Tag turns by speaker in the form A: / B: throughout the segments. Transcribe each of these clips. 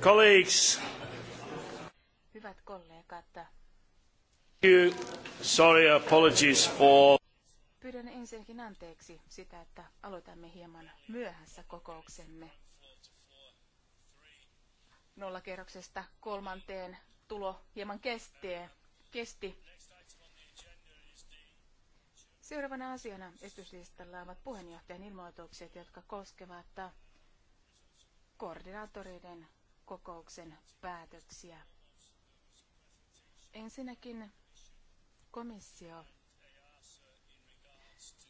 A: Colleagues. Hyvät kollegat.
B: You, sorry, apologies for...
A: Pyydän ensinnäkin anteeksi sitä, että aloitamme hieman myöhässä kokouksemme. Nollakerroksesta kolmanteen tulo hieman kestee, kesti. Seuraavana asiana esityslistalla ovat puheenjohtajan ilmoitukset, jotka koskevat koordinaattoreiden kokouksen päätöksiä. Ensinnäkin komissio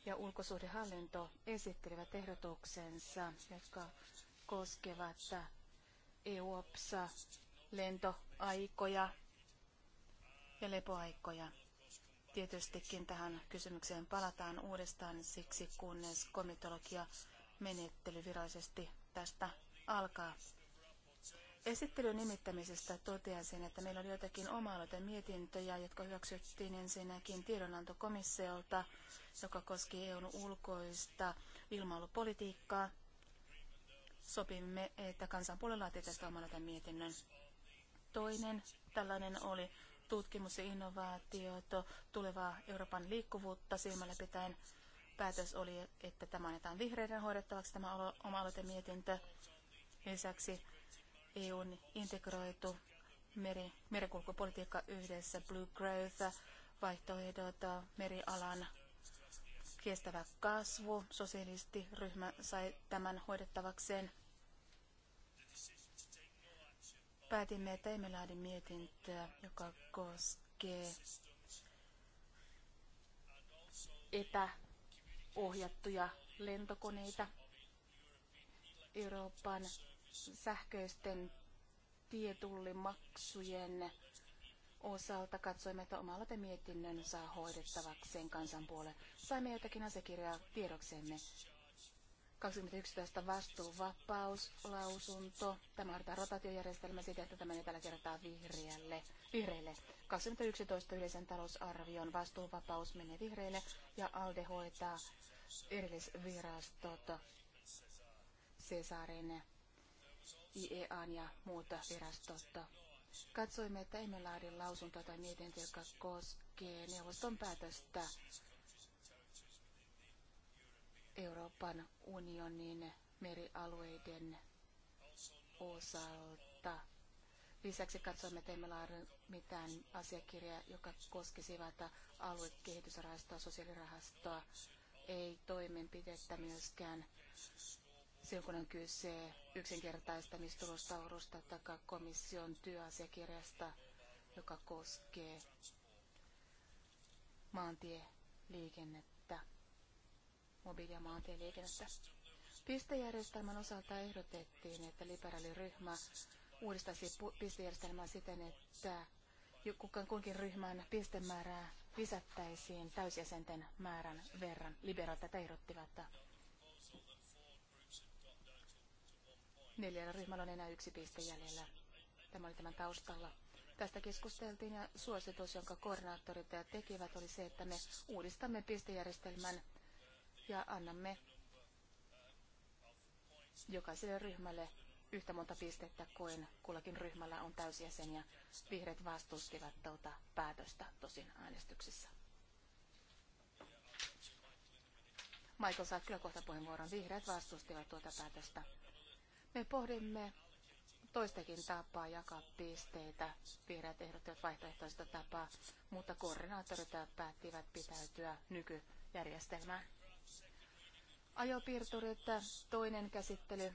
A: ja ulkosuhdehallinto esittelivät ehdotuksensa, jotka koskevat EUOPSa, lentoaikoja ja lepoaikoja. Tietystikin tähän kysymykseen palataan uudestaan siksi, kunnes komitologia menettely virallisesti tästä alkaa. Esittelyn nimittämisestä toteaisin, että meillä oli joitakin oma mietintöjä, jotka hyväksyttiin ensinnäkin tiedonantokomissiolta, joka koski EUn ulkoista ilmailupolitiikkaa. Sopimme, että kansanpuolella on tästä oma mietinnön. Toinen tällainen oli tutkimus ja innovaatiot, tulevaa Euroopan liikkuvuutta silmällä pitäen. Päätös oli, että tämä annetaan vihreiden hoidettavaksi tämä oma mietintö. Lisäksi EUn integroitu meri, merikulkupolitiikka yhdessä, Blue Growth, vaihtoehdot, merialan kestävä kasvu. Sosialistiryhmä sai tämän hoidettavakseen. Päätimme, että emme laadi mietintöä, joka koskee etäohjattuja lentokoneita Euroopan sähköisten tietullimaksujen osalta katsoimme, että oma mietinnön saa hoidettavakseen kansan puolen. Saimme jotakin asiakirjaa tiedoksemme. 2011 vastuuvapauslausunto. Tämä on rotaatiojärjestelmä siitä, että tämä menee tällä kertaa vihreälle, vihreille. 2011 yleisen talousarvion vastuuvapaus menee vihreille ja ALDE hoitaa erillisvirastot Cesarin IEAn ja muuta virastosta. Katsoimme, että emme laadi lausuntoa tai mietintöä, joka koskee neuvoston päätöstä Euroopan unionin merialueiden osalta. Lisäksi katsomme, että emme laadi mitään asiakirjaa, joka koskisivat aluekehitysrahastoa, sosiaalirahastoa, ei toimenpidettä myöskään silloin kun on kyse yksinkertaistamistulostaurusta tai komission työasiakirjasta, joka koskee maantieliikennettä, mobiili- ja maantieliikennettä. Pistejärjestelmän osalta ehdotettiin, että liberaaliryhmä uudistaisi pistejärjestelmää siten, että kukaan kunkin ryhmän pistemäärää lisättäisiin täysjäsenten määrän verran. Liberat tätä ehdottivat Neljällä ryhmällä on enää yksi piste jäljellä. Tämä oli tämän taustalla. Tästä keskusteltiin ja suositus, jonka koordinaattorit tekivät, oli se, että me uudistamme pistejärjestelmän ja annamme jokaiselle ryhmälle yhtä monta pistettä kuin kullakin ryhmällä on ja Vihreät vastustivat tuota päätöstä tosin äänestyksessä. Michael saat kyllä kohta puheenvuoron. Vihreät vastustivat tuota päätöstä. Me pohdimme toistakin tapaa jakaa pisteitä. Vihreät ehdottivat vaihtoehtoista tapaa, mutta koordinaattorit päättivät pitäytyä nykyjärjestelmään. Ajopiirturit, toinen käsittely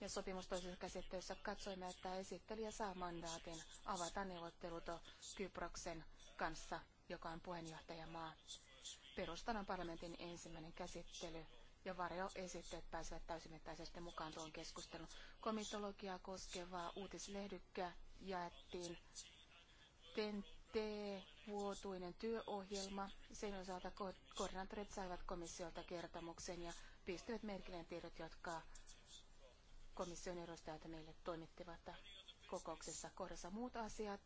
A: ja sopimus toisessa käsittelyssä katsoimme, että esittelijä saa mandaatin avata neuvottelut Kyproksen kanssa, joka on puheenjohtajamaa. Perustana parlamentin ensimmäinen käsittely ja varjoesitteet pääsevät täysimittaisesti mukaan tuon keskustelun. Komitologiaa koskevaa uutislehdykkä jaettiin tente vuotuinen työohjelma. Sen osalta ko- koordinaattorit saivat komissiolta kertomuksen ja pistivät merkille tiedot, jotka komission edustajat meille toimittivat kokouksessa. Kohdassa muut asiat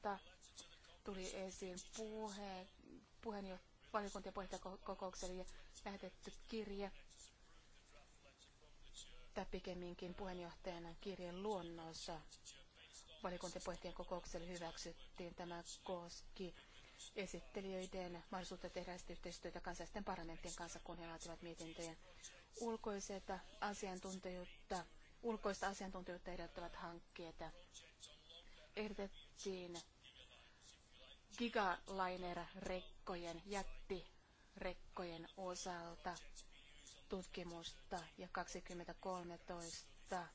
A: tuli esiin puhe, puheenjohtaja valiokuntien puheenjohtajakokoukselle lähetetty kirje että pikemminkin puheenjohtajana kirjeen luonnossa valiokuntien kokoukselle hyväksyttiin. Tämä koski esittelijöiden mahdollisuutta tehdä yhteistyötä kansallisten parlamenttien kanssa, kun he laativat mietintöjen ulkoisesta asiantuntijuutta, ulkoista asiantuntijuutta edellyttävät hankkeet. Ehdotettiin gigaliner-rekkojen, jättirekkojen osalta tutkimusta ja 2013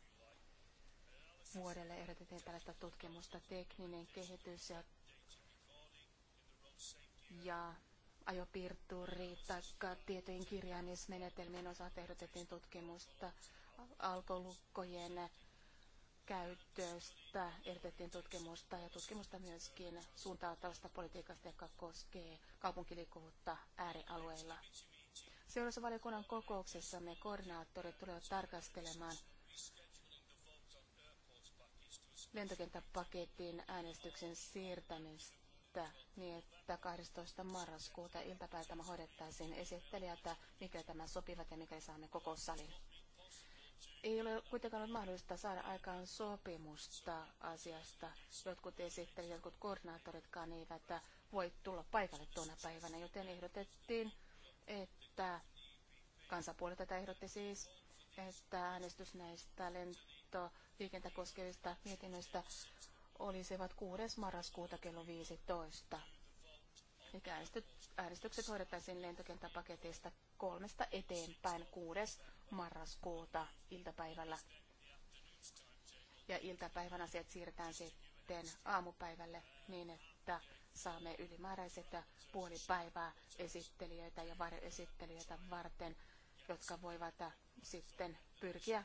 A: vuodelle ehdotettiin tällaista tutkimusta tekninen kehitys ja, ja ajopiirturi tai tietojen kirjaamismenetelmien osa ehdotettiin tutkimusta alkolukkojen käytöstä, ehdotettiin tutkimusta ja tutkimusta myöskin suuntautavasta politiikasta, joka koskee kaupunkiliikkuvuutta äärialueilla. Seuraavassa valiokunnan kokouksessa me koordinaattorit tulevat tarkastelemaan lentokenttäpakettiin äänestyksen siirtämistä niin, että 12. marraskuuta iltapäivä tämä hoidettaisiin esittelijältä, mikä tämä sopivat ja mikäli saamme koko Ei ole kuitenkaan ollut mahdollista saada aikaan sopimusta asiasta. Jotkut esittelijät, jotkut koordinaattoritkaan eivät voi tulla paikalle tuona päivänä, joten ehdotettiin että kansapuoli tätä ehdotti siis, että äänestys näistä lentoliikentä koskevista mietinnöistä olisivat 6. marraskuuta kello 15. Eli äänestykset hoidettaisiin lentokenttäpaketista kolmesta eteenpäin 6. marraskuuta iltapäivällä. Ja iltapäivän asiat siirretään sitten aamupäivälle niin, että saamme ylimääräiset puoli päivää esittelijöitä ja varjoesittelijöitä varten, jotka voivat sitten pyrkiä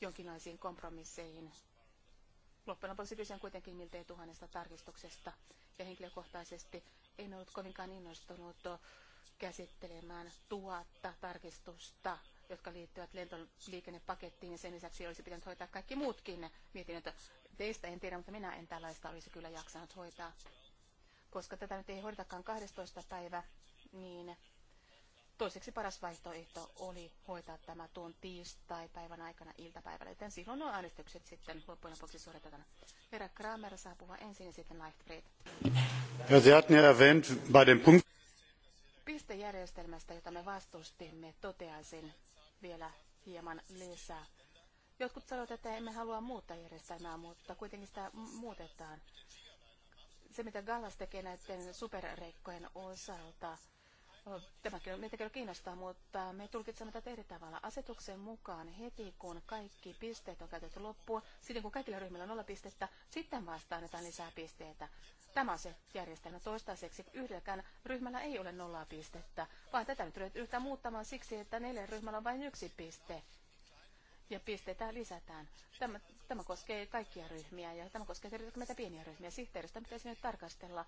A: jonkinlaisiin kompromisseihin. Loppujen lopuksi kyse on kuitenkin miltei tuhannesta tarkistuksesta ja henkilökohtaisesti en ollut kovinkaan innostunut käsittelemään tuhatta tarkistusta jotka liittyvät lentoliikennepakettiin ja sen lisäksi olisi pitänyt hoitaa kaikki muutkin mietinnöt. Teistä en tiedä, mutta minä en tällaista olisi kyllä jaksanut hoitaa koska tätä nyt ei hoidetakaan 12. päivä, niin toiseksi paras vaihtoehto oli hoitaa tämä tuon tiistai-päivän aikana iltapäivällä, joten silloin on äänestykset sitten loppujen lopuksi suoritetaan. Vera Kramer saa puhua ensin ja sitten Leichtfried.
C: Ja
A: Pistejärjestelmästä, jota me vastustimme, toteaisin vielä hieman lisää. Jotkut sanoivat, että emme halua muuttaa järjestelmää, mutta kuitenkin sitä muutetaan se, mitä Gallas tekee näiden superreikkojen osalta, tämäkin meitä kyllä kiinnostaa, mutta me tulkitsemme tätä eri tavalla. Asetuksen mukaan heti, kun kaikki pisteet on käytetty loppuun, sitten kun kaikilla ryhmillä on nolla pistettä, sitten vasta annetaan lisää pisteitä. Tämä on se järjestelmä toistaiseksi. Yhdelläkään ryhmällä ei ole nollaa pistettä, vaan tätä nyt ryhdytään muuttamaan siksi, että neljän ryhmällä on vain yksi piste ja pisteitä lisätään. Tämä, Tämä koskee kaikkia ryhmiä ja tämä koskee erityisesti pieniä ryhmiä. Sihteeristä pitäisi nyt tarkastella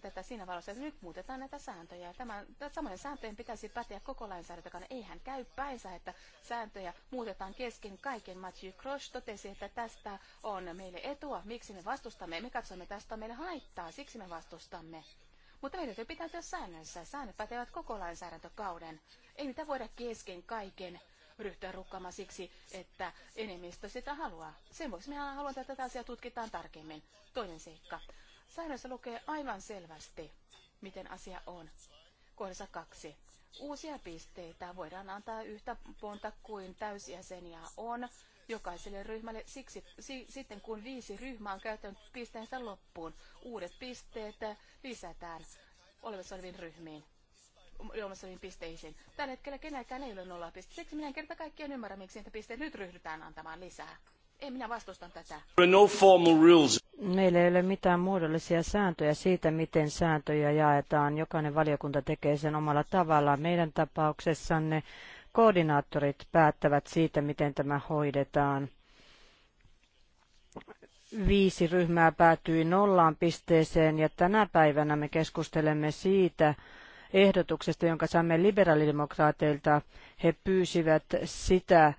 A: tätä siinä valossa, että nyt muutetaan näitä sääntöjä. Tämän, samojen sääntöjen pitäisi päteä koko lainsäädäntökään. Eihän käy päinsä, että sääntöjä muutetaan kesken kaiken. Matthew cross. totesi, että tästä on meille etua. Miksi me vastustamme? Me katsomme, tästä on meille haittaa. Siksi me vastustamme. Mutta meidän täytyy pitäytyä säännöissä. Säännöt pätevät koko lainsäädäntökauden. Ei niitä voida kesken kaiken ryhtyä rukkaamaan siksi, että enemmistö sitä haluaa. Sen vuoksi minä haluan, että tätä asiaa tutkitaan tarkemmin. Toinen seikka. Sairaassa lukee aivan selvästi, miten asia on. Kohdassa kaksi. Uusia pisteitä voidaan antaa yhtä monta kuin täysjäseniä on jokaiselle ryhmälle siksi, si, sitten kun viisi ryhmää on käyttänyt pisteensä loppuun. Uudet pisteet lisätään olevissa oleviin ryhmiin ilmaisiin pisteisiin. Tällä hetkellä kenelläkään ei ole nolla pisteitä. Siksi minä en kerta kaikkiaan ymmärrä, miksi niitä pisteitä nyt ryhdytään antamaan lisää. Ei, minä vastustan tätä.
B: No Meillä ei ole mitään muodollisia sääntöjä siitä, miten sääntöjä jaetaan. Jokainen valiokunta tekee sen omalla tavallaan. Meidän tapauksessanne koordinaattorit päättävät siitä, miten tämä hoidetaan. Viisi ryhmää päätyi nollaan pisteeseen ja tänä päivänä me keskustelemme siitä, ehdotuksesta, jonka saamme liberaalidemokraateilta. He pyysivät sitä,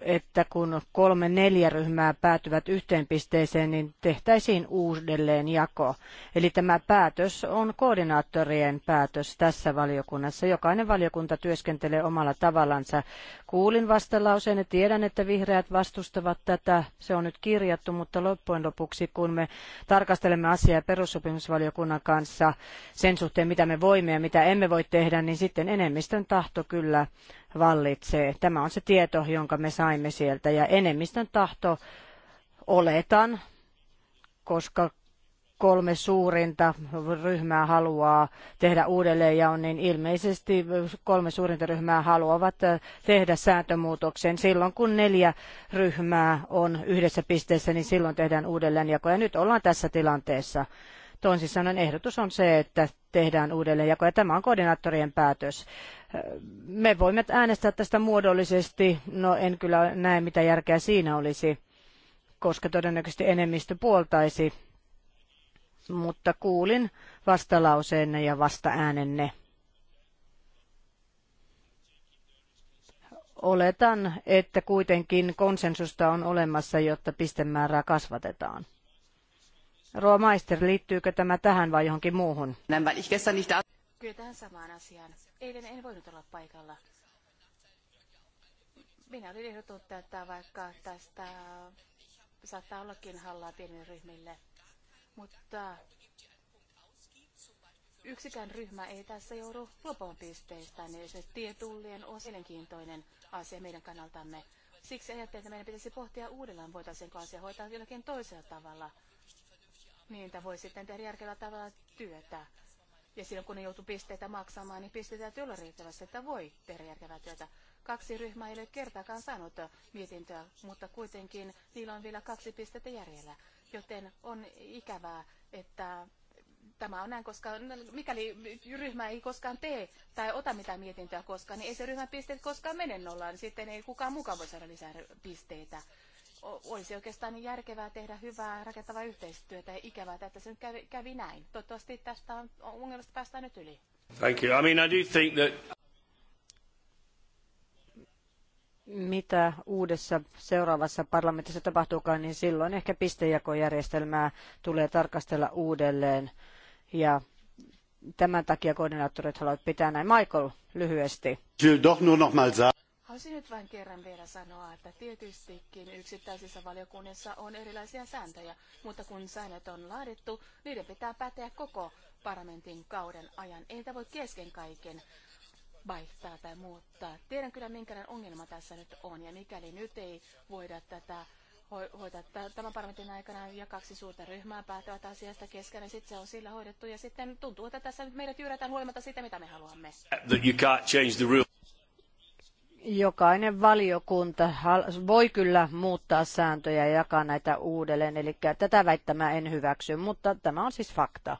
B: että kun kolme neljä ryhmää päätyvät yhteen pisteeseen, niin tehtäisiin uudelleen jako. Eli tämä päätös on koordinaattorien päätös tässä valiokunnassa. Jokainen valiokunta työskentelee omalla tavallansa. Kuulin vastalauseen ja tiedän, että vihreät vastustavat tätä. Se on nyt kirjattu, mutta loppujen lopuksi, kun me tarkastelemme asiaa perussopimusvaliokunnan kanssa sen suhteen, mitä me voimme ja mitä emme voi tehdä, niin sitten enemmistön tahto kyllä vallitsee. Tämä on se tieto, jonka me saimme sieltä ja enemmistön tahto oletan, koska kolme suurinta ryhmää haluaa tehdä uudelleen ja on niin ilmeisesti kolme suurinta ryhmää haluavat äh, tehdä sääntömuutoksen. Silloin kun neljä ryhmää on yhdessä pisteessä, niin silloin tehdään jako. Ja nyt ollaan tässä tilanteessa. Toisin sanoen ehdotus on se, että tehdään uudelleenjako. Ja tämä on koordinaattorien päätös. Me voimme äänestää tästä muodollisesti. No en kyllä näe, mitä järkeä siinä olisi, koska todennäköisesti enemmistö puoltaisi. Mutta kuulin vastalauseenne ja vastaäänenne. Oletan, että kuitenkin konsensusta on olemassa, jotta pistemäärää kasvatetaan. Roa Maister, liittyykö tämä tähän vai johonkin muuhun?
A: Kyllä tähän samaan asiaan. Eilen en voinut olla paikalla. Minä olin ehdottanut tätä, vaikka tästä saattaa ollakin hallaa pienille ryhmille. Mutta yksikään ryhmä ei tässä joudu lopun pisteistä, niin se tietullien on mielenkiintoinen asia meidän kannaltamme. Siksi ajattelin, että meidän pitäisi pohtia uudelleen, voitaisiinko asia hoitaa jollakin toisella tavalla – niitä voi sitten tehdä järkevällä tavalla työtä. Ja silloin kun ne joutuu pisteitä maksamaan, niin pisteitä täytyy olla riittävästi, että voi tehdä järkevää työtä. Kaksi ryhmää ei ole kertaakaan saanut mietintöä, mutta kuitenkin niillä on vielä kaksi pistettä järjellä. Joten on ikävää, että tämä on näin, koska mikäli ryhmä ei koskaan tee tai ota mitään mietintöä koskaan, niin ei se ryhmän pisteet koskaan mene nollaan. Sitten ei kukaan mukaan voi saada lisää pisteitä olisi oikeastaan niin järkevää tehdä hyvää rakentavaa yhteistyötä ja ikävää, että se nyt kävi, kävi näin. Toivottavasti tästä on, ongelmasta päästään nyt yli.
B: Thank you. I mean, I do think that... Mitä uudessa seuraavassa parlamentissa tapahtuukaan, niin silloin ehkä pistejakojärjestelmää tulee tarkastella uudelleen. Ja tämän takia koordinaattorit haluavat pitää näin. Michael, lyhyesti.
C: doch nur noch mal sagen.
A: Haluaisin nyt vain kerran vielä sanoa, että tietystikin yksittäisissä valiokunnissa on erilaisia sääntöjä, mutta kun säännöt on laadittu, niiden pitää päteä koko parlamentin kauden ajan. Ei niitä voi kesken kaiken vaihtaa tai muuttaa. Tiedän kyllä, minkälainen ongelma tässä nyt on, ja mikäli nyt ei voida tätä hoitaa tämän parlamentin aikana ja kaksi suurta ryhmää päättävät asiasta kesken, niin sitten se on sillä hoidettu, ja sitten tuntuu, että tässä nyt meidät jyrätään huolimatta siitä, mitä me haluamme. That
B: you can't change the rule jokainen valiokunta voi kyllä muuttaa sääntöjä ja jakaa näitä uudelleen, eli tätä väittämää en hyväksy, mutta tämä on siis fakta.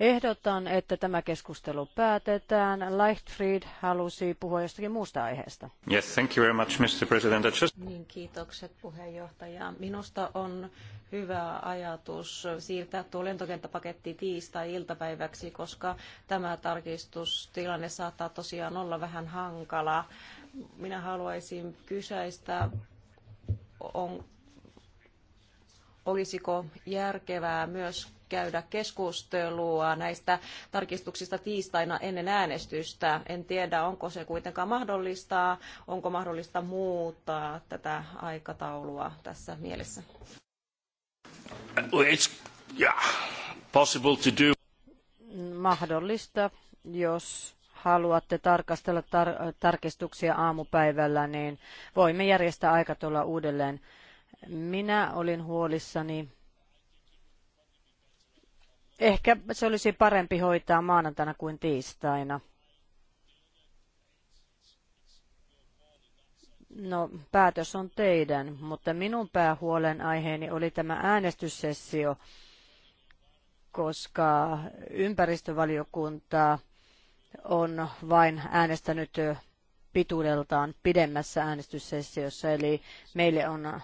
B: Ehdotan, että tämä keskustelu päätetään. Leichtfried halusi
C: puhua jostakin muusta aiheesta.
A: Yes, thank you very much, Mr. President. Just...
C: Niin, kiitokset puheenjohtaja. Minusta on hyvä ajatus siirtää tuo lentokenttäpaketti tiistai-iltapäiväksi, koska tämä tarkistustilanne saattaa tosiaan olla vähän hankala minä haluaisin kysäistä, on, olisiko järkevää myös käydä keskustelua näistä tarkistuksista tiistaina ennen äänestystä. En tiedä, onko se kuitenkaan mahdollista, onko mahdollista muuttaa tätä aikataulua tässä mielessä.
B: It's, yeah, possible to do. Mahdollista, jos haluatte tarkastella tar- tarkistuksia aamupäivällä, niin voimme järjestää aikataulua uudelleen. Minä olin huolissani. Ehkä se olisi parempi hoitaa maanantaina kuin tiistaina. No, päätös on teidän, mutta minun päähuolen aiheeni oli tämä äänestyssessio, koska ympäristövaliokunta on vain äänestänyt pituudeltaan pidemmässä äänestyssessiossa, eli meille on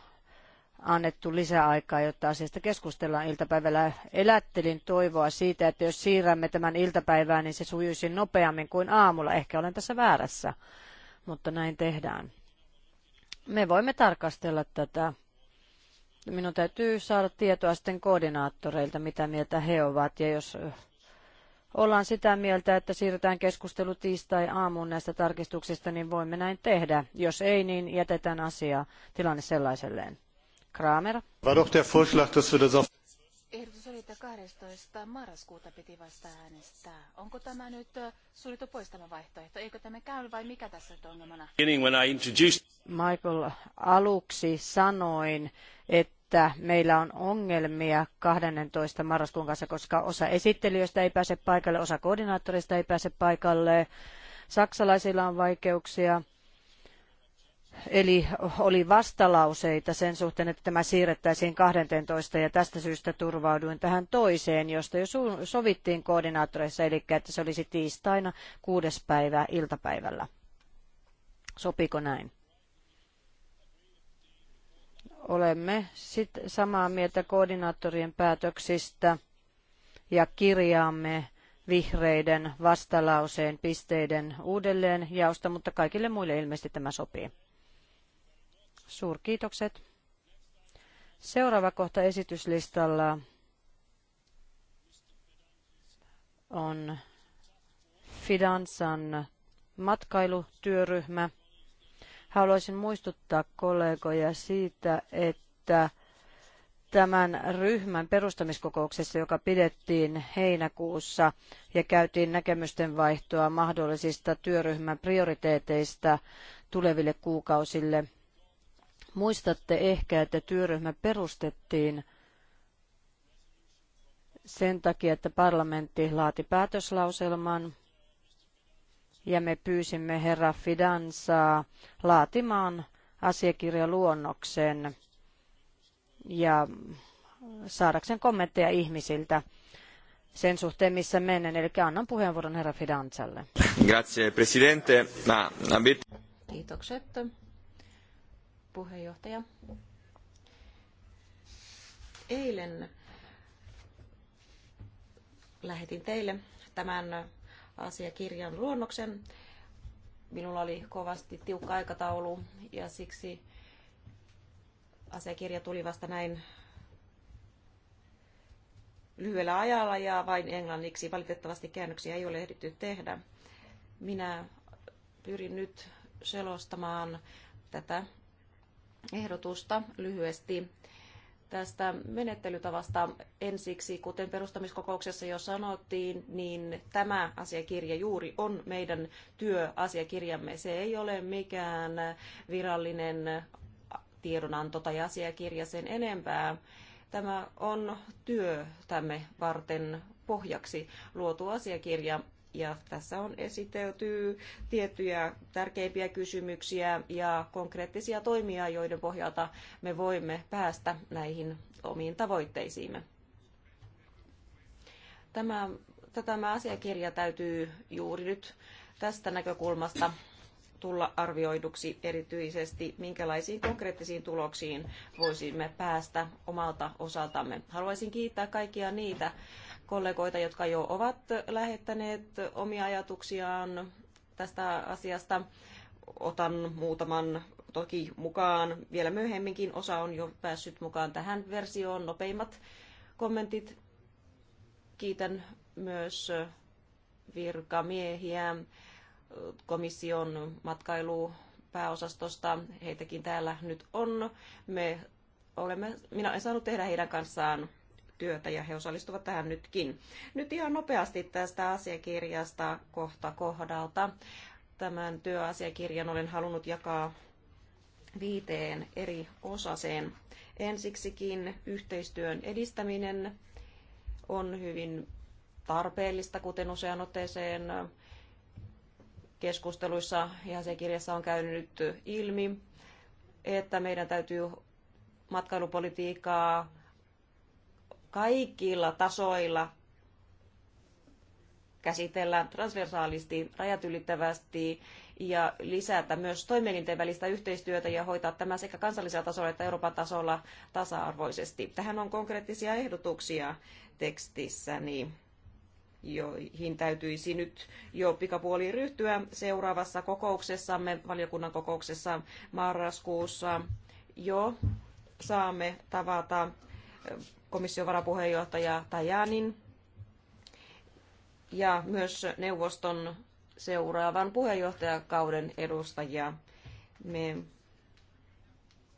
B: annettu lisäaikaa, jotta asiasta keskustellaan iltapäivällä. Elättelin toivoa siitä, että jos siirrämme tämän iltapäivään, niin se sujuisi nopeammin kuin aamulla. Ehkä olen tässä väärässä, mutta näin tehdään. Me voimme tarkastella tätä. Minun täytyy saada tietoa sitten koordinaattoreilta, mitä mieltä he ovat, ja jos ollaan sitä mieltä, että siirretään keskustelu tiistai-aamuun näistä tarkistuksista, niin voimme näin tehdä. Jos ei, niin jätetään asia tilanne sellaiselleen. Kramer.
A: Ehdotus oli, että 12. marraskuuta piti vasta äänestää. Onko tämä nyt suljettu pois tämä vaihtoehto? Eikö tämä käy vai mikä tässä on
C: ongelmana?
B: Michael, aluksi sanoin, että että meillä on ongelmia 12. marraskuun kanssa, koska osa esittelijöistä ei pääse paikalle, osa koordinaattorista ei pääse paikalle, saksalaisilla on vaikeuksia. Eli oli vastalauseita sen suhteen, että tämä siirrettäisiin 12 ja tästä syystä turvauduin tähän toiseen, josta jo sovittiin koordinaattoreissa, eli että se olisi tiistaina kuudes päivä iltapäivällä. Sopiko näin? olemme sit samaa mieltä koordinaattorien päätöksistä ja kirjaamme vihreiden vastalauseen pisteiden uudelleen jaosta, mutta kaikille muille ilmeisesti tämä sopii. Suurkiitokset. Seuraava kohta esityslistalla on Fidansan matkailutyöryhmä. Haluaisin muistuttaa kollegoja siitä, että tämän ryhmän perustamiskokouksessa, joka pidettiin heinäkuussa ja käytiin näkemysten vaihtoa mahdollisista työryhmän prioriteeteista tuleville kuukausille. Muistatte ehkä, että työryhmä perustettiin sen takia, että parlamentti laati päätöslauselman ja me pyysimme herra Fidansaa laatimaan asiakirjaluonnoksen ja saadakseen kommentteja ihmisiltä sen suhteen, missä menen. Eli annan puheenvuoron herra Fidanzalle. Grazie, presidente. Ma,
A: abit...
C: Kiitokset, puheenjohtaja. Eilen lähetin teille tämän asiakirjan luonnoksen. Minulla oli kovasti tiukka aikataulu ja siksi asiakirja tuli vasta näin lyhyellä ajalla ja vain englanniksi. Valitettavasti käännöksiä ei ole ehditty tehdä. Minä pyrin nyt selostamaan tätä ehdotusta lyhyesti tästä menettelytavasta ensiksi, kuten perustamiskokouksessa jo sanottiin, niin tämä asiakirja juuri on meidän työasiakirjamme. Se ei ole mikään virallinen tiedonanto tai asiakirja sen enempää. Tämä on työtämme varten pohjaksi luotu asiakirja ja tässä on esitelty tiettyjä tärkeimpiä kysymyksiä ja konkreettisia toimia, joiden pohjalta me voimme päästä näihin omiin tavoitteisiimme. Tämä, tämä asiakirja täytyy juuri nyt tästä näkökulmasta tulla arvioiduksi erityisesti, minkälaisiin konkreettisiin tuloksiin voisimme päästä omalta osaltamme. Haluaisin kiittää kaikkia niitä kollegoita, jotka jo ovat lähettäneet omia ajatuksiaan tästä asiasta. Otan muutaman toki mukaan vielä myöhemminkin. Osa on jo päässyt mukaan tähän versioon. Nopeimmat kommentit. Kiitän myös virkamiehiä komission matkailupääosastosta. Heitäkin täällä nyt on. Me olemme, minä en saanut tehdä heidän kanssaan työtä ja he osallistuvat tähän nytkin. Nyt ihan nopeasti tästä asiakirjasta kohta kohdalta. Tämän työasiakirjan olen halunnut jakaa viiteen eri osaseen. Ensiksikin yhteistyön edistäminen on hyvin tarpeellista, kuten usean otteeseen keskusteluissa ja se kirjassa on käynyt ilmi, että meidän täytyy matkailupolitiikkaa kaikilla tasoilla käsitellään transversaalisti, rajat ylittävästi ja lisätä myös toimielinten välistä yhteistyötä ja hoitaa tämä sekä kansallisella tasolla että Euroopan tasolla tasa-arvoisesti. Tähän on konkreettisia ehdotuksia tekstissäni joihin täytyisi nyt jo pikapuoliin ryhtyä seuraavassa kokouksessamme, valiokunnan kokouksessa marraskuussa jo saamme tavata komission varapuheenjohtaja Tajanin ja myös neuvoston seuraavan puheenjohtajakauden edustajia. Me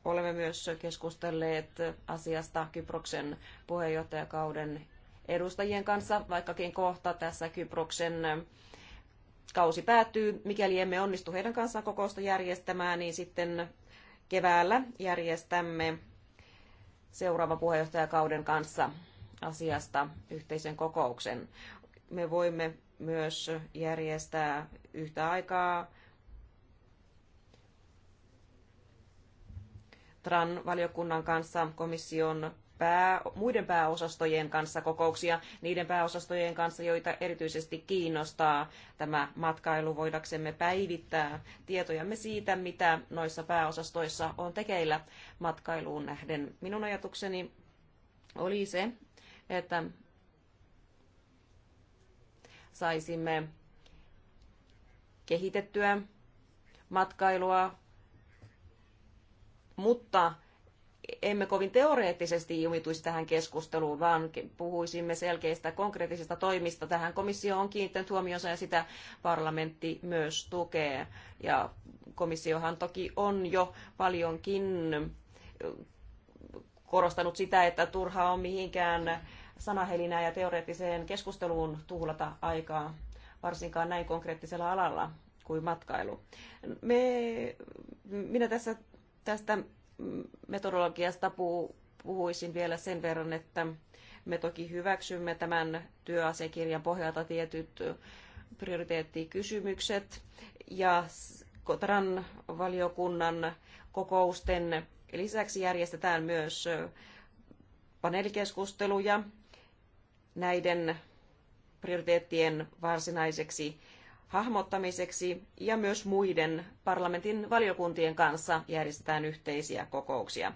C: olemme myös keskustelleet asiasta Kyproksen puheenjohtajakauden edustajien kanssa, vaikkakin kohta tässä Kyproksen kausi päättyy. Mikäli emme onnistu heidän kanssaan kokousta järjestämään, niin sitten keväällä järjestämme seuraavan puheenjohtajakauden kanssa asiasta yhteisen kokouksen. Me voimme myös järjestää yhtä aikaa TRAN-valiokunnan kanssa komission pää, muiden pääosastojen kanssa kokouksia, niiden pääosastojen kanssa, joita erityisesti kiinnostaa tämä matkailu, voidaksemme päivittää tietojamme siitä, mitä noissa pääosastoissa on tekeillä matkailuun nähden. Minun ajatukseni oli se, että saisimme kehitettyä matkailua, mutta emme kovin teoreettisesti jumituisi tähän keskusteluun, vaan puhuisimme selkeistä konkreettisista toimista. Tähän komissio on kiinnittänyt huomionsa ja sitä parlamentti myös tukee. Ja komissiohan toki on jo paljonkin korostanut sitä, että turha on mihinkään sanahelinään ja teoreettiseen keskusteluun tuhlata aikaa, varsinkaan näin konkreettisella alalla kuin matkailu. Me, minä tässä tästä metodologiasta puhuisin vielä sen verran, että me toki hyväksymme tämän työasiakirjan pohjalta tietyt prioriteettikysymykset ja Kotran valiokunnan kokousten lisäksi järjestetään myös paneelikeskusteluja näiden prioriteettien varsinaiseksi hahmottamiseksi ja myös muiden parlamentin valiokuntien kanssa järjestetään yhteisiä kokouksia.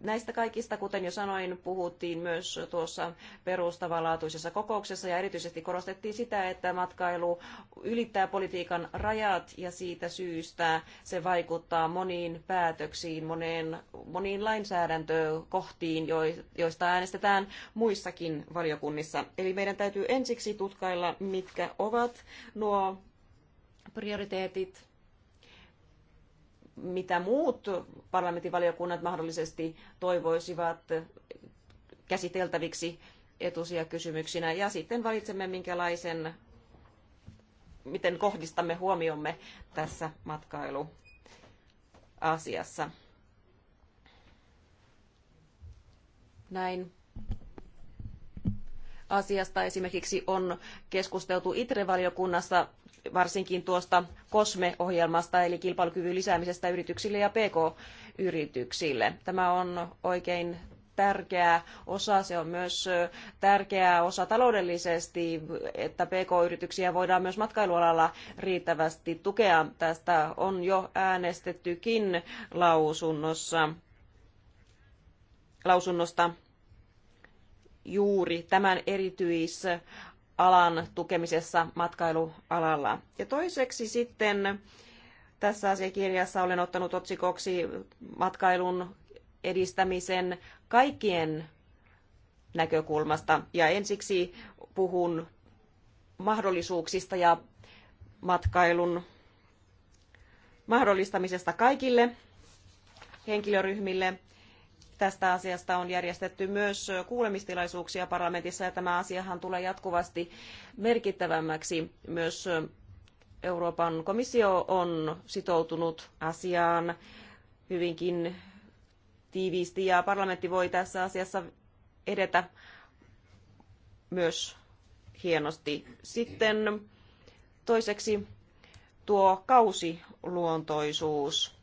C: Näistä kaikista, kuten jo sanoin, puhuttiin myös tuossa perustavanlaatuisessa kokouksessa ja erityisesti korostettiin sitä, että matkailu ylittää politiikan rajat ja siitä syystä se vaikuttaa moniin päätöksiin, moneen, moniin lainsäädäntökohtiin, joista äänestetään muissakin valiokunnissa. Eli meidän täytyy ensiksi tutkailla, mitkä ovat nuo prioriteetit, mitä muut parlamentin valiokunnat mahdollisesti toivoisivat käsiteltäviksi etusia kysymyksinä ja sitten valitsemme minkälaisen, miten kohdistamme huomiomme tässä matkailuasiassa. Näin asiasta esimerkiksi on keskusteltu ITRE-valiokunnassa varsinkin tuosta COSME-ohjelmasta, eli kilpailukyvyn lisäämisestä yrityksille ja PK-yrityksille. Tämä on oikein tärkeä osa. Se on myös tärkeä osa taloudellisesti, että PK-yrityksiä voidaan myös matkailualalla riittävästi tukea. Tästä on jo äänestettykin lausunnossa, lausunnosta juuri tämän erityisen alan tukemisessa matkailualalla. Ja toiseksi sitten tässä asiakirjassa olen ottanut otsikoksi matkailun edistämisen kaikkien näkökulmasta. Ja ensiksi puhun mahdollisuuksista ja matkailun mahdollistamisesta kaikille henkilöryhmille Tästä asiasta on järjestetty myös kuulemistilaisuuksia parlamentissa ja tämä asiahan tulee jatkuvasti merkittävämmäksi. Myös Euroopan komissio on sitoutunut asiaan hyvinkin tiiviisti ja parlamentti voi tässä asiassa edetä myös hienosti. Sitten toiseksi tuo kausiluontoisuus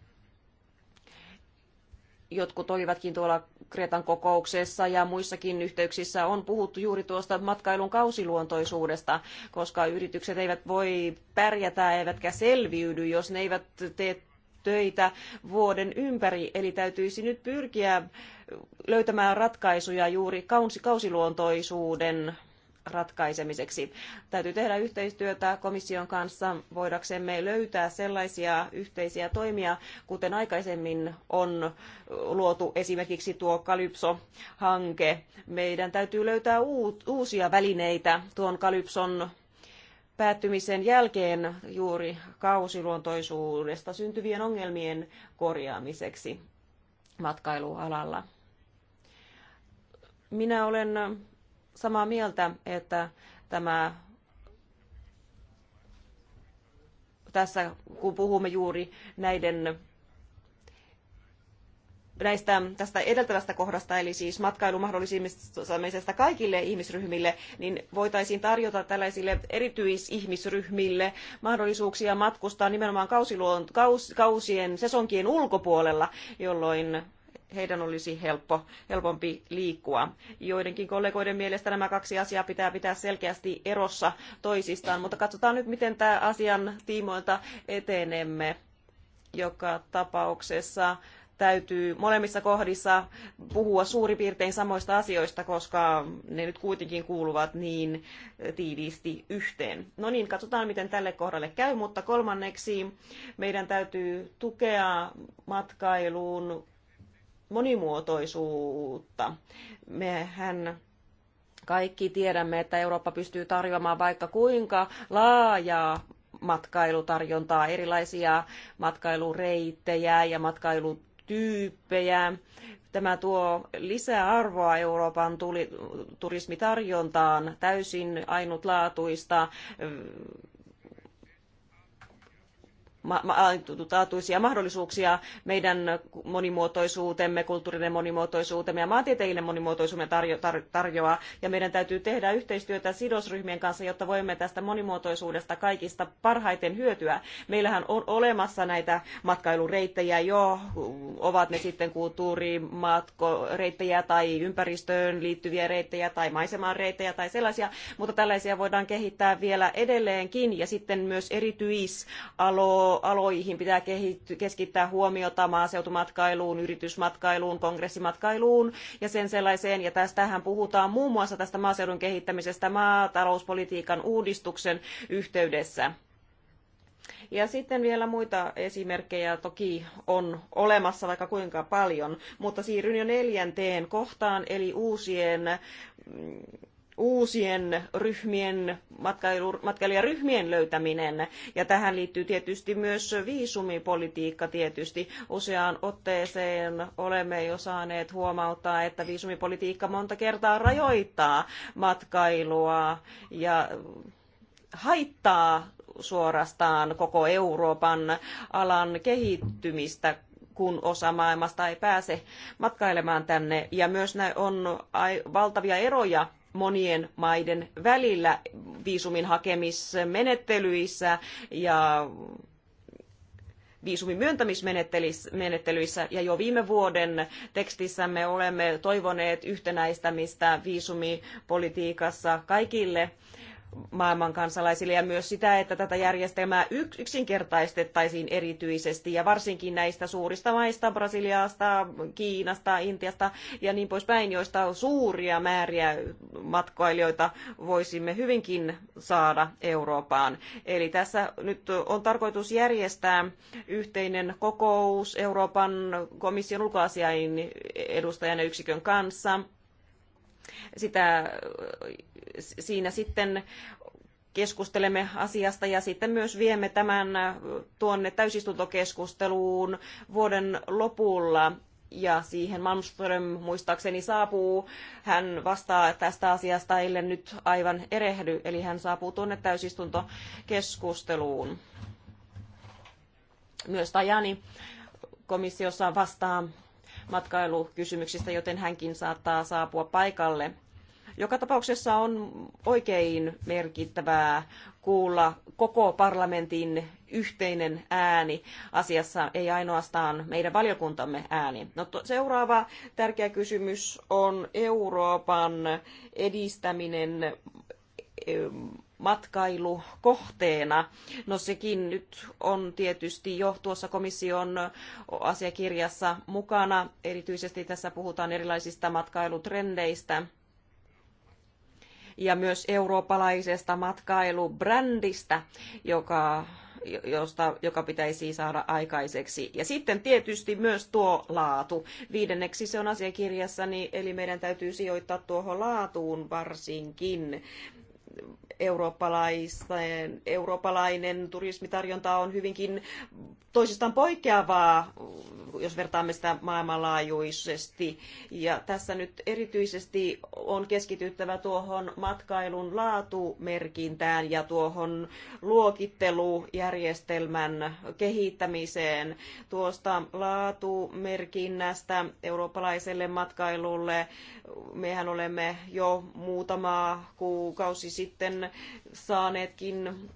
C: jotkut olivatkin tuolla Kreetan kokouksessa ja muissakin yhteyksissä on puhuttu juuri tuosta matkailun kausiluontoisuudesta, koska yritykset eivät voi pärjätä eivätkä selviydy, jos ne eivät tee töitä vuoden ympäri, eli täytyisi nyt pyrkiä löytämään ratkaisuja juuri kausiluontoisuuden ratkaisemiseksi. Täytyy tehdä yhteistyötä komission kanssa voidaksemme löytää sellaisia yhteisiä toimia, kuten aikaisemmin on luotu esimerkiksi tuo Kalypso-hanke. Meidän täytyy löytää uusia välineitä tuon Kalypson päättymisen jälkeen juuri kausiluontoisuudesta syntyvien ongelmien korjaamiseksi matkailualalla. Minä olen samaa mieltä, että tämä tässä, kun puhumme juuri näiden näistä, tästä edeltävästä kohdasta, eli siis matkailumahdollisuudesta kaikille ihmisryhmille, niin voitaisiin tarjota tällaisille erityisihmisryhmille mahdollisuuksia matkustaa nimenomaan kausien, sesonkien ulkopuolella, jolloin heidän olisi helppo, helpompi liikkua. Joidenkin kollegoiden mielestä nämä kaksi asiaa pitää pitää selkeästi erossa toisistaan, mutta katsotaan nyt, miten tämä asian tiimoilta etenemme. Joka tapauksessa täytyy molemmissa kohdissa puhua suurin piirtein samoista asioista, koska ne nyt kuitenkin kuuluvat niin tiiviisti yhteen. No niin, katsotaan miten tälle kohdalle käy, mutta kolmanneksi meidän täytyy tukea matkailun monimuotoisuutta. Mehän kaikki tiedämme, että Eurooppa pystyy tarjoamaan vaikka kuinka laajaa matkailutarjontaa, erilaisia matkailureittejä ja matkailutyyppejä. Tämä tuo lisää arvoa Euroopan turismitarjontaan, täysin ainutlaatuista ainutlaatuisia mahdollisuuksia meidän monimuotoisuutemme, kulttuurinen monimuotoisuutemme ja maantieteellinen monimuotoisuutemme tarjoaa. Ja meidän täytyy tehdä yhteistyötä sidosryhmien kanssa, jotta voimme tästä monimuotoisuudesta kaikista parhaiten hyötyä. Meillähän on olemassa näitä matkailureittejä jo, ovat ne sitten kulttuurimatkoreittejä tai ympäristöön liittyviä reittejä tai maisemaan reittejä tai sellaisia, mutta tällaisia voidaan kehittää vielä edelleenkin ja sitten myös erityisalo aloihin pitää keskittää huomiota maaseutumatkailuun, yritysmatkailuun, kongressimatkailuun ja sen sellaiseen. Ja tästähän puhutaan muun muassa tästä maaseudun kehittämisestä maatalouspolitiikan uudistuksen yhteydessä. Ja sitten vielä muita esimerkkejä toki on olemassa vaikka kuinka paljon, mutta siirryn jo neljänteen kohtaan, eli uusien uusien ryhmien, matkailijaryhmien löytäminen. Ja tähän liittyy tietysti myös viisumipolitiikka tietysti. Useaan otteeseen olemme jo saaneet huomauttaa, että viisumipolitiikka monta kertaa rajoittaa matkailua ja haittaa suorastaan koko Euroopan alan kehittymistä kun osa maailmasta ei pääse matkailemaan tänne. Ja myös on valtavia eroja monien maiden välillä viisumin hakemismenettelyissä ja viisumin myöntämismenettelyissä ja jo viime vuoden tekstissämme olemme toivoneet yhtenäistämistä viisumipolitiikassa kaikille maailman kansalaisille ja myös sitä, että tätä järjestelmää yksinkertaistettaisiin erityisesti ja varsinkin näistä suurista maista, Brasiliasta, Kiinasta, Intiasta ja niin poispäin, joista on suuria määriä matkailijoita voisimme hyvinkin saada Eurooppaan. Eli tässä nyt on tarkoitus järjestää yhteinen kokous Euroopan komission ulkoasiain edustajan yksikön kanssa sitä, siinä sitten keskustelemme asiasta ja sitten myös viemme tämän tuonne täysistuntokeskusteluun vuoden lopulla ja siihen Malmström muistaakseni saapuu. Hän vastaa tästä asiasta, eilen nyt aivan erehdy, eli hän saapuu tuonne täysistuntokeskusteluun. Myös Tajani komissiossa vastaa matkailukysymyksistä, joten hänkin saattaa saapua paikalle. Joka tapauksessa on oikein merkittävää kuulla koko parlamentin yhteinen ääni asiassa, ei ainoastaan meidän valiokuntamme ääni. No, seuraava tärkeä kysymys on Euroopan edistäminen matkailukohteena. No sekin nyt on tietysti jo tuossa komission asiakirjassa mukana. Erityisesti tässä puhutaan erilaisista matkailutrendeistä ja myös eurooppalaisesta matkailubrändistä, joka josta, joka pitäisi saada aikaiseksi. Ja sitten tietysti myös tuo laatu. Viidenneksi se on asiakirjassa, eli meidän täytyy sijoittaa tuohon laatuun varsinkin eurooppalaisen, eurooppalainen turismitarjonta on hyvinkin toisistaan poikkeavaa, jos vertaamme sitä maailmanlaajuisesti. Ja tässä nyt erityisesti on keskityttävä tuohon matkailun laatumerkintään ja tuohon luokittelujärjestelmän kehittämiseen. Tuosta laatumerkinnästä eurooppalaiselle matkailulle mehän olemme jo muutama kuukausi sitten saaneetkin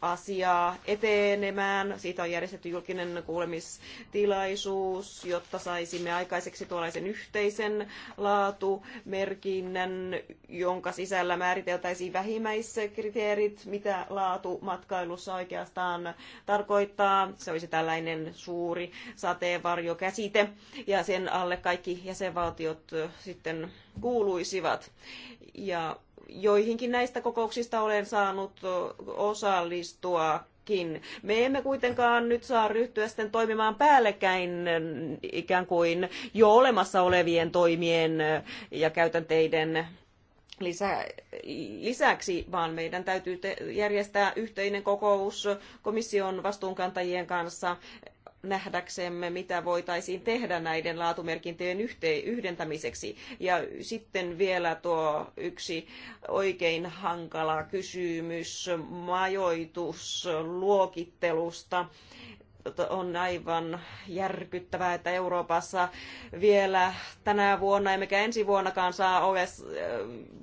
C: asiaa etenemään. Siitä on järjestetty julkinen kuulemistilaisuus, jotta saisimme aikaiseksi tuollaisen yhteisen laatumerkinnän, jonka sisällä määriteltäisiin vähimmäiskriteerit, mitä laatu matkailussa oikeastaan tarkoittaa. Se olisi tällainen suuri sateenvarjokäsite ja sen alle kaikki jäsenvaltiot sitten kuuluisivat. Ja joihinkin näistä kokouksista olen saanut osallistua Me emme kuitenkaan nyt saa ryhtyä sitten toimimaan päällekkäin ikään kuin jo olemassa olevien toimien ja käytänteiden lisä, lisäksi, vaan meidän täytyy te, järjestää yhteinen kokous komission vastuunkantajien kanssa nähdäksemme, mitä voitaisiin tehdä näiden laatumerkintöjen yhdentämiseksi. Ja sitten vielä tuo yksi oikein hankala kysymys majoitusluokittelusta on aivan järkyttävää, että Euroopassa vielä tänä vuonna, emmekä ensi vuonnakaan saa ole,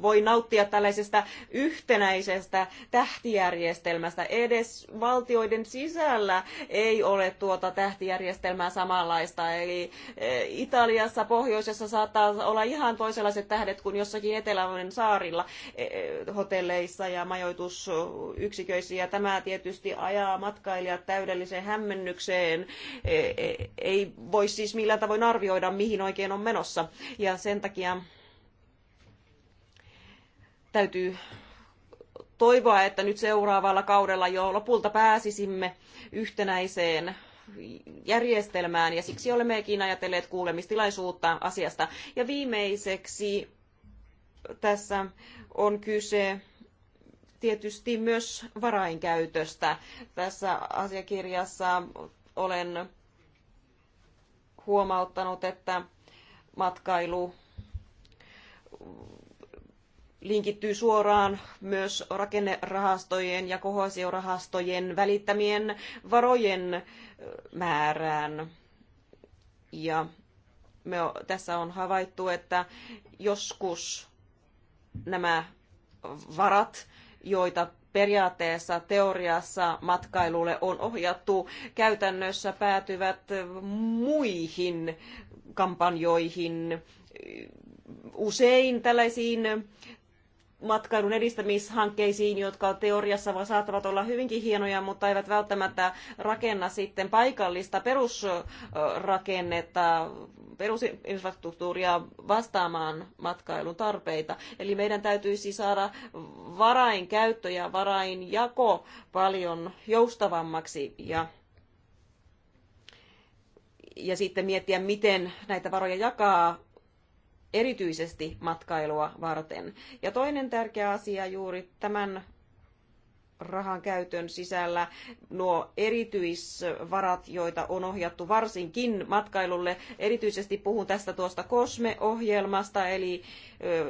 C: voi nauttia tällaisesta yhtenäisestä tähtijärjestelmästä. Edes valtioiden sisällä ei ole tuota tähtijärjestelmää samanlaista. Eli Italiassa, pohjoisessa saattaa olla ihan toisenlaiset tähdet kuin jossakin eteläinen saarilla e, e, hotelleissa ja majoitusyksiköissä. Ja tämä tietysti ajaa matkailijat täydelliseen hämmennykseen vähennykseen. E, e, ei voi siis millään tavoin arvioida, mihin oikein on menossa. Ja sen takia täytyy toivoa, että nyt seuraavalla kaudella jo lopulta pääsisimme yhtenäiseen järjestelmään ja siksi olemmekin ajatelleet kuulemistilaisuutta asiasta. Ja viimeiseksi tässä on kyse tietysti myös varainkäytöstä. Tässä asiakirjassa olen huomauttanut, että matkailu linkittyy suoraan myös rakennerahastojen ja kohesiorahastojen välittämien varojen määrään. Ja me tässä on havaittu, että joskus nämä varat joita periaatteessa teoriassa matkailulle on ohjattu, käytännössä päätyvät muihin kampanjoihin, usein tällaisiin matkailun edistämishankkeisiin, jotka teoriassa saattavat olla hyvinkin hienoja, mutta eivät välttämättä rakenna sitten paikallista perusrakennetta perusinfrastruktuuria vastaamaan matkailun tarpeita. Eli meidän täytyisi saada varainkäyttö ja varainjako paljon joustavammaksi ja ja sitten miettiä, miten näitä varoja jakaa erityisesti matkailua varten. Ja toinen tärkeä asia juuri tämän rahan käytön sisällä nuo erityisvarat, joita on ohjattu varsinkin matkailulle. Erityisesti puhun tästä tuosta COSME-ohjelmasta, eli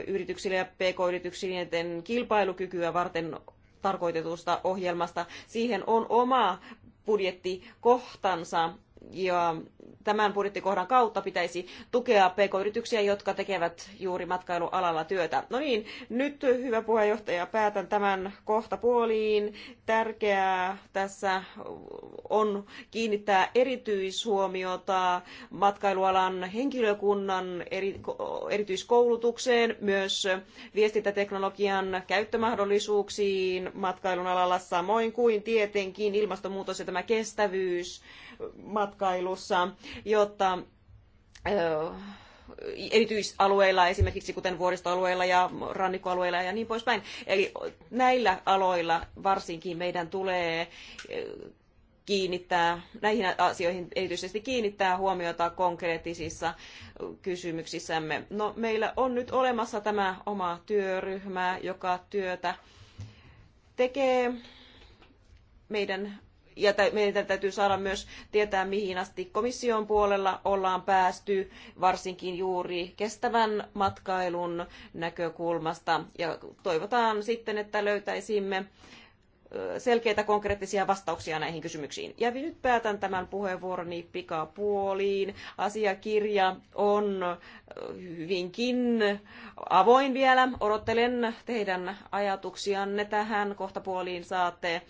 C: yrityksille ja pk-yrityksille kilpailukykyä varten tarkoitetusta ohjelmasta. Siihen on oma budjettikohtansa ja tämän budjettikohdan kautta pitäisi tukea pk-yrityksiä, jotka tekevät juuri matkailualalla työtä. No niin, nyt hyvä puheenjohtaja, päätän tämän kohta puoliin. Tärkeää tässä on kiinnittää erityishuomiota matkailualan henkilökunnan eri, erityiskoulutukseen, myös viestintäteknologian käyttömahdollisuuksiin matkailun alalla, samoin kuin tietenkin ilmastonmuutos ja tämä kestävyys matkailussa, jotta erityisalueilla, esimerkiksi kuten vuoristoalueilla ja rannikkoalueilla ja niin poispäin. Eli näillä aloilla varsinkin meidän tulee kiinnittää, näihin asioihin erityisesti kiinnittää huomiota konkreettisissa kysymyksissämme. No, meillä on nyt olemassa tämä oma työryhmä, joka työtä tekee meidän ja meidän täytyy saada myös tietää, mihin asti komission puolella ollaan päästy, varsinkin juuri kestävän matkailun näkökulmasta. Ja toivotaan sitten, että löytäisimme selkeitä konkreettisia vastauksia näihin kysymyksiin. Ja nyt päätän tämän puheenvuoroni pikapuoliin. Asiakirja on hyvinkin avoin vielä. Odottelen teidän ajatuksianne tähän. Kohta puoliin saatte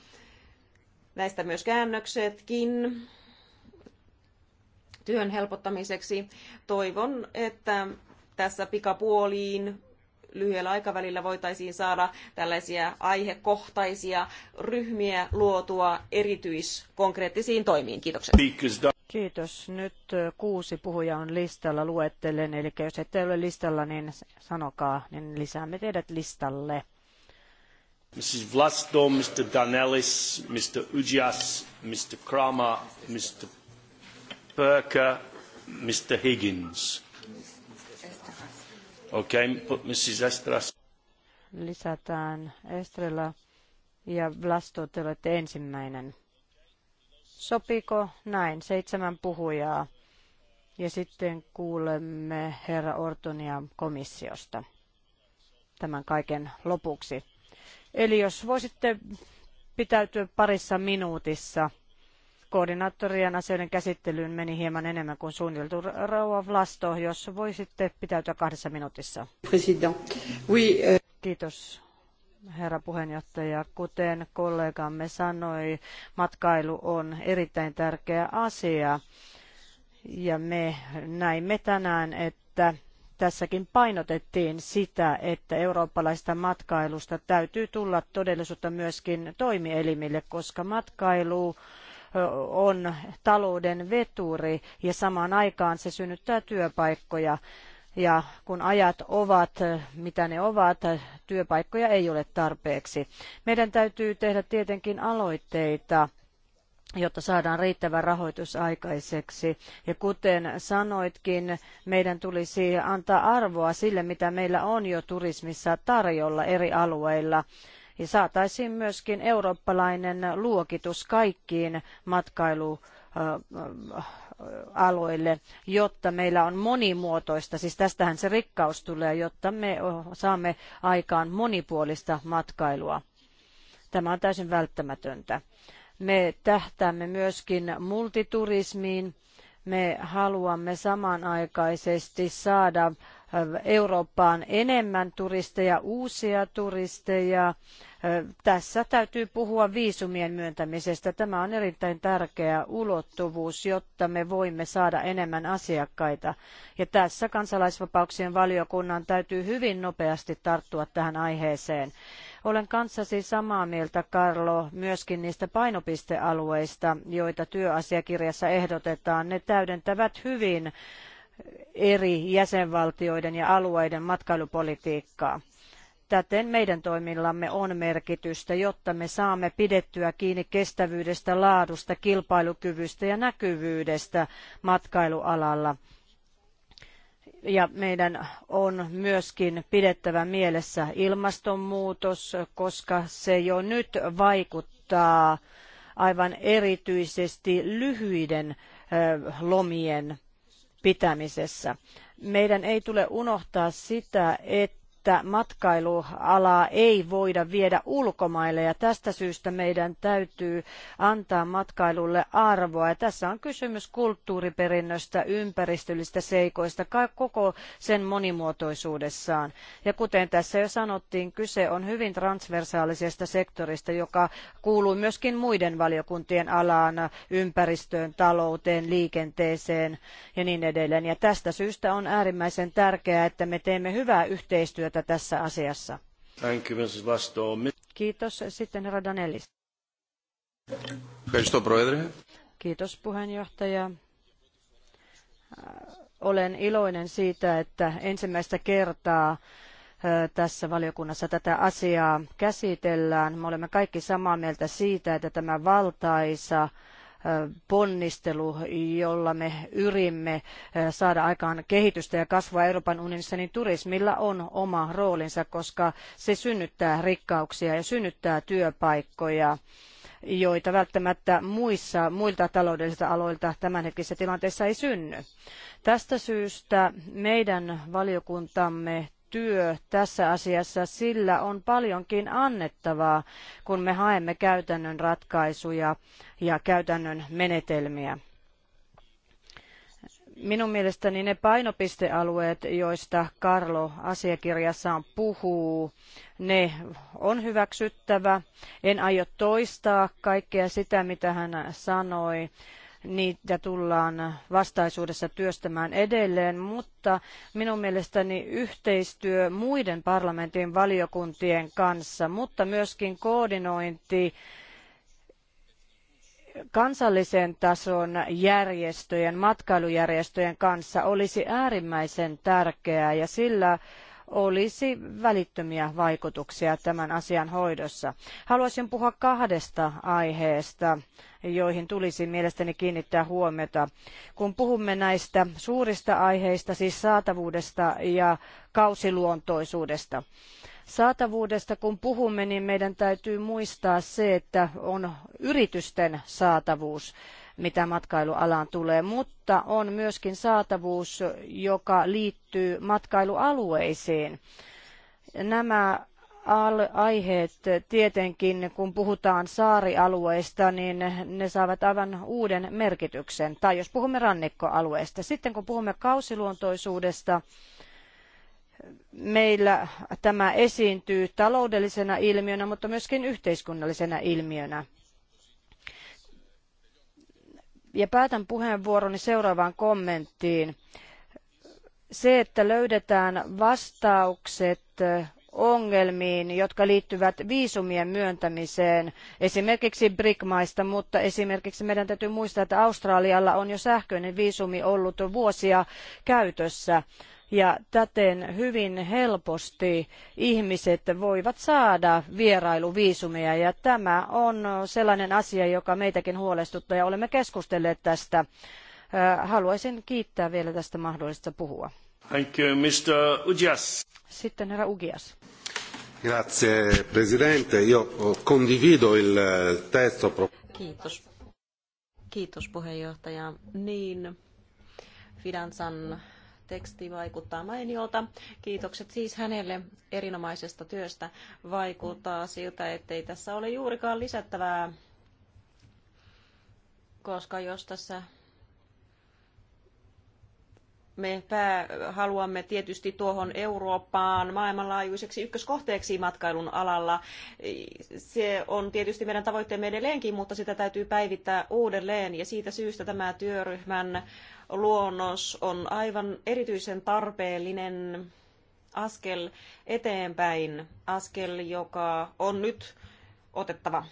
C: Näistä myös käännöksetkin työn helpottamiseksi. Toivon, että tässä pikapuoliin lyhyellä aikavälillä voitaisiin saada tällaisia aihekohtaisia ryhmiä luotua erityiskonkreettisiin toimiin. Kiitoksia.
B: Kiitos. Nyt äh, kuusi puhuja on listalla luettelen, eli jos ette ole listalla, niin sanokaa, niin lisäämme teidät listalle. Mrs.
C: Vlasto, Mr. Danelis, Mr. Ujias, Mr. Kramer, Mr. Perker, Mr. Higgins. Okay, put Mrs. Estras.
B: Lisätään Estrella ja Vlasto, te olette ensimmäinen. Sopiiko näin? Seitsemän puhujaa. Ja sitten kuulemme herra Ortonia komissiosta tämän kaiken lopuksi. Eli jos voisitte pitäytyä parissa minuutissa. Koordinaattorien asioiden käsittelyyn meni hieman enemmän kuin suunniteltu. Rauha Vlasto, jos voisitte pitäytyä kahdessa minuutissa. Oui, euh- Kiitos herra puheenjohtaja. Kuten kollegamme sanoi, matkailu on erittäin tärkeä asia. Ja me näimme tänään, että Tässäkin painotettiin sitä, että eurooppalaista matkailusta täytyy tulla todellisuutta myöskin toimielimille, koska matkailu on talouden veturi ja samaan aikaan se synnyttää työpaikkoja. Ja kun ajat ovat, mitä ne ovat, työpaikkoja ei ole tarpeeksi. Meidän täytyy tehdä tietenkin aloitteita jotta saadaan riittävä rahoitus aikaiseksi. Ja kuten sanoitkin, meidän tulisi antaa arvoa sille, mitä meillä on jo turismissa tarjolla eri alueilla. Ja saataisiin myöskin eurooppalainen luokitus kaikkiin matkailualueille, äh, äh, jotta meillä on monimuotoista, siis tästähän se rikkaus tulee, jotta me saamme aikaan monipuolista matkailua. Tämä on täysin välttämätöntä. Me tähtäämme myöskin multiturismiin. Me haluamme samanaikaisesti saada äh, Eurooppaan enemmän turisteja, uusia turisteja. Äh, tässä täytyy puhua viisumien myöntämisestä. Tämä on erittäin tärkeä ulottuvuus, jotta me voimme saada enemmän asiakkaita. Ja tässä kansalaisvapauksien valiokunnan täytyy hyvin nopeasti tarttua tähän aiheeseen. Olen kanssasi samaa mieltä, Karlo, myöskin niistä painopistealueista, joita työasiakirjassa ehdotetaan. Ne täydentävät hyvin eri jäsenvaltioiden ja alueiden matkailupolitiikkaa. Täten meidän toimillamme on merkitystä, jotta me saamme pidettyä kiinni kestävyydestä, laadusta, kilpailukyvystä ja näkyvyydestä matkailualalla ja meidän on myöskin pidettävä mielessä ilmastonmuutos, koska se jo nyt vaikuttaa aivan erityisesti lyhyiden lomien pitämisessä. Meidän ei tule unohtaa sitä, että että matkailualaa ei voida viedä ulkomaille ja tästä syystä meidän täytyy antaa matkailulle arvoa. Ja tässä on kysymys kulttuuriperinnöstä, ympäristöllisistä seikoista, koko sen monimuotoisuudessaan. Ja kuten tässä jo sanottiin, kyse on hyvin transversaalisesta sektorista, joka kuuluu myöskin muiden valiokuntien alaan, ympäristöön, talouteen, liikenteeseen ja niin edelleen. Ja tästä syystä on äärimmäisen tärkeää, että me teemme hyvää yhteistyötä yhteistyötä tässä asiassa. Thank you, Mrs. Kiitos. Sitten herra Kiitos puheenjohtaja. Olen iloinen siitä, että ensimmäistä kertaa tässä valiokunnassa tätä asiaa käsitellään. Me olemme kaikki samaa mieltä siitä, että tämä valtaisa ponnistelu, jolla me yrimme eh, saada aikaan kehitystä ja kasvua Euroopan unionissa, niin turismilla on oma roolinsa, koska se synnyttää rikkauksia ja synnyttää työpaikkoja joita välttämättä muissa, muilta taloudellisilta aloilta tämänhetkisessä tilanteessa ei synny. Tästä syystä meidän valiokuntamme työ tässä asiassa, sillä on paljonkin annettavaa, kun me haemme käytännön ratkaisuja ja käytännön menetelmiä. Minun mielestäni ne painopistealueet, joista Karlo asiakirjassaan puhuu, ne on hyväksyttävä. En aio toistaa kaikkea sitä, mitä hän sanoi niitä tullaan vastaisuudessa työstämään edelleen, mutta minun mielestäni yhteistyö muiden parlamentin valiokuntien kanssa, mutta myöskin koordinointi kansallisen tason järjestöjen, matkailujärjestöjen kanssa olisi äärimmäisen tärkeää ja sillä olisi välittömiä vaikutuksia tämän asian hoidossa. Haluaisin puhua kahdesta aiheesta, joihin tulisi mielestäni kiinnittää huomiota. Kun puhumme näistä suurista aiheista, siis saatavuudesta ja kausiluontoisuudesta, saatavuudesta kun puhumme, niin meidän täytyy muistaa se, että on yritysten saatavuus mitä matkailualaan tulee, mutta on myöskin saatavuus, joka liittyy matkailualueisiin. Nämä aiheet tietenkin, kun puhutaan saarialueista, niin ne saavat aivan uuden merkityksen. Tai jos puhumme rannikkoalueista. Sitten kun puhumme kausiluontoisuudesta, meillä tämä esiintyy taloudellisena ilmiönä, mutta myöskin yhteiskunnallisena ilmiönä. Ja päätän puheenvuoroni seuraavaan kommenttiin. Se, että löydetään vastaukset ongelmiin, jotka liittyvät viisumien myöntämiseen, esimerkiksi BRIC-maista, mutta esimerkiksi meidän täytyy muistaa, että Australialla on jo sähköinen viisumi ollut vuosia käytössä ja täten hyvin helposti ihmiset voivat saada vierailuviisumeja ja tämä on sellainen asia, joka meitäkin huolestuttaa ja olemme keskustelleet tästä. Haluaisin kiittää vielä tästä mahdollisesta puhua.
C: Thank you, Mr. Ugias. Sitten herra Ugias. Grazie Presidente, io eh, condivido il eh, testo. Kiitos. Kiitos puheenjohtaja. Niin, Fidansan teksti vaikuttaa mainiolta. Kiitokset siis hänelle erinomaisesta työstä. Vaikuttaa siltä, ettei tässä ole juurikaan lisättävää, koska jos tässä me pää, haluamme tietysti tuohon Eurooppaan maailmanlaajuiseksi ykköskohteeksi matkailun alalla. Se on tietysti meidän tavoitteemme edelleenkin, mutta sitä täytyy päivittää uudelleen ja siitä syystä tämä työryhmän luonnos on aivan erityisen tarpeellinen askel eteenpäin, askel, joka on nyt otettava.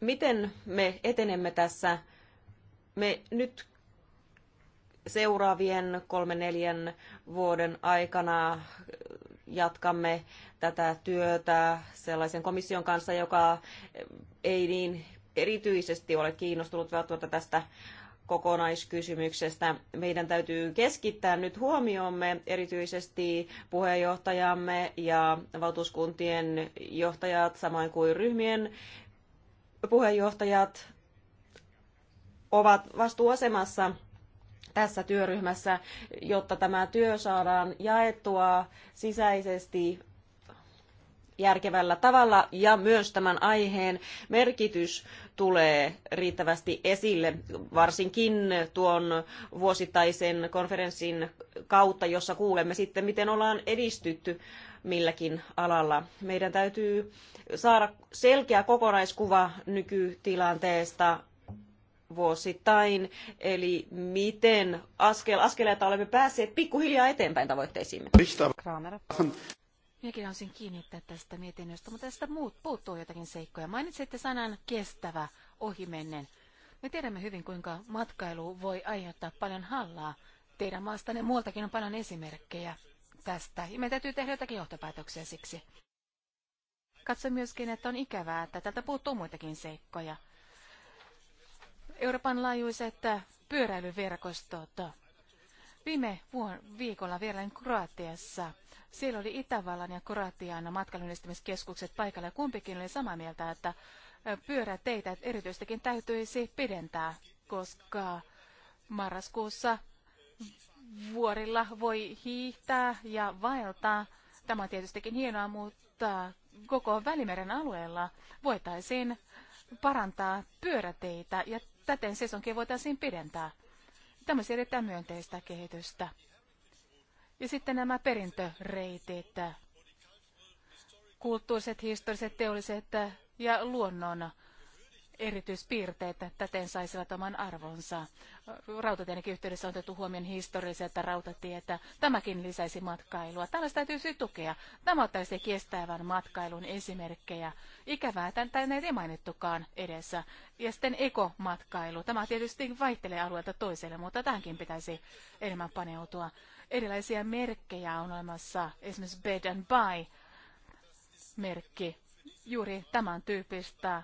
C: Miten me etenemme tässä? Me nyt seuraavien kolmen neljän vuoden aikana jatkamme tätä työtä sellaisen komission kanssa, joka ei niin erityisesti ole kiinnostunut välttämättä tästä kokonaiskysymyksestä. Meidän täytyy keskittää nyt huomiomme erityisesti puheenjohtajamme ja valtuuskuntien johtajat, samoin kuin ryhmien puheenjohtajat ovat vastuuasemassa tässä työryhmässä, jotta tämä työ saadaan jaettua sisäisesti järkevällä tavalla ja myös tämän aiheen merkitys tulee riittävästi esille, varsinkin tuon vuosittaisen konferenssin kautta, jossa kuulemme sitten, miten ollaan edistytty milläkin alalla. Meidän täytyy saada selkeä kokonaiskuva nykytilanteesta vuosittain, eli miten askel, askeleita olemme päässeet pikkuhiljaa eteenpäin tavoitteisiimme.
A: Minäkin haluaisin kiinnittää tästä mietinnöstä, mutta tästä muut, puuttuu jotakin seikkoja. Mainitsitte sanan kestävä ohimennen. Me tiedämme hyvin, kuinka matkailu voi aiheuttaa paljon hallaa. Teidän maastanne muultakin on paljon esimerkkejä tästä. Ja meidän täytyy tehdä jotakin johtopäätöksiä siksi. Katso myöskin, että on ikävää, että tältä puuttuu muitakin seikkoja. Euroopan laajuiset pyöräilyverkostot Viime vuon viikolla vierailin Kroatiassa. Siellä oli Itävallan ja Kroatian matkailunnistämiskeskukset paikalla ja kumpikin oli samaa mieltä, että pyöräteitä erityistäkin täytyisi pidentää, koska marraskuussa vuorilla voi hiihtää ja vaeltaa. Tämä on tietystikin hienoa, mutta koko Välimeren alueella voitaisiin parantaa pyöräteitä ja täten sesonkin voitaisiin pidentää. Tämä siis erittäin myönteistä kehitystä. Ja sitten nämä perintöreitit, kulttuuriset, historiset, teolliset ja luonnon erityispiirteet täten saisivat oman arvonsa. Rautatienkin yhteydessä on otettu huomioon historialliset rautatietä. Tämäkin lisäisi matkailua. Tällaista täytyy siis tukea. Tämä ottaisi kestävän matkailun esimerkkejä. Ikävää, tätä ei mainittukaan edessä. Ja sitten ekomatkailu. Tämä tietysti vaihtelee alueelta toiselle, mutta tähänkin pitäisi enemmän paneutua. Erilaisia merkkejä on olemassa, esimerkiksi bed and buy merkki. Juuri tämän tyyppistä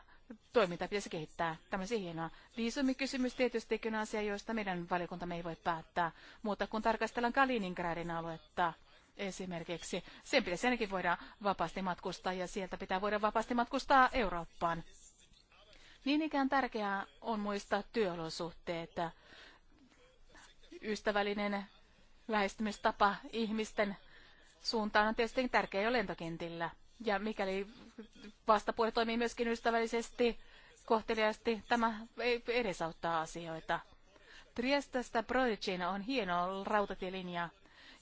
A: toimintaa pitäisi kehittää. Tämmöisiä hienoa. Viisumikysymys tietysti on asia, josta meidän valiokuntamme ei voi päättää. Mutta kun tarkastellaan Kaliningradin aluetta, esimerkiksi. Sen pitäisi ainakin voida vapaasti matkustaa ja sieltä pitää voida vapaasti matkustaa Eurooppaan. Niin ikään tärkeää on muistaa työolosuhteet. Ystävällinen lähestymistapa ihmisten suuntaan on tietysti tärkeä jo lentokentillä. Ja mikäli vastapuoli toimii myöskin ystävällisesti, kohteliaasti. Tämä edesauttaa asioita. Triestasta Prodigin on hieno rautatielinja,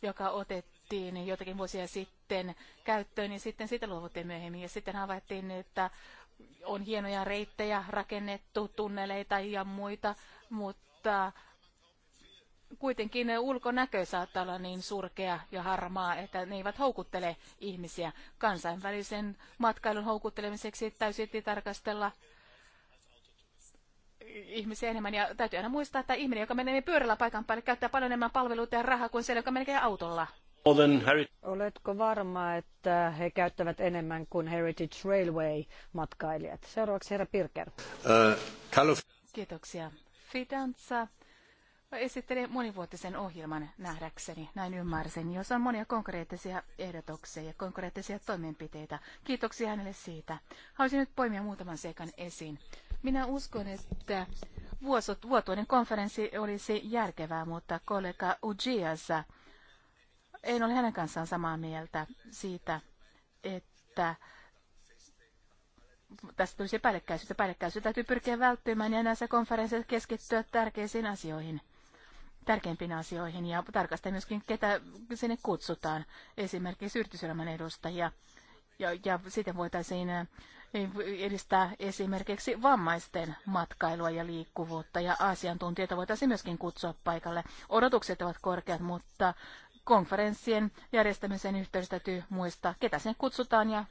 A: joka otettiin jotakin vuosia sitten käyttöön ja sitten sitä luovuttiin myöhemmin. Ja sitten havaittiin, että on hienoja reittejä rakennettu, tunneleita ja muita, mutta kuitenkin ulkonäkö saattaa olla niin surkea ja harmaa, että ne eivät houkuttele ihmisiä. Kansainvälisen matkailun houkuttelemiseksi täysin tarkastella ihmisiä enemmän. Ja täytyy aina muistaa, että ihminen, joka menee pyörällä paikan päälle, käyttää paljon enemmän palveluita ja rahaa kuin se, joka menee autolla. Oletko
B: varma, että he käyttävät enemmän kuin Heritage Railway-matkailijat? Seuraavaksi
A: herra Pirker. Uh, Kiitoksia. Fidanza esittelee monivuotisen ohjelman nähdäkseni, näin ymmärsin, jos on monia konkreettisia ehdotuksia ja konkreettisia toimenpiteitä. Kiitoksia hänelle siitä. Haluaisin nyt poimia muutaman seikan esiin. Minä uskon, että vuosot, vuotuinen konferenssi olisi järkevää, mutta kollega Ujiasa, en ole hänen kanssaan samaa mieltä siitä, että tästä tulisi päällekkäisyyttä. Päällekkäisyyttä täytyy pyrkiä välttymään ja näissä konferensseissa keskittyä tärkeisiin asioihin tärkeimpiin asioihin ja tarkastaa myöskin, ketä sinne kutsutaan, esimerkiksi yrityselämän edustajia. Ja, ja sitten voitaisiin eh, edistää esimerkiksi vammaisten matkailua ja liikkuvuutta ja asiantuntijoita voitaisiin myöskin kutsua paikalle. Odotukset ovat korkeat, mutta konferenssien järjestämisen yhteydessä täytyy muistaa, ketä sen kutsutaan ja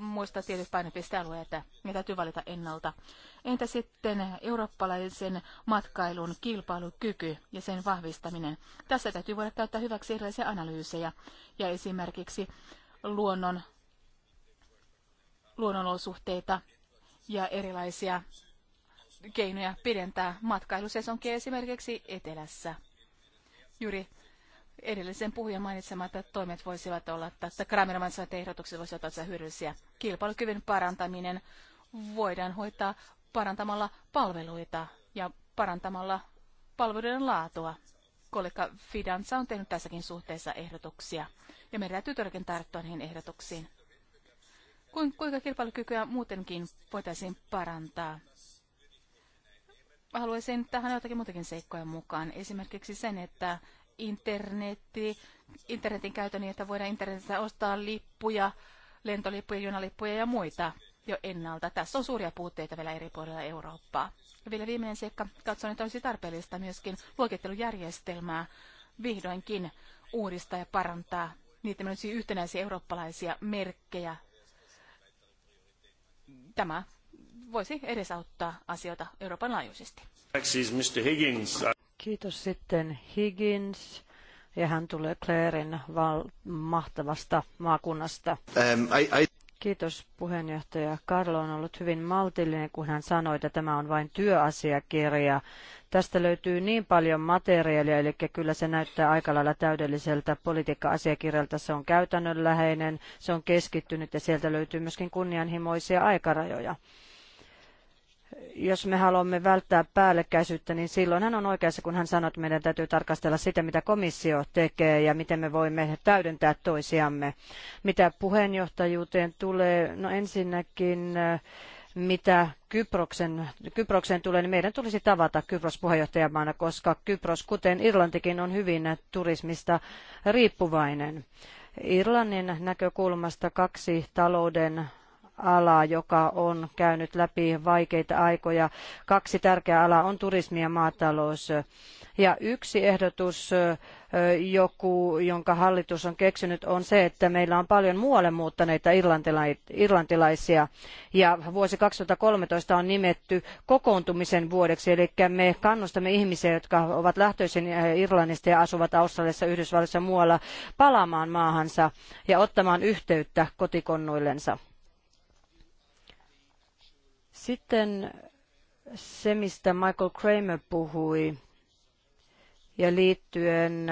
A: muistaa tietyt painopistealueet, ne täytyy valita ennalta. Entä sitten eurooppalaisen matkailun kilpailukyky ja sen vahvistaminen? Tässä täytyy voida käyttää hyväksi erilaisia analyysejä ja esimerkiksi luonnon, luonnonolosuhteita ja erilaisia keinoja pidentää matkailusesonkia esimerkiksi etelässä. Juuri edellisen puhujan että toimet voisivat olla, tässä Kramer että ehdotukset voisivat olla hyödyllisiä. Kilpailukyvyn parantaminen voidaan hoitaa parantamalla palveluita ja parantamalla palveluiden laatua. Kollega Fidanza on tehnyt tässäkin suhteessa ehdotuksia, ja meidän täytyy todellakin tarttua niihin ehdotuksiin. Kuinka kilpailukykyä muutenkin voitaisiin parantaa? Haluaisin tähän jotakin muutakin seikkoja mukaan. Esimerkiksi sen, että internetti, internetin käytön niin, että voidaan internetissä ostaa lippuja, lentolippuja, junalippuja ja muita jo ennalta. Tässä on suuria puutteita vielä eri puolilla Eurooppaa. Ja vielä viimeinen seikka, katson, että olisi tarpeellista myöskin luokittelujärjestelmää vihdoinkin uudistaa ja parantaa. Niitä myös yhtenäisiä eurooppalaisia merkkejä. Tämä voisi edesauttaa asioita Euroopan laajuisesti.
C: Mr. Higgins.
A: Kiitos
B: sitten Higgins ja hän tulee Clairen val- mahtavasta maakunnasta. Um, I, I... Kiitos puheenjohtaja. Karlo on ollut hyvin maltillinen, kun hän sanoi, että tämä on vain työasiakirja. Tästä löytyy niin paljon materiaalia, eli kyllä se näyttää aika lailla täydelliseltä politiikka-asiakirjalta. Se on käytännönläheinen, se on keskittynyt ja sieltä löytyy myöskin kunnianhimoisia aikarajoja jos me haluamme välttää päällekkäisyyttä, niin silloin hän on oikeassa, kun hän sanoo, että meidän täytyy tarkastella sitä, mitä komissio tekee ja miten me voimme täydentää toisiamme. Mitä puheenjohtajuuteen tulee, no ensinnäkin eh, mitä Kyproksen, Kyprokseen tulee, niin meidän tulisi tavata Kypros puheenjohtajamaana, koska Kypros, kuten Irlantikin, on hyvin turismista riippuvainen. Irlannin näkökulmasta kaksi talouden alaa, joka on käynyt läpi vaikeita aikoja. Kaksi tärkeää alaa on turismi ja maatalous. Ja yksi ehdotus, joku, jonka hallitus on keksinyt, on se, että meillä on paljon muualle muuttaneita irlantilaisia. Ja vuosi 2013 on nimetty kokoontumisen vuodeksi, eli me kannustamme ihmisiä, jotka ovat lähtöisin Irlannista ja asuvat Australiassa, Yhdysvalloissa ja muualla, palaamaan maahansa ja ottamaan yhteyttä kotikonnuillensa. Sitten se, mistä Michael Kramer puhui, ja liittyen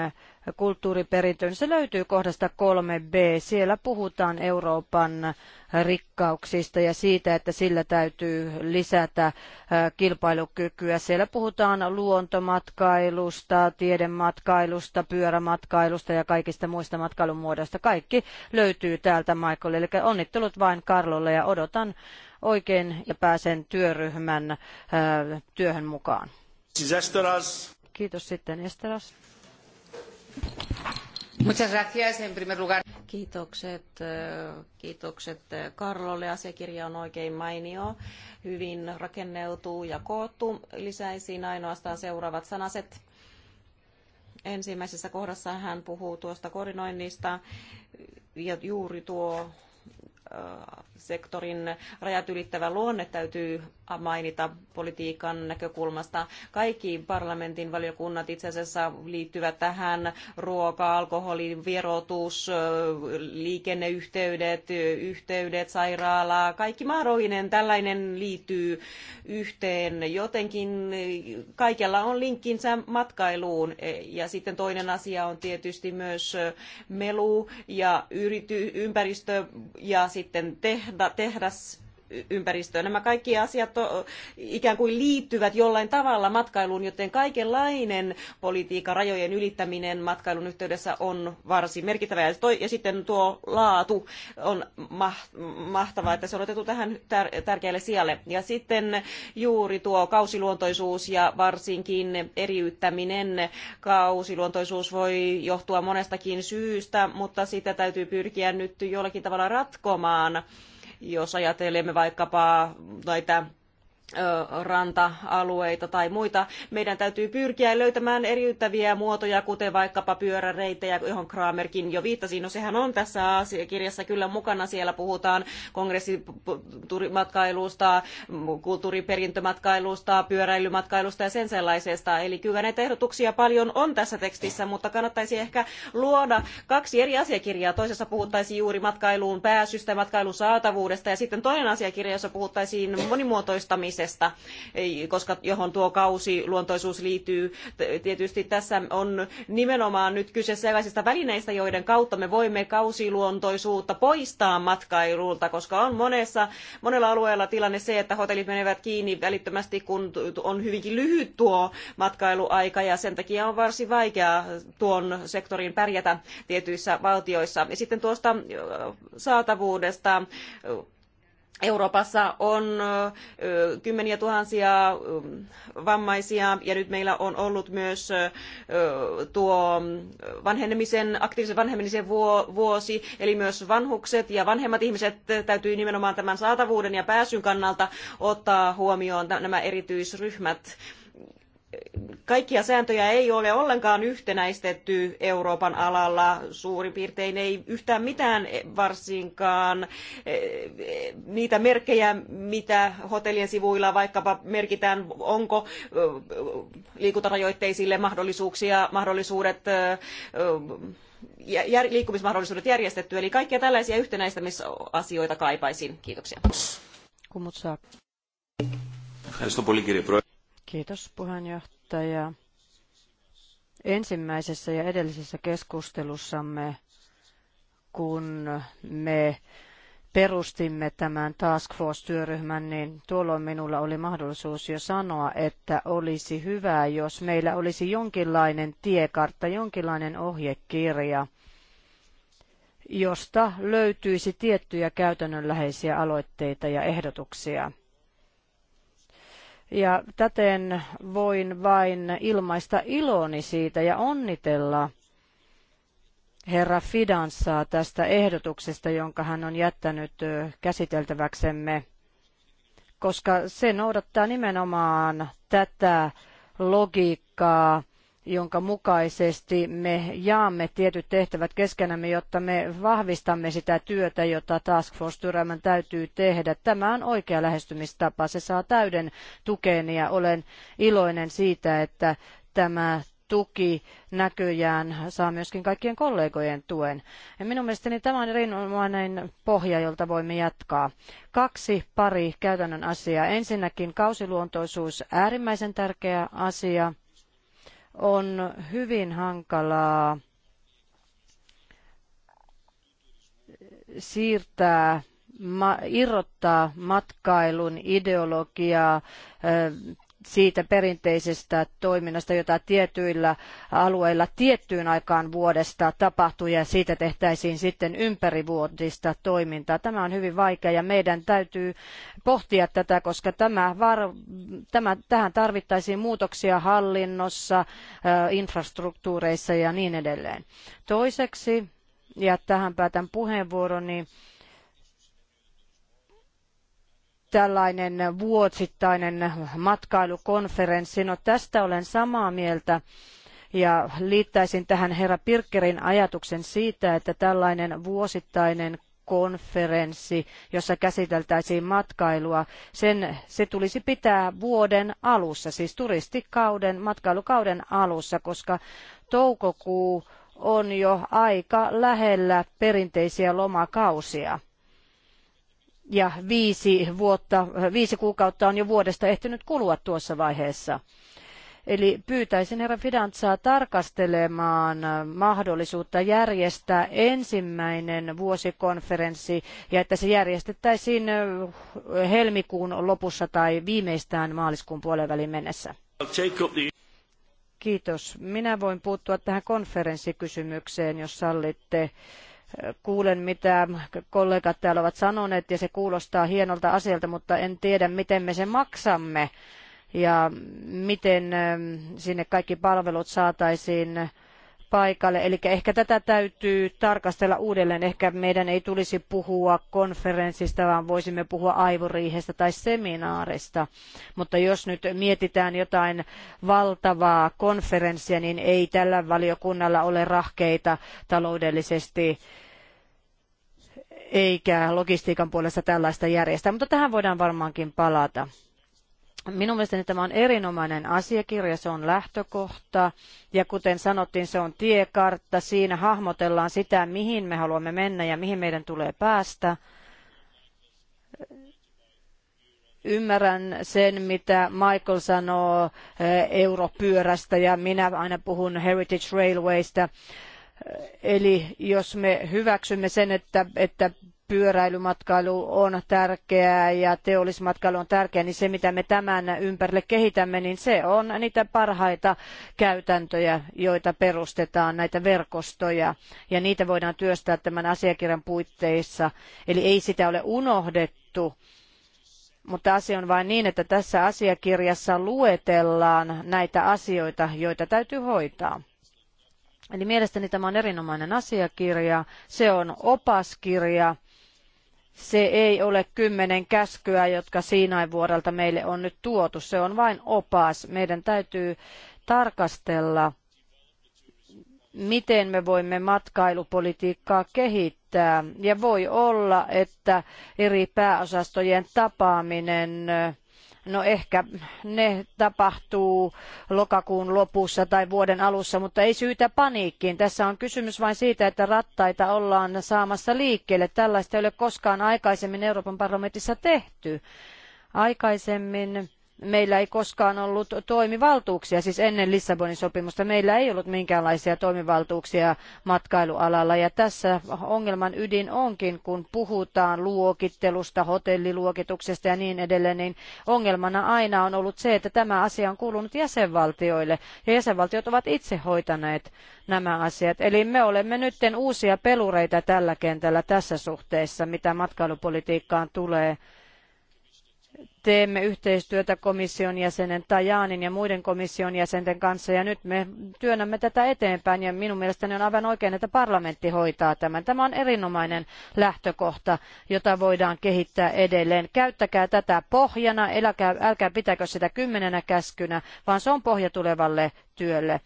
B: kulttuuriperintöön. Se löytyy kohdasta 3b. Siellä puhutaan Euroopan rikkauksista ja siitä, että sillä täytyy lisätä äh, kilpailukykyä. Siellä puhutaan luontomatkailusta, tiedematkailusta, pyörämatkailusta ja kaikista muista matkailumuodoista. Kaikki löytyy täältä Michael. Eli onnittelut vain Karlolle ja odotan oikein ja pääsen työryhmän työhön mukaan. Siis Kiitos sitten Esteras.
C: Muchas gracias en primer lugar. Kiitokset, kiitokset Karlolle. Asiakirja on oikein mainio, hyvin rakenneltu ja koottu. Lisäisin ainoastaan seuraavat sanaset. Ensimmäisessä kohdassa hän puhuu tuosta koordinoinnista ja juuri tuo sektorin rajat ylittävä luonne täytyy mainita politiikan näkökulmasta. Kaikki parlamentin valiokunnat itse asiassa liittyvät tähän ruoka, alkoholi, verotus, liikenneyhteydet, yhteydet, sairaala, kaikki mahdollinen tällainen liittyy yhteen. Jotenkin kaikella on linkkinsä matkailuun. Ja sitten toinen asia on tietysti myös melu ja ympäristö ja sitten sitten tehda, tehdas ympäristöön. Nämä kaikki asiat ikään kuin liittyvät jollain tavalla matkailuun, joten kaikenlainen politiikka, rajojen ylittäminen matkailun yhteydessä on varsin merkittävää. Ja, toi, ja sitten tuo laatu on mahtavaa, että se on otettu tähän tär- tärkeälle sijalle. Ja sitten juuri tuo kausiluontoisuus ja varsinkin eriyttäminen. Kausiluontoisuus voi johtua monestakin syystä, mutta sitä täytyy pyrkiä nyt jollakin tavalla ratkomaan. Jos ajatelemme vaikkapa näitä ranta-alueita tai muita. Meidän täytyy pyrkiä löytämään eriyttäviä muotoja, kuten vaikkapa pyöräreittejä, johon Kramerkin jo viittasi. No sehän on tässä asiakirjassa kyllä mukana. Siellä puhutaan kongressimatkailusta, kulttuuriperintömatkailusta, pyöräilymatkailusta ja sen sellaisesta. Eli kyllä näitä ehdotuksia paljon on tässä tekstissä, mutta kannattaisi ehkä luoda kaksi eri asiakirjaa. Toisessa puhuttaisiin juuri matkailuun pääsystä, matkailun saatavuudesta ja sitten toinen asiakirja, jossa puhuttaisiin monimuotoistamisesta luontoisuudesta, koska johon tuo kausi luontoisuus liittyy. Tietysti tässä on nimenomaan nyt kyse sellaisista välineistä, joiden kautta me voimme kausiluontoisuutta poistaa matkailulta, koska on monessa, monella alueella tilanne se, että hotellit menevät kiinni välittömästi, kun on hyvinkin lyhyt tuo matkailuaika ja sen takia on varsin vaikeaa tuon sektorin pärjätä tietyissä valtioissa. Ja sitten tuosta saatavuudesta Euroopassa on kymmeniä tuhansia vammaisia ja nyt meillä on ollut myös tuo vanhenemisen, aktiivisen vanhenemisen vuosi, eli myös vanhukset ja vanhemmat ihmiset täytyy nimenomaan tämän saatavuuden ja pääsyn kannalta ottaa huomioon nämä erityisryhmät kaikkia sääntöjä ei ole ollenkaan yhtenäistetty Euroopan alalla. Suurin piirtein ei yhtään mitään varsinkaan eh, niitä merkkejä, mitä hotellien sivuilla vaikkapa merkitään, onko eh, liikuntarajoitteisille mahdollisuuksia, mahdollisuudet eh, ja liikkumismahdollisuudet järjestetty. Eli kaikkia tällaisia yhtenäistämisasioita kaipaisin. Kiitoksia. Kumut saa. Ευχαριστώ
B: Kiitos puheenjohtaja. Ensimmäisessä ja edellisessä keskustelussamme, kun me perustimme tämän Task Force-työryhmän, niin tuolloin minulla oli mahdollisuus jo sanoa, että olisi hyvä, jos meillä olisi jonkinlainen tiekartta, jonkinlainen ohjekirja, josta löytyisi tiettyjä käytännönläheisiä aloitteita ja ehdotuksia. Ja täten voin vain ilmaista iloni siitä ja onnitella herra Fidansaa tästä ehdotuksesta, jonka hän on jättänyt käsiteltäväksemme, koska se noudattaa nimenomaan tätä logiikkaa, jonka mukaisesti me jaamme tietyt tehtävät keskenämme, jotta me vahvistamme sitä työtä, jota Task Force-työryhmän täytyy tehdä. Tämä on oikea lähestymistapa. Se saa täyden tukeni ja olen iloinen siitä, että tämä tuki näköjään saa myöskin kaikkien kollegojen tuen. Ja minun mielestäni tämä on erinomainen pohja, jolta voimme jatkaa. Kaksi pari käytännön asiaa. Ensinnäkin kausiluontoisuus, äärimmäisen tärkeä asia on hyvin hankalaa siirtää irrottaa matkailun ideologiaa siitä perinteisestä toiminnasta, jota tietyillä alueilla tiettyyn aikaan vuodesta tapahtuu ja siitä tehtäisiin sitten ympärivuotista toimintaa. Tämä on hyvin vaikea ja meidän täytyy pohtia tätä, koska tämä, tämä, tähän tarvittaisiin muutoksia hallinnossa, infrastruktuureissa ja niin edelleen. Toiseksi, ja tähän päätän puheenvuoroni, niin tällainen vuosittainen matkailukonferenssi. No tästä olen samaa mieltä ja liittäisin tähän herra Pirkkerin ajatuksen siitä, että tällainen vuosittainen konferenssi, jossa käsiteltäisiin matkailua. Sen, se tulisi pitää vuoden alussa, siis turistikauden, matkailukauden alussa, koska toukokuu on jo aika lähellä perinteisiä lomakausia ja viisi, vuotta, viisi kuukautta on jo vuodesta ehtinyt kulua tuossa vaiheessa. Eli pyytäisin herra Fidantsaa tarkastelemaan mahdollisuutta järjestää ensimmäinen vuosikonferenssi ja että se järjestettäisiin helmikuun lopussa tai viimeistään maaliskuun puolenvälin mennessä. Kiitos. Minä voin puuttua tähän konferenssikysymykseen, jos sallitte kuulen, mitä kollegat täällä ovat sanoneet, ja se kuulostaa hienolta asialta, mutta en tiedä, miten me sen maksamme ja miten sinne kaikki palvelut saataisiin paikalle. Eli ehkä tätä täytyy tarkastella uudelleen. Ehkä meidän ei tulisi puhua konferenssista, vaan voisimme puhua aivoriihestä tai seminaarista. Mutta jos nyt mietitään jotain valtavaa konferenssia, niin ei tällä valiokunnalla ole rahkeita taloudellisesti eikä logistiikan puolesta tällaista järjestää. Mutta tähän voidaan varmaankin palata. Minun mielestäni tämä on erinomainen asiakirja, se on lähtökohta ja kuten sanottiin, se on tiekartta. Siinä hahmotellaan sitä, mihin me haluamme mennä ja mihin meidän tulee päästä. Ymmärrän sen, mitä Michael sanoo eh, europyörästä ja minä aina puhun Heritage Railwaysta. Eh, eli jos me hyväksymme sen, että, että pyöräilymatkailu on tärkeää ja teollismatkailu on tärkeää, niin se mitä me tämän ympärille kehitämme, niin se on niitä parhaita käytäntöjä, joita perustetaan, näitä verkostoja. Ja niitä voidaan työstää tämän asiakirjan puitteissa. Eli ei sitä ole unohdettu mutta asia on vain niin, että tässä asiakirjassa luetellaan näitä asioita, joita täytyy hoitaa. Eli mielestäni tämä on erinomainen asiakirja, se on opaskirja se ei ole kymmenen käskyä, jotka Siinain vuorelta meille on nyt tuotu. Se on vain opas. Meidän täytyy tarkastella, miten me voimme matkailupolitiikkaa kehittää. Ja voi olla, että eri pääosastojen tapaaminen No ehkä ne tapahtuu lokakuun lopussa tai vuoden alussa, mutta ei syytä paniikkiin. Tässä on kysymys vain siitä, että rattaita ollaan saamassa liikkeelle. Tällaista ei ole koskaan aikaisemmin Euroopan parlamentissa tehty. Aikaisemmin meillä ei koskaan ollut toimivaltuuksia, siis ennen Lissabonin sopimusta meillä ei ollut minkäänlaisia toimivaltuuksia matkailualalla ja tässä ongelman ydin onkin, kun puhutaan luokittelusta, hotelliluokituksesta ja niin edelleen, niin ongelmana aina on ollut se, että tämä asia on kuulunut jäsenvaltioille ja jäsenvaltiot ovat itse hoitaneet nämä asiat. Eli me olemme nyt uusia pelureita tällä kentällä tässä suhteessa, mitä matkailupolitiikkaan tulee teemme yhteistyötä komission jäsenen Tajanin ja muiden komission jäsenten kanssa ja nyt me työnnämme tätä eteenpäin ja minun mielestäni on aivan oikein, että parlamentti hoitaa tämän. Tämä on erinomainen lähtökohta, jota voidaan kehittää edelleen. Käyttäkää tätä pohjana, eläkää, älkää pitäkö sitä kymmenenä käskynä, vaan se on pohja tulevalle työlle.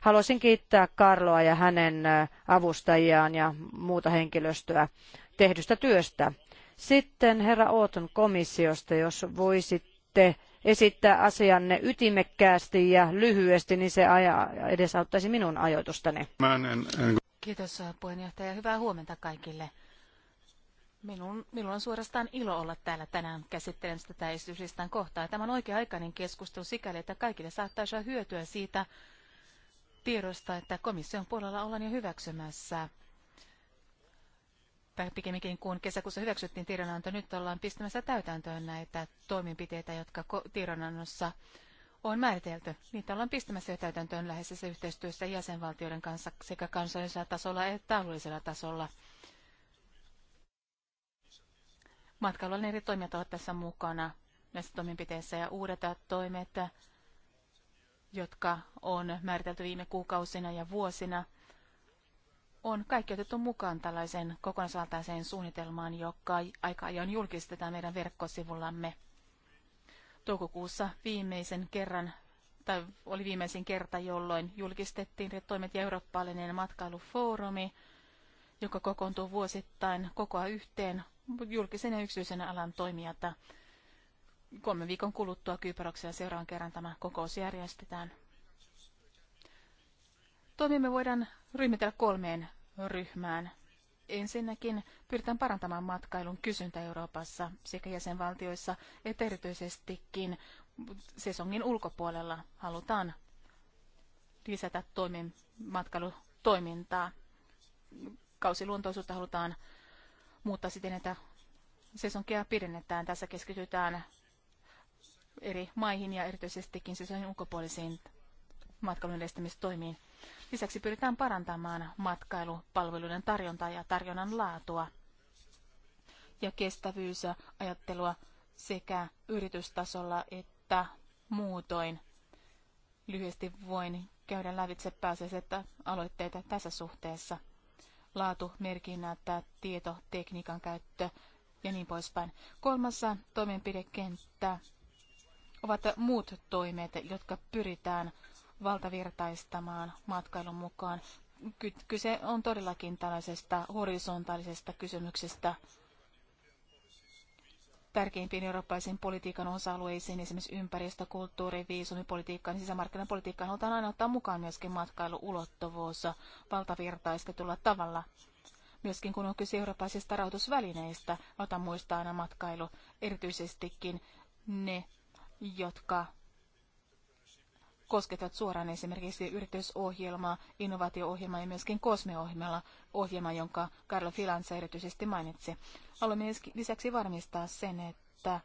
B: Haluaisin kiittää Karloa ja hänen avustajiaan ja muuta henkilöstöä tehdystä työstä. Sitten herra Ooton komissiosta, jos voisitte esittää asianne ytimekkäästi ja lyhyesti, niin se edesauttaisi minun ajoitustani.
A: Kiitos puheenjohtaja. Hyvää huomenta kaikille. Minun, minulla on suorastaan ilo olla täällä tänään käsittelemässä tätä esityslistan kohtaa. Tämä on oikea-aikainen keskustelu sikäli, että kaikille saattaisi olla hyötyä siitä tiedosta, että komission puolella ollaan jo hyväksymässä pikemminkin kun kesäkuussa hyväksyttiin tiedonanto, nyt ollaan pistämässä täytäntöön näitä toimenpiteitä, jotka tiedonannossa on määritelty. Niitä ollaan pistämässä jo täytäntöön läheisessä yhteistyössä jäsenvaltioiden kanssa sekä kansallisella tasolla että alueellisella tasolla. Matkailualan eri toimijat ovat tässä mukana näissä toimenpiteissä ja uudet toimet, jotka on määritelty viime kuukausina ja vuosina – on kaikki otettu mukaan tällaiseen kokonaisvaltaiseen suunnitelmaan, joka aika ajoin julkistetaan meidän verkkosivullamme. Toukokuussa viimeisen kerran, tai oli viimeisin kerta, jolloin julkistettiin toimet ja eurooppalainen matkailufoorumi, joka kokoontuu vuosittain kokoa yhteen julkisen ja yksityisen alan toimijata. Kolmen viikon kuluttua Kyproksella seuraan kerran tämä kokous järjestetään. Toimimme voidaan ryhmitellä kolmeen ryhmään. Ensinnäkin pyritään parantamaan matkailun kysyntä Euroopassa sekä jäsenvaltioissa että erityisestikin sesongin ulkopuolella halutaan lisätä toimin, matkailutoimintaa. Kausiluontoisuutta halutaan muuttaa siten, että sesonkia pidennetään. Tässä keskitytään eri maihin ja erityisestikin sesongin ulkopuolisiin matkailun edistämistoimiin. Lisäksi pyritään parantamaan matkailupalveluiden tarjontaa ja tarjonnan laatua ja kestävyysajattelua sekä yritystasolla että muutoin. Lyhyesti voin käydä lävitse pääsiäiset aloitteita tässä suhteessa. Laatu, merkinnät, tieto, tekniikan käyttö ja niin poispäin. Kolmas toimenpidekenttä ovat muut toimet, jotka pyritään valtavirtaistamaan matkailun mukaan. Kyse on todellakin tällaisesta horisontaalisesta kysymyksestä. Tärkeimpiin eurooppalaisiin politiikan osa-alueisiin, esimerkiksi ympäristö, kulttuuri, viisumipolitiikkaan ja sisämarkkinapolitiikkaan, halutaan aina ottaa mukaan myöskin matkailuulottuvuus valtavirtaistetulla tavalla. Myöskin kun on kyse eurooppalaisista rahoitusvälineistä, otan muistaa aina matkailu, erityisestikin ne, jotka kosketat suoraan esimerkiksi yritysohjelmaa, innovaatio-ohjelmaa ja myöskin kosmeohjelmalla ohjelma, jonka Karlo Filansa erityisesti mainitsi. Haluamme lisäksi varmistaa sen, että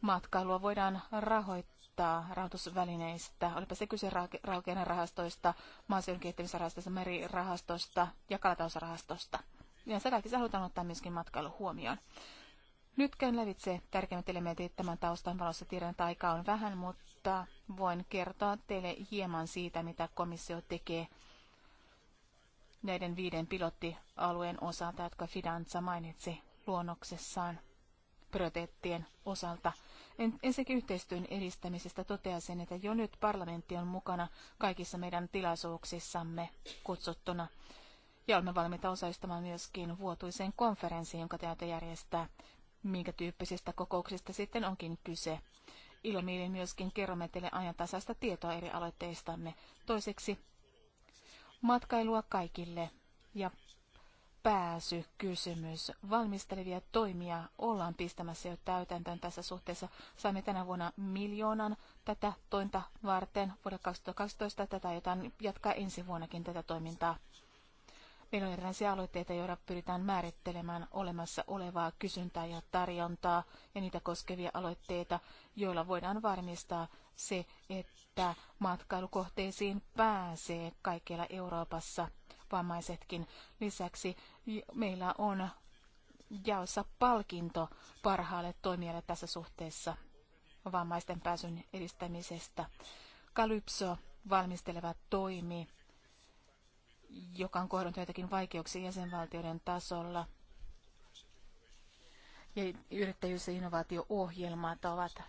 A: matkailua voidaan rahoittaa rahoitusvälineistä, olipa se kyse raukeinen rahastoista, maaseudun kehittämisrahastosta, merirahastosta ja kalatausrahastosta. Ja sitä kaikki halutaan ottaa myöskin matkailu huomioon. Nyt käyn lävitse tärkeimmät elementit tämän taustan valossa. Tiedän, että aika on vähän, mutta mutta voin kertoa teille hieman siitä, mitä komissio tekee näiden viiden pilottialueen osalta, jotka Fidanza mainitsi luonnoksessaan prioriteettien osalta. Ensinnäkin yhteistyön edistämisestä toteaisin, että jo nyt parlamentti on mukana kaikissa meidän tilaisuuksissamme kutsuttuna. Ja olemme valmiita osallistumaan myöskin vuotuiseen konferenssiin, jonka täältä järjestää, minkä tyyppisistä kokouksista sitten onkin kyse ilmiili myöskin kerromme teille ajantasaista tietoa eri aloitteistamme. Toiseksi matkailua kaikille ja pääsy kysymys Valmistelevia toimia ollaan pistämässä jo täytäntöön tässä suhteessa. Saimme tänä vuonna miljoonan tätä tointa varten vuodelle 2012. Tätä jotain jatkaa ensi vuonnakin tätä toimintaa. Meillä on erilaisia aloitteita, joilla pyritään määrittelemään olemassa olevaa kysyntää ja tarjontaa ja niitä koskevia aloitteita, joilla voidaan varmistaa se, että matkailukohteisiin pääsee kaikkialla Euroopassa vammaisetkin. Lisäksi meillä on jaossa palkinto parhaalle toimijalle tässä suhteessa vammaisten pääsyn edistämisestä. Kalypso valmisteleva toimi joka on kohdannut joitakin vaikeuksia jäsenvaltioiden tasolla. Ja yrittäjyys- ja innovaatio-ohjelmat ovat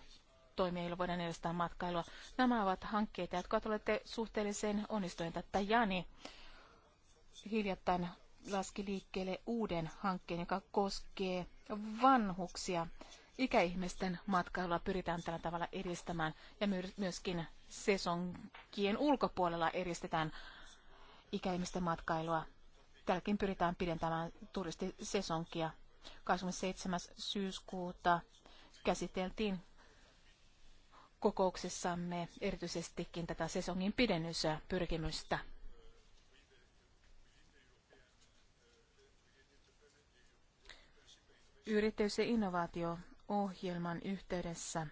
A: toimia, joilla voidaan edistää matkailua. Nämä ovat hankkeita, jotka olette suhteellisen onnistuneita. Jani hiljattain laski liikkeelle uuden hankkeen, joka koskee vanhuksia. Ikäihmisten matkailua pyritään tällä tavalla edistämään ja myöskin sesonkien ulkopuolella edistetään ikäihmisten matkailua. Tälläkin pyritään pidentämään turistisesonkia. 27. syyskuuta käsiteltiin kokouksessamme erityisestikin tätä sesongin pyrkimystä. Yrittäjyys- ja innovaatio-ohjelman yhteydessä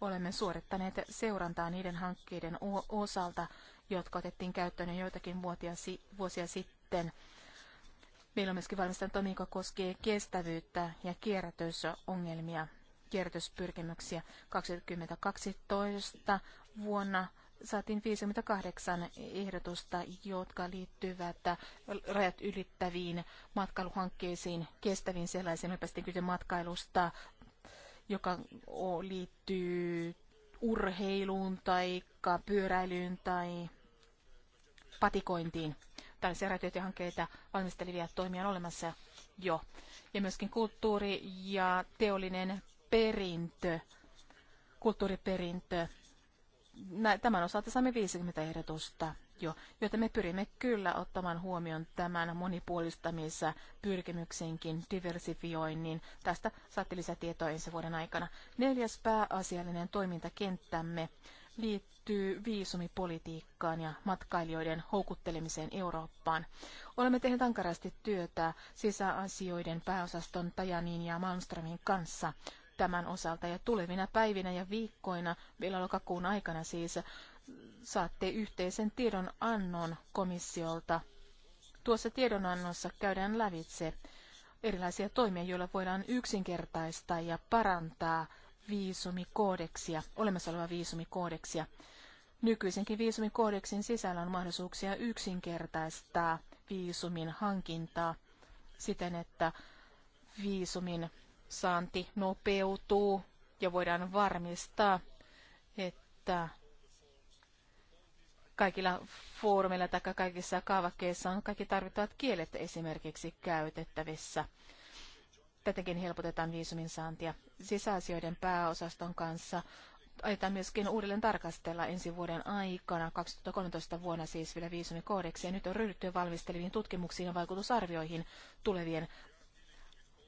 A: olemme suorittaneet seurantaa niiden hankkeiden osalta, jotka otettiin käyttöön jo joitakin vuosia sitten. Meillä on myöskin valmisteltu toimi, joka koskee kestävyyttä ja kierrätysongelmia, kierrätyspyrkimyksiä 2012 vuonna saatiin 58 ehdotusta, jotka liittyvät rajat ylittäviin matkailuhankkeisiin, kestäviin sellaisiin. Me päästiin kyse matkailusta, joka liittyy urheiluun tai pyöräilyyn tai patikointiin. Tällaisia raitiotyöhankkeita valmistelivia toimia on olemassa jo. Ja myöskin kulttuuri ja teollinen perintö, kulttuuriperintö. Tämän osalta saamme 50 ehdotusta jo, joten me pyrimme kyllä ottamaan huomioon tämän monipuolistamisen pyrkimyksenkin diversifioinnin. Tästä saatte lisätietoa ensi vuoden aikana. Neljäs pääasiallinen toimintakenttämme liittyy liittyy viisumipolitiikkaan ja matkailijoiden houkuttelemiseen Eurooppaan. Olemme tehneet ankarasti työtä sisäasioiden pääosaston Tajanin ja Malmströmin kanssa tämän osalta ja tulevina päivinä ja viikkoina, vielä lokakuun aikana siis, saatte yhteisen tiedonannon komissiolta. Tuossa tiedonannossa käydään lävitse erilaisia toimia, joilla voidaan yksinkertaistaa ja parantaa viisumikoodeksia, olemassa olevaa viisumikoodeksia. Nykyisenkin viisumin koodeksin sisällä on mahdollisuuksia yksinkertaistaa viisumin hankintaa siten, että viisumin saanti nopeutuu ja voidaan varmistaa, että kaikilla foorumeilla tai kaikissa kaavakkeissa on kaikki tarvittavat kielet esimerkiksi käytettävissä. Tätäkin helpotetaan viisumin saantia. Sisäasioiden pääosaston kanssa aiotaan myöskin uudelleen tarkastella ensi vuoden aikana, 2013 vuonna siis vielä viisumikoodeksi, ja nyt on ryhdytty valmisteleviin tutkimuksiin ja vaikutusarvioihin tulevien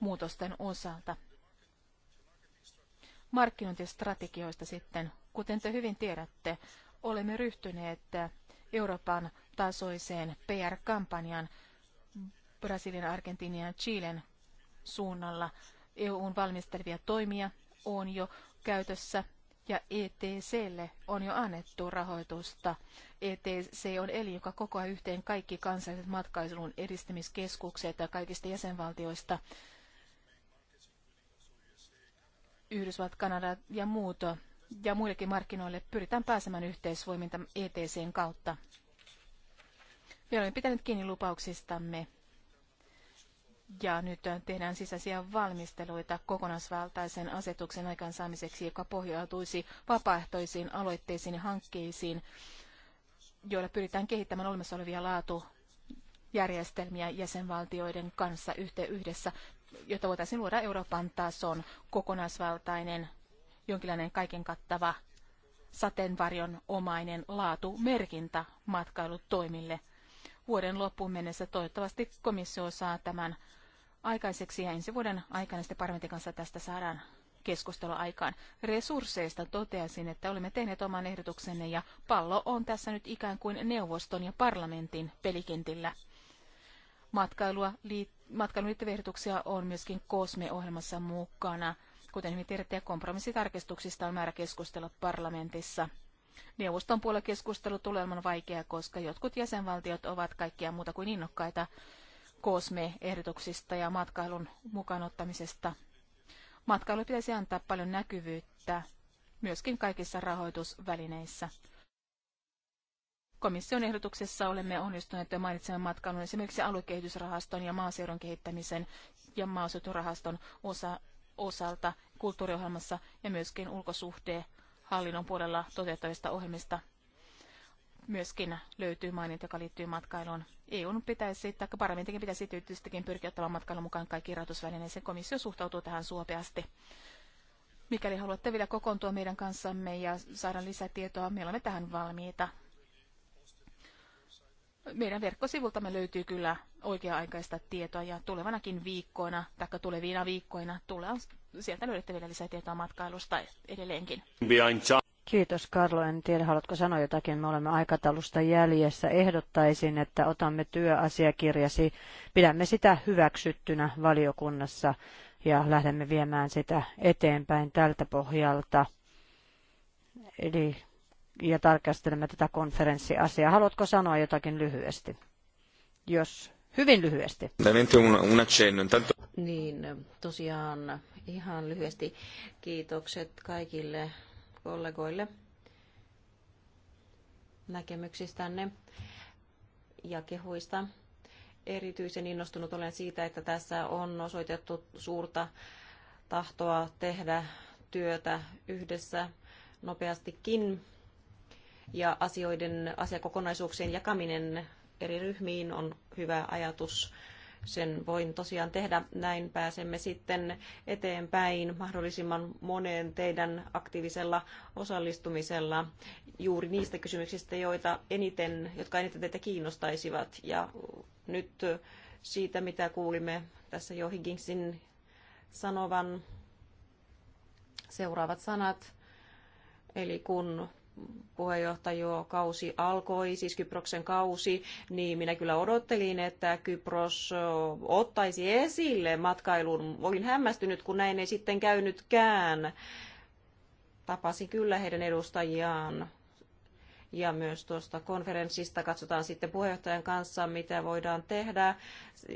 A: muutosten osalta. Markkinointistrategioista sitten, kuten te hyvin tiedätte, olemme ryhtyneet Euroopan tasoiseen PR-kampanjan Brasilian, Argentiinian ja Chilen suunnalla. EUn valmistelevia toimia on jo käytössä ja ETClle on jo annettu rahoitusta. ETC on eli, joka kokoaa yhteen kaikki kansalliset matkailun edistämiskeskukset kaikista jäsenvaltioista. Yhdysvallat, Kanada ja muut ja muillekin markkinoille pyritään pääsemään yhteisvoiminta ETCn kautta. Me olemme pitäneet kiinni lupauksistamme ja nyt tehdään sisäisiä valmisteluita kokonaisvaltaisen asetuksen aikaansaamiseksi, joka pohjautuisi vapaaehtoisiin aloitteisiin ja hankkeisiin, joilla pyritään kehittämään olemassa olevia laatujärjestelmiä jäsenvaltioiden kanssa yhdessä, jotta voitaisiin luoda Euroopan tason kokonaisvaltainen, jonkinlainen kaiken kattava sateenvarjon omainen laatumerkintä matkailutoimille – vuoden loppuun mennessä. Toivottavasti komissio saa tämän aikaiseksi ja ensi vuoden aikana sitten parlamentin kanssa tästä saadaan keskustelua aikaan. Resursseista toteaisin, että olemme tehneet oman ehdotuksenne ja pallo on tässä nyt ikään kuin neuvoston ja parlamentin pelikentillä. Matkailua, matkailun liittyviä ehdotuksia on myöskin Kosme-ohjelmassa mukana. Kuten hyvin tiedätte, kompromissitarkistuksista on määrä keskustella parlamentissa Neuvoston puolella keskustelu tulee olemaan vaikea, koska jotkut jäsenvaltiot ovat kaikkia muuta kuin innokkaita kosme ehdotuksista ja matkailun mukaanottamisesta. Matkailu pitäisi antaa paljon näkyvyyttä myöskin kaikissa rahoitusvälineissä. Komission ehdotuksessa olemme onnistuneet jo mainitsemaan matkailun esimerkiksi aluekehitysrahaston ja maaseudun kehittämisen ja maaseuturahaston osa, osalta kulttuuriohjelmassa ja myöskin ulkosuhteen hallinnon puolella toteuttavista ohjelmista myöskin löytyy maininta, joka liittyy matkailuun. EUn pitäisi, tai parlamentinkin pitäisi tietystikin pyrkiä ottamaan matkailun mukaan kaikki rahoitusvälineisiin. Komissio suhtautuu tähän suopeasti. Mikäli haluatte vielä kokoontua meidän kanssamme ja saada lisätietoa, me olemme tähän valmiita. Meidän verkkosivultamme löytyy kyllä oikea-aikaista tietoa ja tulevanakin viikkoina, tai tulevina viikkoina, sieltä löydätte vielä lisää tietoa matkailusta edelleenkin.
B: Kiitos Karlo, en tiedä haluatko sanoa jotakin, me olemme aikataulusta jäljessä. Ehdottaisin, että otamme työasiakirjasi, pidämme sitä hyväksyttynä valiokunnassa ja lähdemme viemään sitä eteenpäin tältä pohjalta. Eli ja tarkastelemme tätä konferenssiasiaa. Haluatko sanoa jotakin lyhyesti?
C: Jos hyvin lyhyesti. Niin, tosiaan ihan lyhyesti kiitokset kaikille kollegoille näkemyksistänne ja kehuista. Erityisen innostunut olen siitä, että tässä on osoitettu suurta tahtoa tehdä työtä yhdessä nopeastikin ja asioiden asiakokonaisuuksien jakaminen eri ryhmiin on hyvä ajatus sen voin tosiaan tehdä. Näin pääsemme sitten eteenpäin mahdollisimman moneen teidän aktiivisella osallistumisella juuri niistä kysymyksistä, joita eniten, jotka eniten teitä kiinnostaisivat. Ja nyt siitä, mitä kuulimme tässä jo Higginsin sanovan seuraavat sanat. Eli kun kausi alkoi, siis Kyproksen kausi, niin minä kyllä odottelin, että Kypros ottaisi esille matkailun. Olin hämmästynyt, kun näin ei sitten käynytkään. Tapasin kyllä heidän edustajiaan. Ja myös tuosta konferenssista katsotaan sitten puheenjohtajan kanssa, mitä voidaan tehdä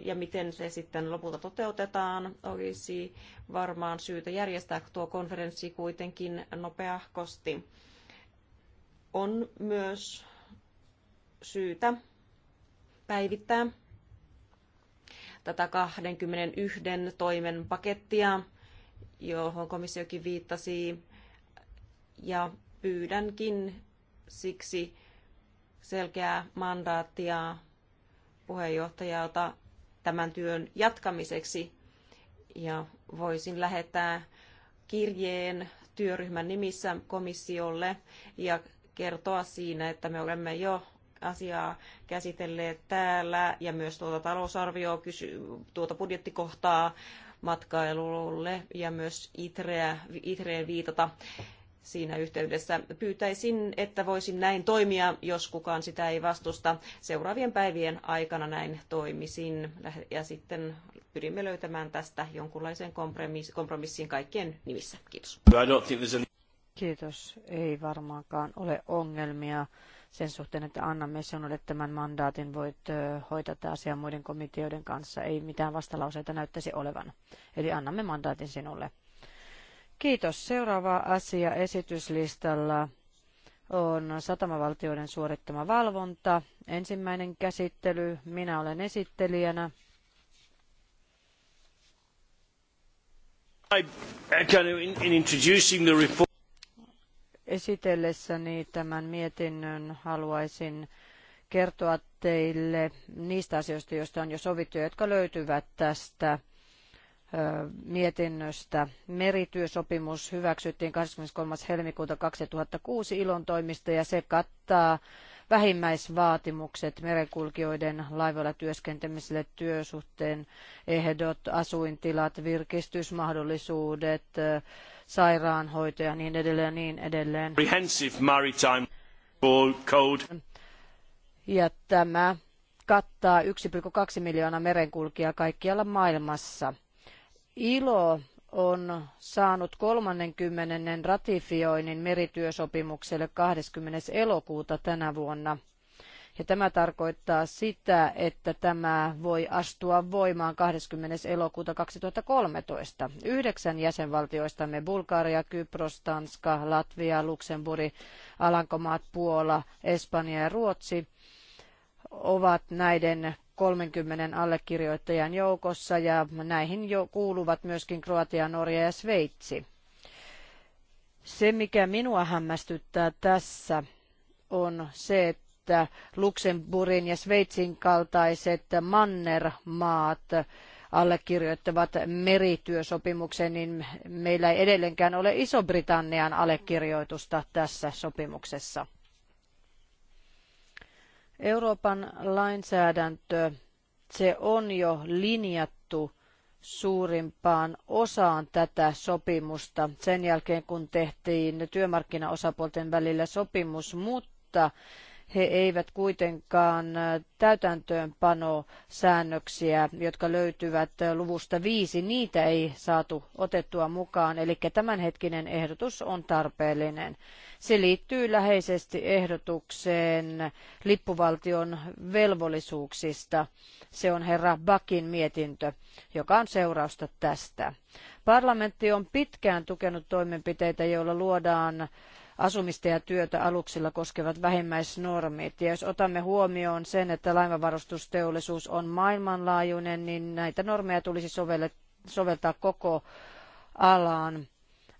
C: ja miten se sitten lopulta toteutetaan. Olisi varmaan syytä järjestää tuo konferenssi kuitenkin nopeahkosti on myös syytä päivittää tätä 21 toimen pakettia, johon komissiokin viittasi, ja pyydänkin siksi selkeää mandaattia puheenjohtajalta tämän työn jatkamiseksi ja voisin lähettää kirjeen työryhmän nimissä komissiolle ja kertoa siinä, että me olemme jo asiaa käsitelleet täällä ja myös tuota talousarvioa, tuota budjettikohtaa matkailulle ja myös Itreä, Itreen viitata siinä yhteydessä. Pyytäisin, että voisin näin toimia, jos kukaan sitä ei vastusta. Seuraavien päivien aikana näin toimisin ja sitten pyrimme löytämään tästä jonkunlaisen kompromissin kaikkien nimissä. Kiitos. Kiitos.
B: Ei varmaankaan ole ongelmia sen suhteen, että annamme sinulle tämän mandaatin, voit hoitaa tämä asia muiden komiteoiden kanssa. Ei mitään vastalauseita näyttäisi olevan. Eli annamme mandaatin sinulle. Kiitos. Seuraava asia esityslistalla on satamavaltioiden suorittama valvonta. Ensimmäinen käsittely. Minä olen esittelijänä. I, uh, I esitellessäni tämän mietinnön haluaisin kertoa teille niistä asioista, joista on jo sovittu, jotka löytyvät tästä mietinnöstä. Merityösopimus hyväksyttiin 23. helmikuuta 2006 ilon toimista ja se kattaa vähimmäisvaatimukset merenkulkijoiden laivoilla työskentelemiselle työsuhteen ehdot, asuintilat, virkistysmahdollisuudet, sairaanhoito ja niin edelleen niin edelleen. Maritime code. Ja tämä kattaa 1,2 miljoonaa merenkulkijaa kaikkialla maailmassa. ILO on saanut 30. ratifioinnin merityösopimukselle 20. elokuuta tänä vuonna – ja tämä tarkoittaa sitä, että tämä voi astua voimaan 20. elokuuta 2013. Yhdeksän jäsenvaltioistamme Bulgaria, Kypros, Tanska, Latvia, Luxemburg, Alankomaat, Puola, Espanja ja Ruotsi ovat näiden 30 allekirjoittajan joukossa ja näihin jo kuuluvat myöskin Kroatia, Norja ja Sveitsi. Se, mikä minua hämmästyttää tässä, on se, että että Luxemburgin ja Sveitsin kaltaiset mannermaat allekirjoittavat merityösopimuksen, niin meillä ei edelleenkään ole Iso-Britannian allekirjoitusta tässä sopimuksessa. Euroopan lainsäädäntö, se on jo linjattu suurimpaan osaan tätä sopimusta sen jälkeen, kun tehtiin työmarkkinaosapuolten välillä sopimus, mutta he eivät kuitenkaan täytäntöönpano säännöksiä, jotka löytyvät luvusta viisi, niitä ei saatu otettua mukaan, eli tämänhetkinen ehdotus on tarpeellinen. Se liittyy läheisesti ehdotukseen lippuvaltion velvollisuuksista. Se on herra Bakin mietintö, joka on seurausta tästä. Parlamentti on pitkään tukenut toimenpiteitä, joilla luodaan asumista ja työtä aluksilla koskevat vähimmäisnormit. Ja jos otamme huomioon sen, että laivavarustusteollisuus on maailmanlaajuinen, niin näitä normeja tulisi soveltaa koko alaan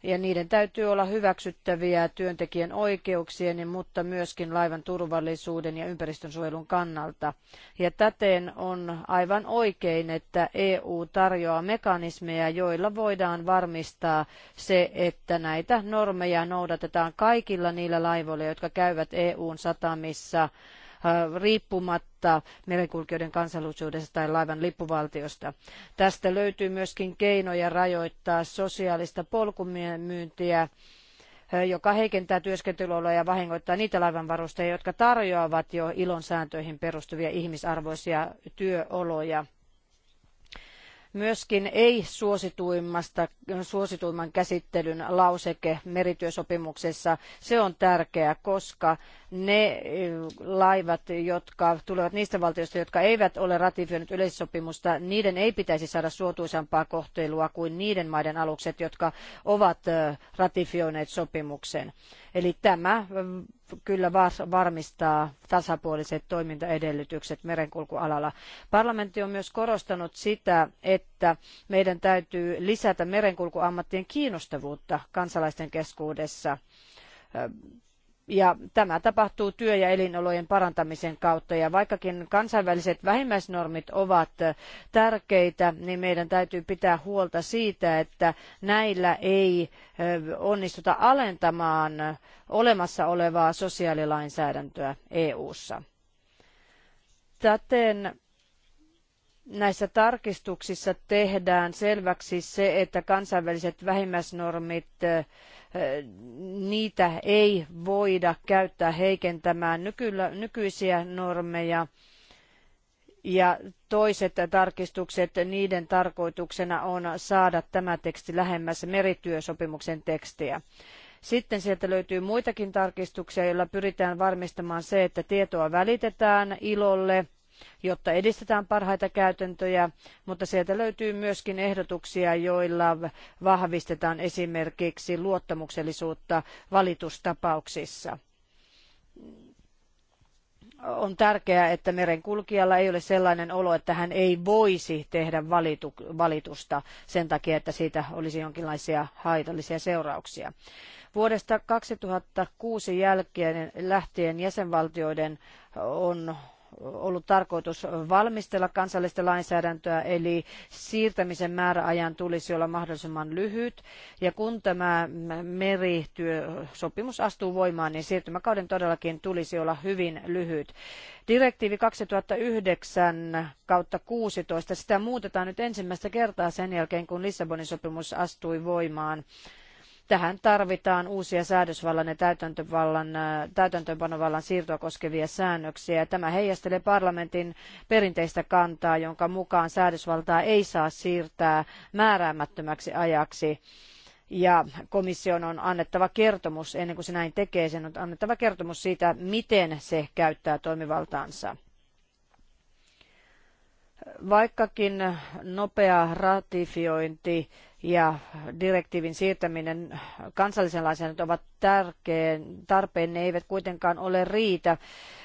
B: ja niiden täytyy olla hyväksyttäviä työntekijän oikeuksien, mutta myöskin laivan turvallisuuden ja ympäristönsuojelun kannalta. Ja täten on aivan oikein, että EU tarjoaa mekanismeja, joilla voidaan varmistaa se, että näitä normeja noudatetaan kaikilla niillä laivoilla, jotka käyvät EUn satamissa – Äh, riippumatta merenkulkijoiden kansallisuudesta tai laivan lippuvaltiosta. Tästä löytyy myöskin keinoja rajoittaa sosiaalista polkumyyntiä äh, joka heikentää työskentelyoloja ja vahingoittaa niitä laivanvarustajia, jotka tarjoavat jo ilon sääntöihin perustuvia ihmisarvoisia työoloja. Myöskin ei suosituimmasta, suosituimman käsittelyn lauseke merityösopimuksessa, se on tärkeä, koska ne eh, laivat, jotka tulevat niistä valtioista, jotka eivät ole ratifioineet yleissopimusta, niiden ei pitäisi saada suotuisampaa kohtelua kuin niiden maiden alukset, jotka ovat eh, ratifioineet sopimuksen. Eli tämä eh, kyllä varmistaa tasapuoliset toimintaedellytykset merenkulkualalla. Parlamentti on myös korostanut sitä, että meidän täytyy lisätä merenkulkuammattien kiinnostavuutta kansalaisten keskuudessa ja tämä tapahtuu työ- ja elinolojen parantamisen kautta. Ja vaikkakin kansainväliset vähimmäisnormit ovat tärkeitä, niin meidän täytyy pitää huolta siitä, että näillä ei onnistuta alentamaan olemassa olevaa sosiaalilainsäädäntöä EU:ssa. Täten näissä tarkistuksissa tehdään selväksi se, että kansainväliset vähimmäisnormit, niitä ei voida käyttää heikentämään nykyisiä normeja. Ja toiset tarkistukset, niiden tarkoituksena on saada tämä teksti lähemmäs merityösopimuksen tekstiä. Sitten sieltä löytyy muitakin tarkistuksia, joilla pyritään varmistamaan se, että tietoa välitetään ilolle – jotta edistetään parhaita käytäntöjä, mutta sieltä löytyy myöskin ehdotuksia, joilla vahvistetaan esimerkiksi luottamuksellisuutta valitustapauksissa on tärkeää, että merenkulkijalla ei ole sellainen olo, että hän ei voisi tehdä valitusta sen takia, että siitä olisi jonkinlaisia haitallisia seurauksia. Vuodesta 2006 jälkeen lähtien jäsenvaltioiden on ollut tarkoitus valmistella kansallista lainsäädäntöä, eli siirtämisen määräajan tulisi olla mahdollisimman lyhyt. Ja kun tämä merityösopimus astuu voimaan, niin siirtymäkauden todellakin tulisi olla hyvin lyhyt. Direktiivi 2009 kautta 16, sitä muutetaan nyt ensimmäistä kertaa sen jälkeen, kun Lissabonin sopimus astui voimaan. Tähän tarvitaan uusia säädösvallan ja täytäntövallan, äh, täytäntöönpanovallan siirtoa koskevia säännöksiä. Tämä heijastelee parlamentin perinteistä kantaa, jonka mukaan säädösvaltaa ei saa siirtää määräämättömäksi ajaksi ja komission on annettava kertomus, ennen kuin se näin tekee, sen on annettava kertomus siitä, miten se käyttää toimivaltaansa. Vaikkakin nopea ratifiointi ja direktiivin siirtäminen kansallisen lainsäädäntöön ovat tärkeen, tarpeen. Ne eivät kuitenkaan ole riitä.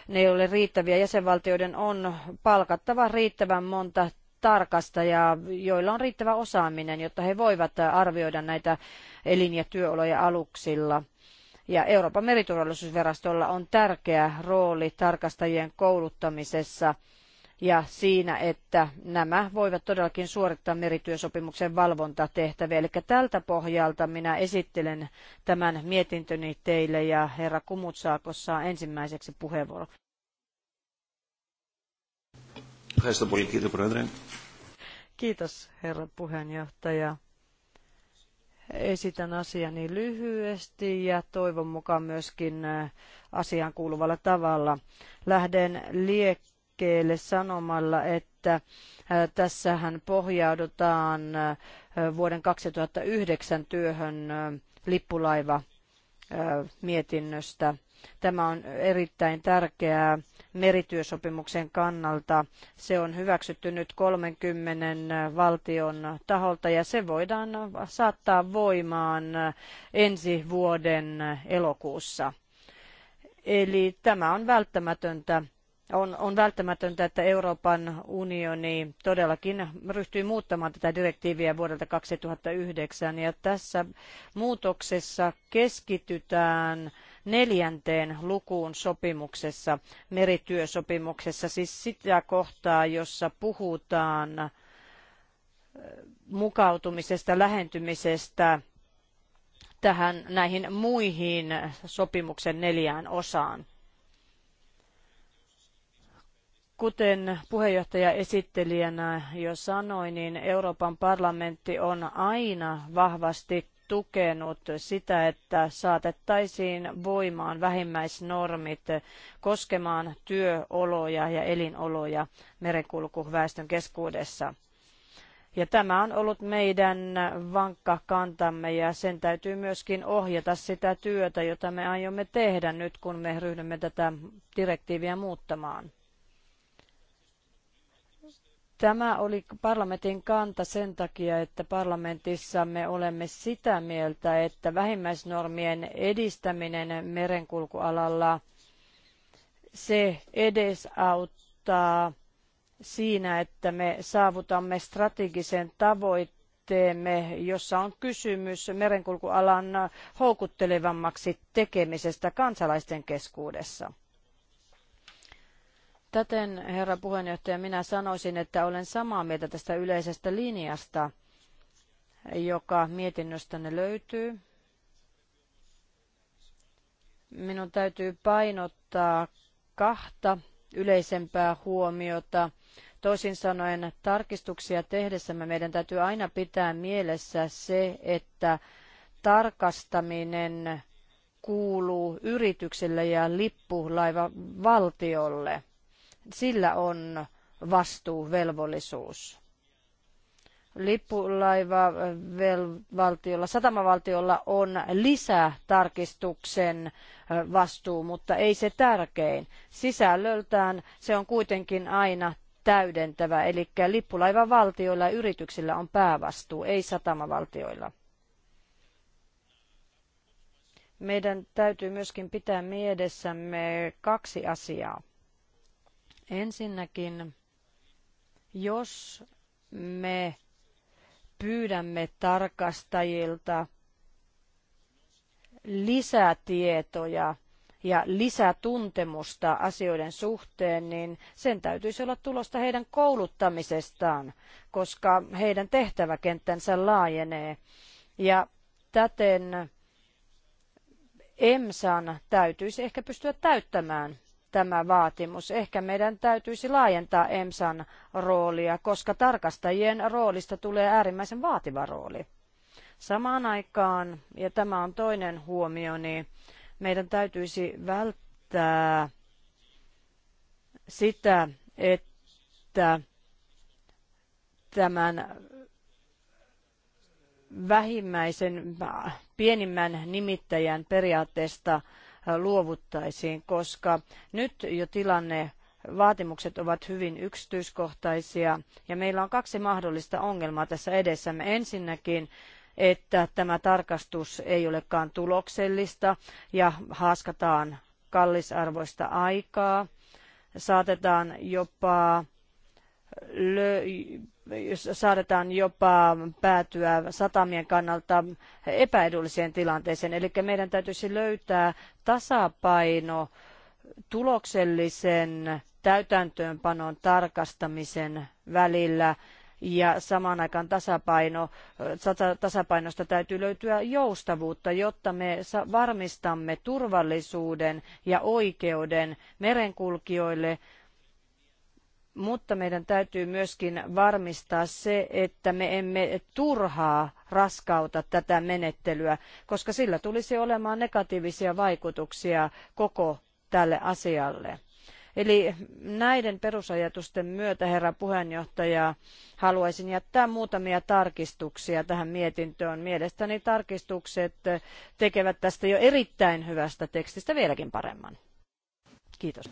B: Ne ei ole riittäviä. Jäsenvaltioiden on palkattava riittävän monta tarkastajaa, joilla on riittävä osaaminen, jotta he voivat arvioida näitä elin- ja työoloja aluksilla. Ja Euroopan meriturvallisuusvirastolla on tärkeä rooli tarkastajien kouluttamisessa – ja siinä, että nämä voivat todellakin suorittaa merityösopimuksen valvontatehtäviä. Eli tältä pohjalta minä esittelen tämän mietintöni teille ja herra Kumutsaako saa ensimmäiseksi puheenvuoron. Kiitos herra puheenjohtaja. Esitän asiani lyhyesti ja toivon mukaan myöskin äh, asiaan kuuluvalla tavalla. Lähden liekkiin liikkeelle sanomalla, että tässähän pohjaudutaan vuoden 2009 työhön lippulaiva mietinnöstä. Tämä on erittäin tärkeää merityösopimuksen kannalta. Se on hyväksytty nyt 30 valtion taholta ja se voidaan saattaa voimaan ensi vuoden elokuussa. Eli tämä on välttämätöntä on, on välttämätöntä, että Euroopan unioni todellakin ryhtyy muuttamaan tätä direktiiviä vuodelta 2009. Ja tässä muutoksessa keskitytään neljänteen lukuun sopimuksessa, merityösopimuksessa, siis sitä kohtaa, jossa puhutaan mukautumisesta, lähentymisestä tähän, näihin muihin sopimuksen neljään osaan. Kuten puheenjohtaja esittelijänä jo sanoi, niin Euroopan parlamentti on aina vahvasti tukenut sitä, että saatettaisiin voimaan vähimmäisnormit koskemaan työoloja ja elinoloja merenkulkuväestön keskuudessa. Ja tämä on ollut meidän vankka kantamme ja sen täytyy myöskin ohjata sitä työtä, jota me aiomme tehdä nyt, kun me ryhdymme tätä direktiiviä muuttamaan. Tämä oli parlamentin kanta sen takia, että parlamentissa me olemme sitä mieltä, että vähimmäisnormien edistäminen merenkulkualalla se edesauttaa siinä, että me saavutamme strategisen tavoitteemme, jossa on kysymys merenkulkualan houkuttelevammaksi tekemisestä kansalaisten keskuudessa. Täten, herra puheenjohtaja, minä sanoisin, että olen samaa mieltä tästä yleisestä linjasta, joka mietinnöstänne löytyy. Minun täytyy painottaa kahta yleisempää huomiota. Toisin sanoen tarkistuksia tehdessämme meidän täytyy aina pitää mielessä se, että tarkastaminen kuuluu yritykselle ja lippulaiva valtiolle sillä on Lippulaiva-valtiolla, satamavaltiolla on lisätarkistuksen vastuu, mutta ei se tärkein. Sisällöltään se on kuitenkin aina täydentävä, eli valtioilla ja yrityksillä on päävastuu, ei satamavaltioilla. Meidän täytyy myöskin pitää mielessämme kaksi asiaa. Ensinnäkin, jos me pyydämme tarkastajilta lisätietoja ja lisätuntemusta asioiden suhteen, niin sen täytyisi olla tulosta heidän kouluttamisestaan, koska heidän tehtäväkenttänsä laajenee. Ja täten EMSAn täytyisi ehkä pystyä täyttämään tämä vaatimus. Ehkä meidän täytyisi laajentaa EMSAn roolia, koska tarkastajien roolista tulee äärimmäisen vaativa rooli. Samaan aikaan, ja tämä on toinen huomio, niin meidän täytyisi välttää sitä, että tämän vähimmäisen pienimmän nimittäjän periaatteesta luovuttaisiin, koska nyt jo tilanne vaatimukset ovat hyvin yksityiskohtaisia ja meillä on kaksi mahdollista ongelmaa tässä edessämme. Ensinnäkin että tämä tarkastus ei olekaan tuloksellista ja haaskataan kallisarvoista aikaa. Saatetaan jopa saadetaan jopa päätyä satamien kannalta epäedulliseen tilanteeseen. Eli meidän täytyisi löytää tasapaino tuloksellisen täytäntöönpanon tarkastamisen välillä ja samaan aikaan tasapaino, tasapainosta täytyy löytyä joustavuutta, jotta me varmistamme turvallisuuden ja oikeuden merenkulkijoille, mutta meidän täytyy myöskin varmistaa se, että me emme turhaa raskauta tätä menettelyä, koska sillä tulisi olemaan negatiivisia vaikutuksia koko tälle asialle. Eli näiden perusajatusten myötä, herra puheenjohtaja, haluaisin jättää muutamia tarkistuksia tähän mietintöön. Mielestäni tarkistukset tekevät tästä jo erittäin hyvästä tekstistä vieläkin paremman. Kiitos.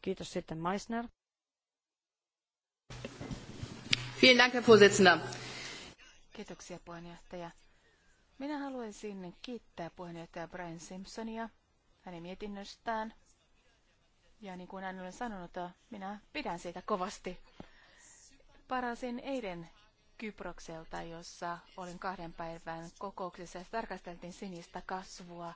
B: Kiitos sitten Meissner.
A: Vielen Dank, Herr Kiitoksia puheenjohtaja. Minä haluaisin kiittää puheenjohtaja Brian Simpsonia hänen mietinnöstään. Ja niin kuin hän on sanonut, minä pidän siitä kovasti. Parasin eilen Kyprokselta, jossa olin kahden päivän kokouksessa ja tarkasteltiin sinistä kasvua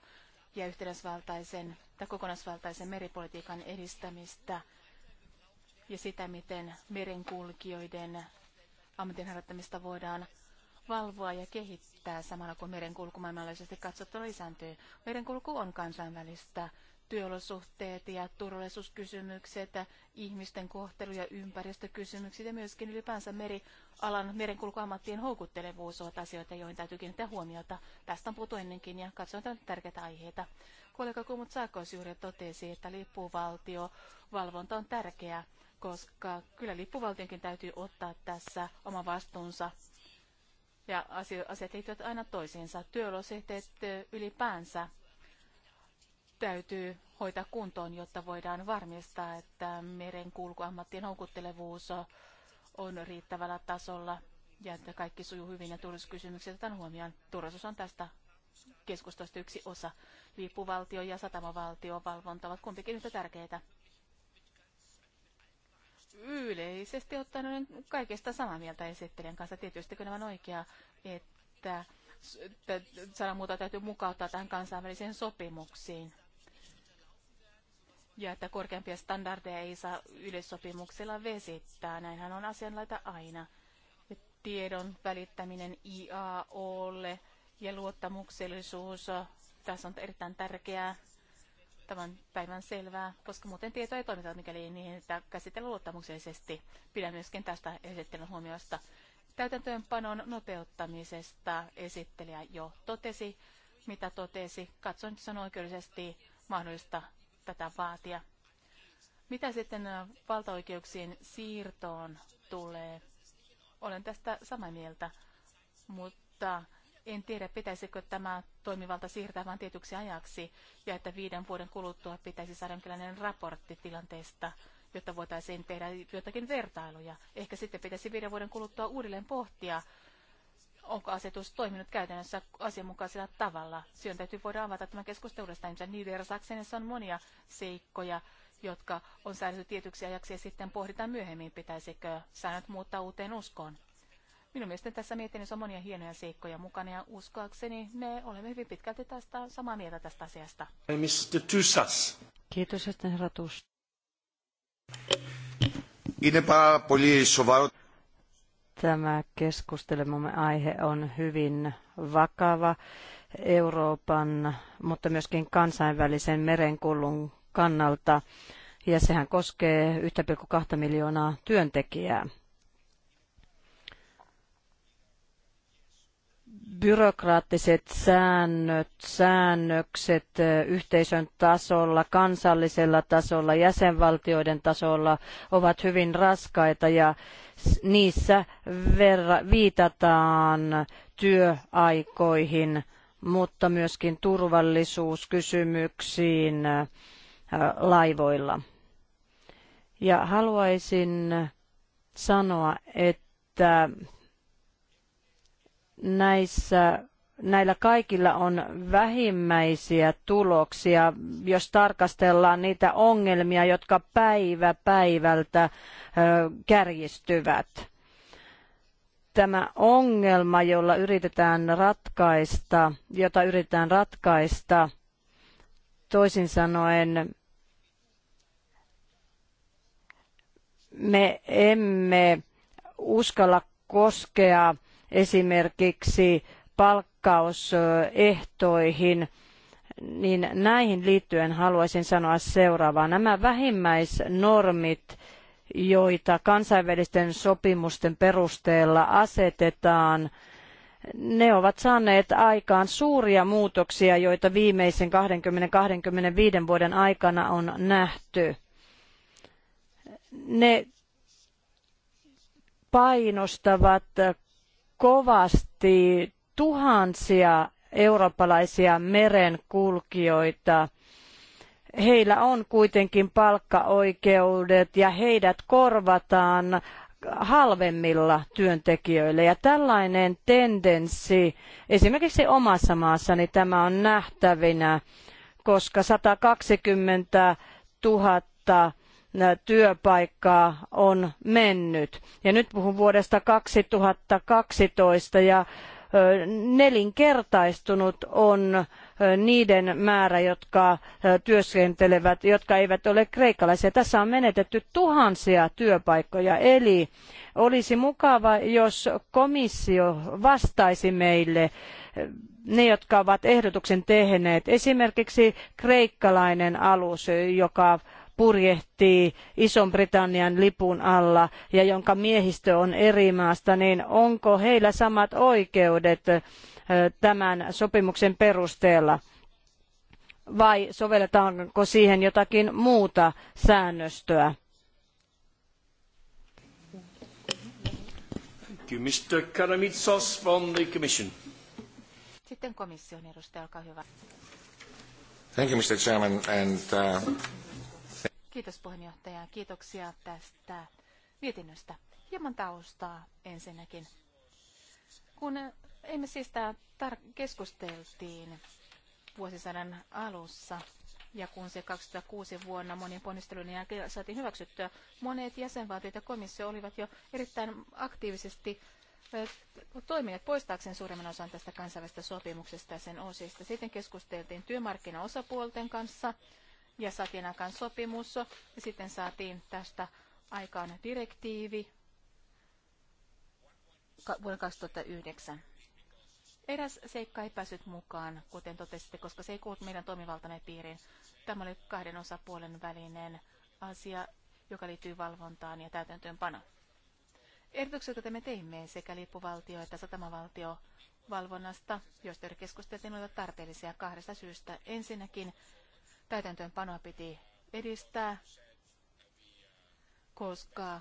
A: ja yhteydesvaltaisen tai kokonaisvaltaisen meripolitiikan edistämistä ja sitä, miten merenkulkijoiden ammatin harjoittamista voidaan valvoa ja kehittää samalla kun merenkulku maailmanlaajuisesti katsottuna lisääntyy. Merenkulku on kansainvälistä. Työolosuhteet ja turvallisuuskysymykset, ihmisten kohtelu ja ympäristökysymykset ja myöskin ylipäänsä merialan merenkulkuammattien houkuttelevuus ovat asioita, joihin täytyy kiinnittää huomiota. Tästä on puhuttu ennenkin ja katsotaan tärkeitä aiheita. Kollega Kumut Saakos juuri totesi, että lippuvaltio valvonta on tärkeää koska kyllä lippuvaltionkin täytyy ottaa tässä oma vastuunsa. Ja asiat liittyvät aina toisiinsa. Työolosuhteet ylipäänsä täytyy hoitaa kuntoon, jotta voidaan varmistaa, että merenkulkuammattien houkuttelevuus on riittävällä tasolla ja että kaikki sujuu hyvin ja turvallisuuskysymykset otetaan huomioon. Turvallisuus on tästä keskustelusta yksi osa. Liippuvaltio ja satamavaltio valvonta ovat kumpikin yhtä tärkeitä yleisesti ottaen olen kaikesta samaa mieltä esittelijän kanssa. Tietysti kun on oikea, että sanamuuta täytyy mukauttaa tähän kansainväliseen sopimuksiin. Ja että korkeampia standardeja ei saa yleissopimuksella vesittää. Näinhän on asianlaita aina. Ja tiedon välittäminen IAOlle ja luottamuksellisuus. Äh, tässä on erittäin tärkeää tämän päivän selvää, koska muuten tieto ei toimita, mikäli niin että käsitellä luottamuksellisesti. Pidän myöskin tästä esittelyn huomiosta. Täytäntöönpanon nopeuttamisesta esittelijä jo totesi, mitä totesi. Katson, että se on oikeudellisesti mahdollista tätä vaatia. Mitä sitten valtaoikeuksien siirtoon tulee? Olen tästä samaa mieltä, mutta en tiedä, pitäisikö tämä toimivalta siirtää vain tietyksi ajaksi ja että viiden vuoden kuluttua pitäisi saada jonkinlainen raportti tilanteesta, jotta voitaisiin tehdä jotakin vertailuja. Ehkä sitten pitäisi viiden vuoden kuluttua uudelleen pohtia, onko asetus toiminut käytännössä asianmukaisella tavalla. Siihen täytyy voida avata tämä keskustelu uudestaan. Niin on monia seikkoja, jotka on säädetty tietyksi ajaksi ja sitten pohditaan myöhemmin, pitäisikö säännöt muuttaa uuteen uskoon. Minun mielestäni tässä mietinnössä on monia hienoja seikkoja mukana ja uskoakseni me olemme hyvin pitkälti tästä samaa mieltä tästä asiasta.
B: Mr. Tussas. Kiitos, että herra Tuss. Tämä keskustelemamme aihe on hyvin vakava Euroopan, mutta myöskin kansainvälisen merenkulun kannalta. Ja sehän koskee 1,2 miljoonaa työntekijää. byrokraattiset säännöt, säännökset yhteisön tasolla, kansallisella tasolla, jäsenvaltioiden tasolla ovat hyvin raskaita ja niissä verra, viitataan työaikoihin, mutta myöskin turvallisuuskysymyksiin laivoilla. Ja haluaisin sanoa, että näissä näillä kaikilla on vähimmäisiä tuloksia, jos tarkastellaan niitä ongelmia, jotka päivä päivältä kärjistyvät. Tämä ongelma, jolla yritetään ratkaista, jota yritetään ratkaista, toisin sanoen me emme uskalla koskea esimerkiksi palkkausehtoihin, niin näihin liittyen haluaisin sanoa seuraavaa. Nämä vähimmäisnormit, joita kansainvälisten sopimusten perusteella asetetaan, ne ovat saaneet aikaan suuria muutoksia, joita viimeisen 20-25 vuoden aikana on nähty. Ne painostavat kovasti tuhansia eurooppalaisia merenkulkijoita. Heillä on kuitenkin palkkaoikeudet ja heidät korvataan halvemmilla työntekijöillä. Ja tällainen tendenssi, esimerkiksi omassa maassani tämä on nähtävinä, koska 120 000 työpaikkaa on mennyt. Ja nyt puhun vuodesta 2012 ja nelinkertaistunut on niiden määrä, jotka työskentelevät, jotka eivät ole kreikkalaisia. Tässä on menetetty tuhansia työpaikkoja, eli olisi mukava, jos komissio vastaisi meille ne, jotka ovat ehdotuksen tehneet. Esimerkiksi kreikkalainen alus, joka purjehtii Ison-Britannian lipun alla ja jonka miehistö on eri maasta, niin onko heillä samat oikeudet tämän sopimuksen perusteella? Vai sovelletaanko siihen jotakin muuta säännöstöä?
C: Mr. Karamitsos from the Commission.
A: Sitten komission edustaja, olkaa hyvä.
C: Thank you,
B: Mr. Chairman, and uh,
A: Kiitos puheenjohtaja. Kiitoksia tästä mietinnöstä. Hieman taustaa ensinnäkin. Kun emme siis tar- keskusteltiin vuosisadan alussa ja kun se 2006 vuonna monien ponnistelujen jälkeen saatiin hyväksyttyä, monet jäsenvaltiot ja komissio olivat jo erittäin aktiivisesti toimineet poistaakseen suurimman osan tästä kansainvälisestä sopimuksesta ja sen osista. Sitten keskusteltiin työmarkkinaosapuolten kanssa ja saatiin aikaan sopimus ja sitten saatiin tästä aikaan direktiivi vuonna 2009. Eräs seikka ei päässyt mukaan, kuten totesitte, koska se ei kuulu meidän toimivaltamme piiriin. Tämä oli kahden osapuolen välinen asia, joka liittyy valvontaan ja pano. Ehdotukset, joita me teimme sekä liippuvaltio- että satamavaltio valvonnasta, joista keskusteltiin, olivat tarpeellisia kahdesta syystä. Ensinnäkin täytäntöönpanoa piti edistää, koska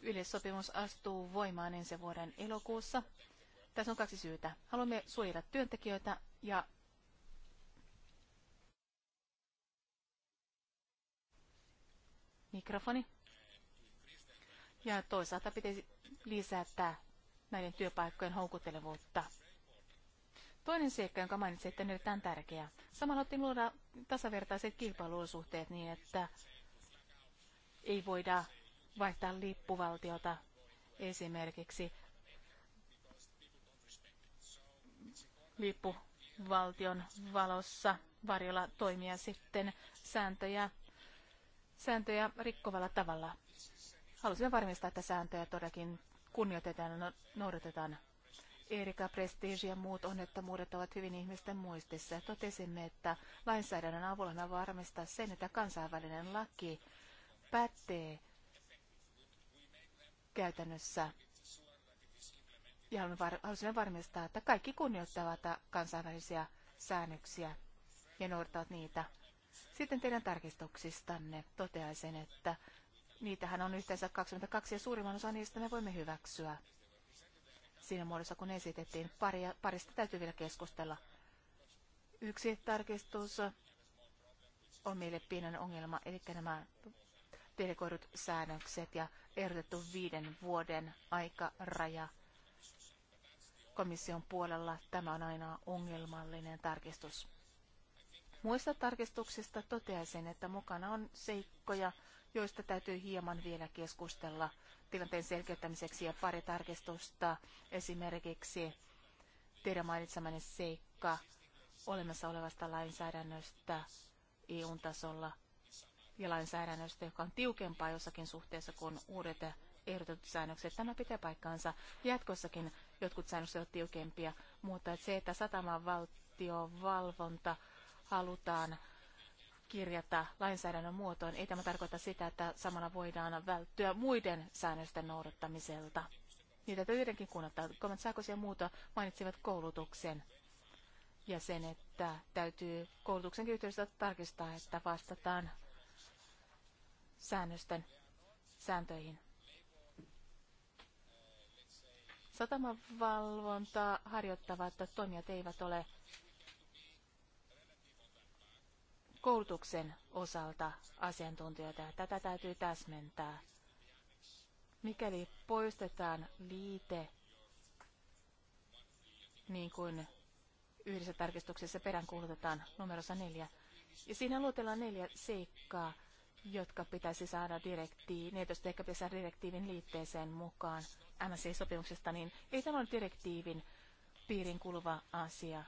A: yleissopimus astuu voimaan ensi vuoden elokuussa. Tässä on kaksi syytä. Haluamme suojella työntekijöitä ja mikrofoni. Ja toisaalta pitäisi lisätä näiden työpaikkojen houkuttelevuutta. Toinen seikka, jonka että on erittäin tärkeä. Samalla otti luoda tasavertaiset kilpailuolosuhteet niin, että ei voida vaihtaa lippuvaltiota esimerkiksi lippuvaltion valossa varjolla toimia sitten sääntöjä, sääntöjä rikkovalla tavalla. Halusimme varmistaa, että sääntöjä todellakin kunnioitetaan ja no- noudatetaan Erika Prestige ja muut onnettomuudet ovat hyvin ihmisten muistissa. Totesimme, että lainsäädännön avulla me varmistaa sen, että kansainvälinen laki pätee käytännössä. Ja halusimme varmistaa, että kaikki kunnioittavat kansainvälisiä säännöksiä ja noudattavat niitä. Sitten teidän tarkistuksistanne toteaisin, että niitähän on yhteensä 22 ja suurimman osa niistä me voimme hyväksyä siinä muodossa, kun esitettiin. Pari, parista täytyy vielä keskustella. Yksi tarkistus on meille pienen ongelma, eli nämä delegoidut säännökset ja ehdotettu viiden vuoden aikaraja komission puolella. Tämä on aina ongelmallinen tarkistus. Muista tarkistuksista toteaisin, että mukana on seikkoja, joista täytyy hieman vielä keskustella – tilanteen selkeyttämiseksi ja pari tarkistusta esimerkiksi teidän mainitsemanne seikka olemassa olevasta lainsäädännöstä EU-tasolla ja lainsäädännöstä, joka on tiukempaa jossakin suhteessa kuin uudet ehdotetut säännökset. Tämä pitää paikkaansa. Jatkossakin jotkut säännökset ovat tiukempia, mutta että se, että satamavaltiovalvonta valtiovalvonta halutaan kirjata lainsäädännön muotoon, ei tämä tarkoita sitä, että samalla voidaan välttyä muiden säännösten noudattamiselta. Niitä tietenkin kunnattaa. Komet Sakos ja muuta mainitsivat koulutuksen ja sen, että täytyy koulutuksen yhteydessä tarkistaa, että vastataan säännösten sääntöihin. Satamavalvontaa harjoittavat toimijat eivät ole koulutuksen osalta asiantuntijoita. Tätä täytyy täsmentää. Mikäli poistetaan liite, niin kuin yhdessä tarkistuksessa peräänkuulutetaan numerossa neljä, ja siinä luotellaan neljä seikkaa, jotka pitäisi saada direktiivi, ne, niin, jotka ehkä pitäisi saada direktiivin liitteeseen mukaan MSC-sopimuksesta, niin ei tämä ole direktiivin piirin kuuluva asia,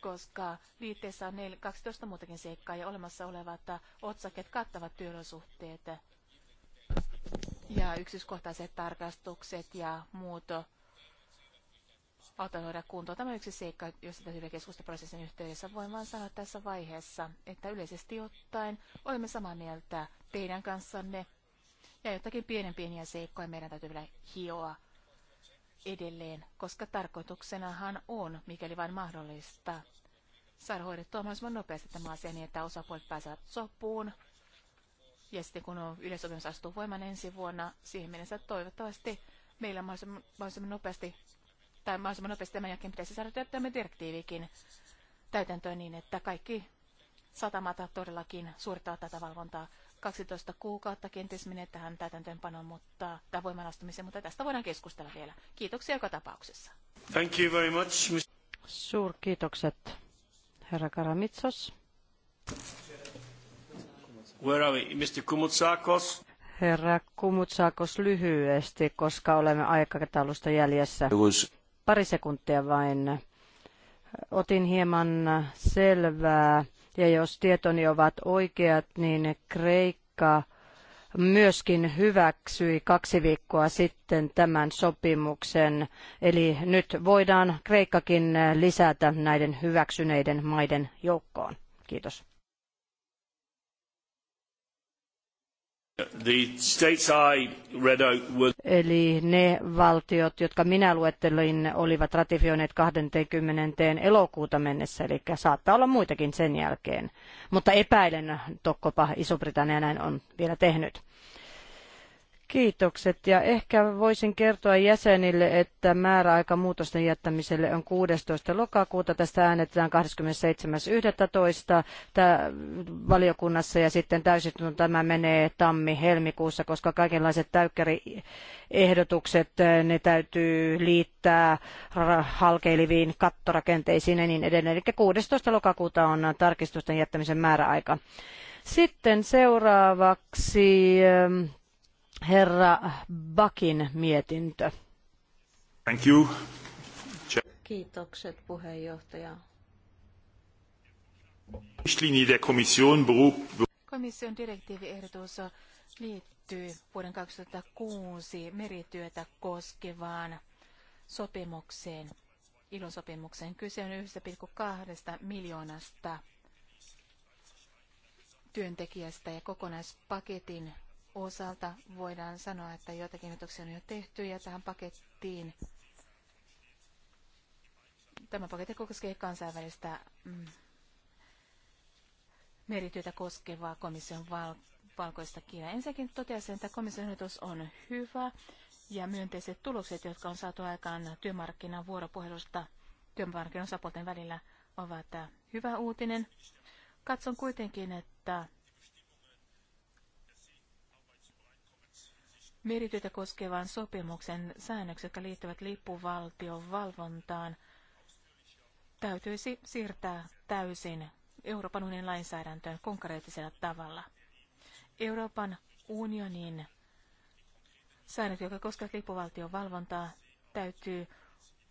A: koska liitteessä on 12 muutakin seikkaa ja olemassa olevat otsaket kattavat työolosuhteet ja yksityiskohtaiset tarkastukset ja muut autonoida kuntoon. Tämä on yksi seikka, josta täytyy vielä keskustaprosessin yhteydessä. Voin vain sanoa tässä vaiheessa, että yleisesti ottaen olemme samaa mieltä teidän kanssanne. Ja jotakin pienen pieniä seikkoja meidän täytyy vielä hioa edelleen, koska tarkoituksenahan on, mikäli vain mahdollista, saada hoidettua mahdollisimman nopeasti tämä asia niin, että osapuolet pääsevät sopuun. Ja sitten kun on yleisopimus astuu voimaan ensi vuonna, siihen mennessä toivottavasti meillä mahdollisimman, mahdollisimman nopeasti, tai mahdollisimman nopeasti tämän jälkeen pitäisi saada tämä direktiivikin täytäntöön niin, että kaikki satamata todellakin suorittaa tätä valvontaa. 12 kuukautta kenties menee tähän täytäntöönpanoon, mutta tai voimanastumiseen, mutta tästä voidaan keskustella vielä. Kiitoksia joka tapauksessa. Thank you very much.
B: Mr. Suurkiitokset, herra Karamitsos. Where are we? Mr. Kumutsakos. Herra Kumutsakos lyhyesti, koska olemme aikataulusta jäljessä. Pari sekuntia vain. Otin hieman selvää ja jos tietoni ovat oikeat, niin Kreikka myöskin hyväksyi kaksi viikkoa sitten tämän sopimuksen. Eli nyt voidaan Kreikkakin lisätä näiden hyväksyneiden maiden joukkoon. Kiitos. Eli ne valtiot, jotka minä luettelin, olivat ratifioineet 20. elokuuta mennessä, eli saattaa olla muitakin sen jälkeen. Mutta epäilen, tokkopa Iso-Britannia näin on vielä tehnyt. Kiitokset ja ehkä voisin kertoa jäsenille, että määräaika muutosten jättämiselle on 16. lokakuuta. Tästä äänetetään 27.11. valiokunnassa ja sitten täysin tämä menee tammi-helmikuussa, koska kaikenlaiset täykkäriehdotukset eh, ne täytyy liittää halkeiliviin kattorakenteisiin ja niin edelleen. Eli 16. lokakuuta on tarkistusten jättämisen määräaika. Sitten seuraavaksi herra Bakin mietintö.
A: Thank you. Kiitokset puheenjohtaja. Komission direktiiviehdotus liittyy vuoden 2006 merityötä koskevaan sopimukseen, ilosopimukseen. Kyse on 1,2 miljoonasta työntekijästä ja kokonaispaketin osalta voidaan sanoa, että joitakin muutoksia on jo tehty ja tähän pakettiin tämä paketti koskee kansainvälistä mm, merityötä koskevaa komission val- valkoista kirjaa. Ensinnäkin toteaisin, että komission ehdotus on hyvä ja myönteiset tulokset, jotka on saatu aikaan työmarkkinan vuoropuhelusta työmarkkinan osapuolten välillä, ovat äh, hyvä uutinen. Katson kuitenkin, että Merityötä koskevan sopimuksen säännökset, jotka liittyvät lippuvaltion valvontaan, täytyisi siirtää täysin Euroopan unionin lainsäädäntöön konkreettisella tavalla. Euroopan unionin säännöt, jotka koskevat lippuvaltion valvontaa, täytyy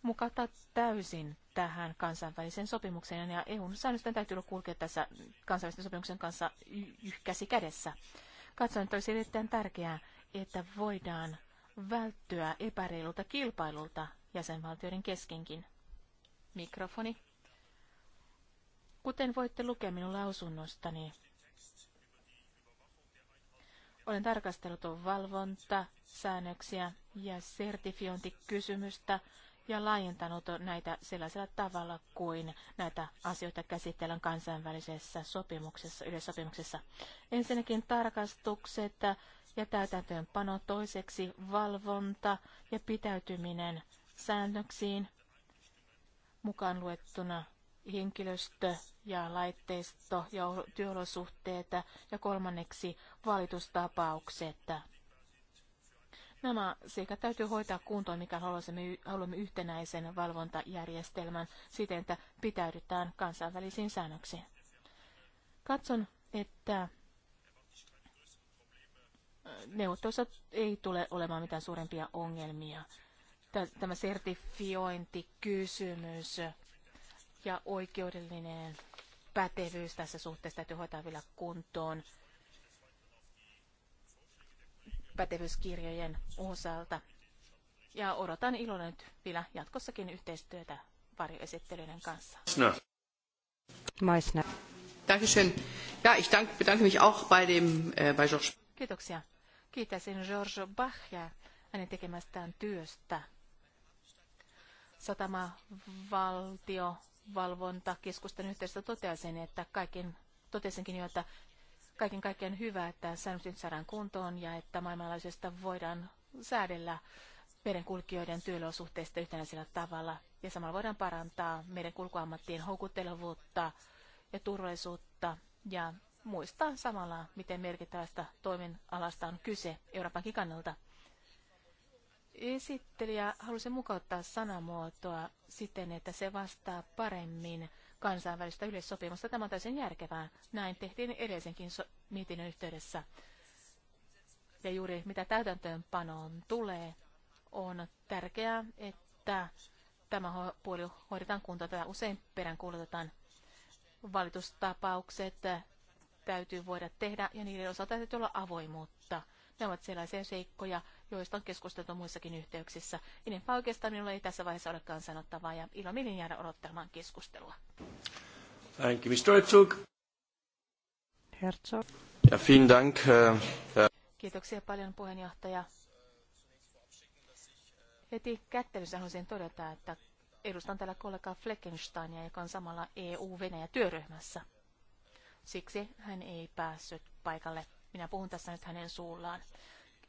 A: mukata täysin tähän kansainväliseen sopimukseen, ja EUn säännösten täytyy kulkea tässä kansainvälisen sopimuksen kanssa y- käsi kädessä. Katson, että olisi erittäin tärkeää, että voidaan välttyä epäreilulta kilpailulta jäsenvaltioiden keskenkin. Mikrofoni. Kuten voitte lukea minun lausunnostani, olen tarkastellut valvonta, säännöksiä ja sertifiointikysymystä ja laajentanut näitä sellaisella tavalla kuin näitä asioita käsitellään kansainvälisessä sopimuksessa, yleissopimuksessa. Ensinnäkin tarkastukset ja täytäntöönpano toiseksi valvonta ja pitäytyminen säännöksiin mukaan luettuna henkilöstö ja laitteisto ja työolosuhteet ja kolmanneksi valitustapaukset. Nämä sekä täytyy hoitaa kuntoon, mikä haluamme, haluamme yhtenäisen valvontajärjestelmän siten, että pitäydytään kansainvälisiin säännöksiin. Katson, että neuvottelussa ei tule olemaan mitään suurempia ongelmia. Tämä sertifiointikysymys ja oikeudellinen pätevyys tässä suhteessa täytyy hoitaa vielä kuntoon pätevyyskirjojen osalta. Ja odotan ilolla nyt vielä jatkossakin yhteistyötä varjoesittelyiden kanssa. Meissner. Ja, ich bedanke mich auch bei dem, äh, bei Kiitoksia. Kiitäisin George Bachia hänen tekemästään työstä. Satamavaltio valvontakeskusten yhteydessä toteaisin, että kaiken, totesinkin jo, että kaiken kaikkiaan hyvä, että säännökset saadaan kuntoon ja että maailmanlaajuisesta voidaan säädellä merenkulkijoiden työolosuhteista yhtenäisellä tavalla. Ja samalla voidaan parantaa merenkulkuammattien houkuttelevuutta ja turvallisuutta ja muistaa samalla, miten merkittävästä toiminalasta on kyse Euroopankin kannalta. Esittelijä halusi mukauttaa sanamuotoa siten, että se vastaa paremmin kansainvälistä yleissopimusta. Tämä on täysin järkevää. Näin tehtiin edellisenkin so- mietinnön yhteydessä. Ja juuri mitä täytäntöönpanoon tulee, on tärkeää, että tämä puoli hoidetaan kuntoon. Tätä usein peräänkuulutetaan valitustapaukset täytyy voida tehdä ja niiden osalta täytyy olla avoimuutta. Ne ovat sellaisia seikkoja, joista on keskusteltu muissakin yhteyksissä. Enempää oikeastaan minulla ei tässä vaiheessa olekaan sanottavaa ja ilomielin jäädä odottamaan keskustelua.
C: Thank you, Mr. Herzog. Herzog. Ja, vielen Dank. Äh, äh,
A: Kiitoksia paljon puheenjohtaja. Heti kättelyssä haluaisin todeta, että edustan täällä kollega Fleckensteinia, joka on samalla EU-Venäjä-työryhmässä. Siksi hän ei päässyt paikalle. Minä puhun tässä nyt hänen suullaan.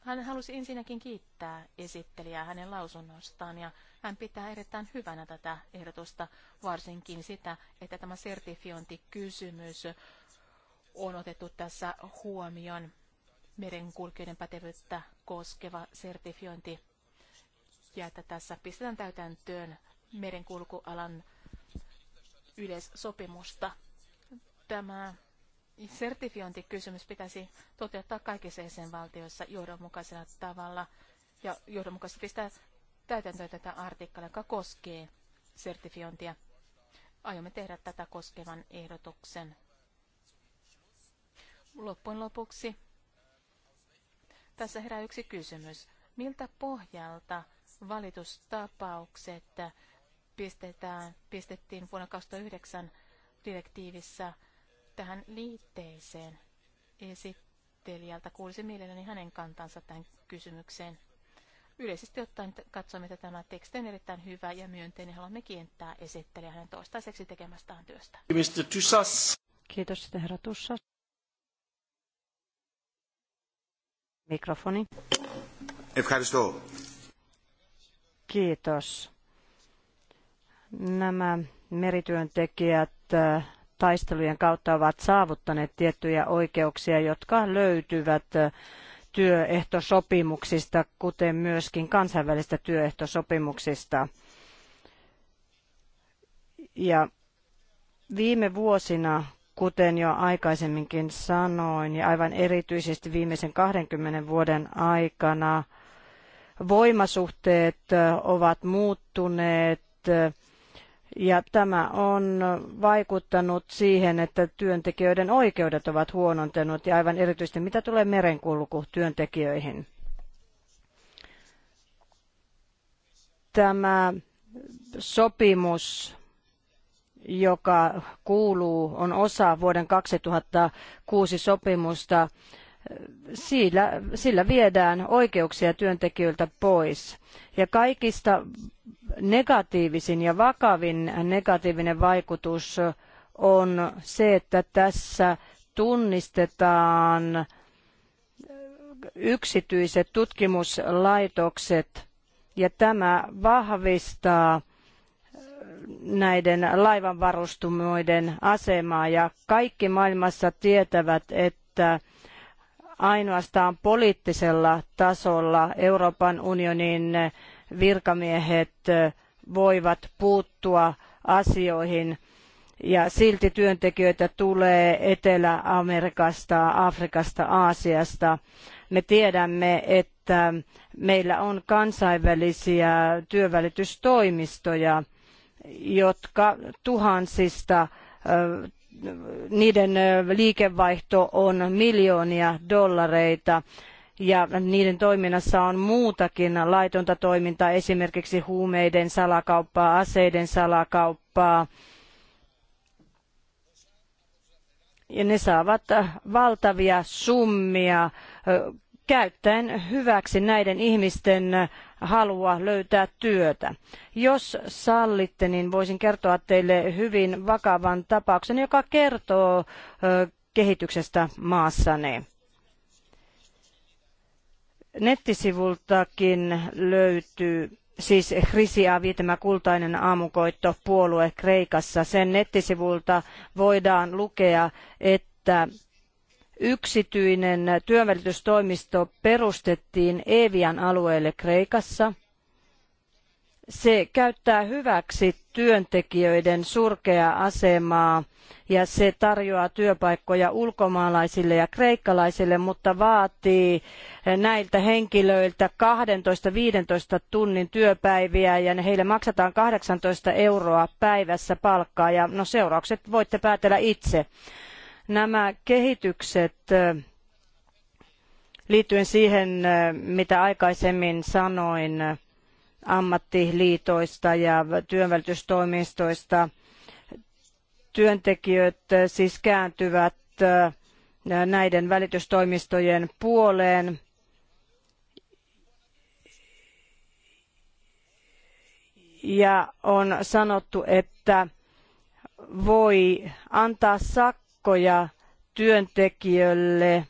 A: Hän halusi ensinnäkin kiittää esittelijää hänen lausunnostaan ja hän pitää erittäin hyvänä tätä ehdotusta, varsinkin sitä, että tämä sertifiointikysymys on otettu tässä huomioon merenkulkijoiden pätevyyttä koskeva sertifiointi ja että tässä pistetään täytäntöön merenkulkualan yleissopimusta. Tämä sertifiointikysymys pitäisi toteuttaa kaikissa jäsenvaltioissa johdonmukaisella tavalla ja johdonmukaisesti pistää täytäntöön tätä artikkelia, joka koskee sertifiointia. Aiomme tehdä tätä koskevan ehdotuksen. Loppujen lopuksi tässä herää yksi kysymys. Miltä pohjalta valitustapaukset pistetään, pistettiin vuonna 2009 direktiivissä tähän liitteeseen esittelijältä. Kuulisin mielelläni hänen kantansa tähän kysymykseen. Yleisesti ottaen katsomme, että tämä teksti on erittäin hyvä ja myönteinen. Haluamme kiittää esittelijä hänen toistaiseksi tekemästään työstä.
B: Kiitos herra Tussas. Mikrofoni.
A: Ευχαριστώ.
B: Kiitos. Nämä merityöntekijät äh, taistelujen kautta ovat saavuttaneet tiettyjä oikeuksia, jotka löytyvät työehtosopimuksista, kuten myöskin kansainvälistä työehtosopimuksista. Ja viime vuosina, kuten jo aikaisemminkin sanoin, ja aivan erityisesti viimeisen 20 vuoden aikana, voimasuhteet ovat muuttuneet, ja tämä on vaikuttanut siihen, että työntekijöiden oikeudet ovat huonontunut ja aivan erityisesti mitä tulee työntekijöihin. Tämä sopimus, joka kuuluu, on osa vuoden 2006 sopimusta, sillä, sillä viedään oikeuksia työntekijöiltä pois. Ja kaikista negatiivisin ja vakavin negatiivinen vaikutus on se, että tässä tunnistetaan yksityiset tutkimuslaitokset ja tämä vahvistaa näiden laivanvarustumoiden asemaa ja kaikki maailmassa tietävät, että ainoastaan poliittisella tasolla Euroopan unionin virkamiehet voivat puuttua asioihin ja silti työntekijöitä tulee Etelä-Amerikasta, Afrikasta, Aasiasta. Me tiedämme, että meillä on kansainvälisiä työvälitystoimistoja, jotka tuhansista niiden liikevaihto on miljoonia dollareita ja niiden toiminnassa on muutakin laitonta toimintaa, esimerkiksi huumeiden salakauppaa, aseiden salakauppaa. Ja ne saavat valtavia summia käyttäen hyväksi näiden ihmisten halua löytää työtä. Jos sallitte, niin voisin kertoa teille hyvin vakavan tapauksen, joka kertoo kehityksestä maassani. Nettisivultakin löytyy siis Chrisia tämä kultainen aamukoitto puolue Kreikassa. Sen nettisivulta voidaan lukea, että yksityinen työnvälitystoimisto perustettiin Evian alueelle Kreikassa. Se käyttää hyväksi työntekijöiden surkeaa asemaa ja se tarjoaa työpaikkoja ulkomaalaisille ja kreikkalaisille, mutta vaatii näiltä henkilöiltä 12-15 tunnin työpäiviä ja heille maksetaan 18 euroa päivässä palkkaa ja no seuraukset voitte päätellä itse. Nämä kehitykset liittyen siihen, mitä aikaisemmin sanoin ammattiliitoista ja työnvälitystoimistoista, työntekijät siis kääntyvät näiden välitystoimistojen puoleen. Ja on sanottu, että voi antaa sakkoa paikkoja työntekijölle,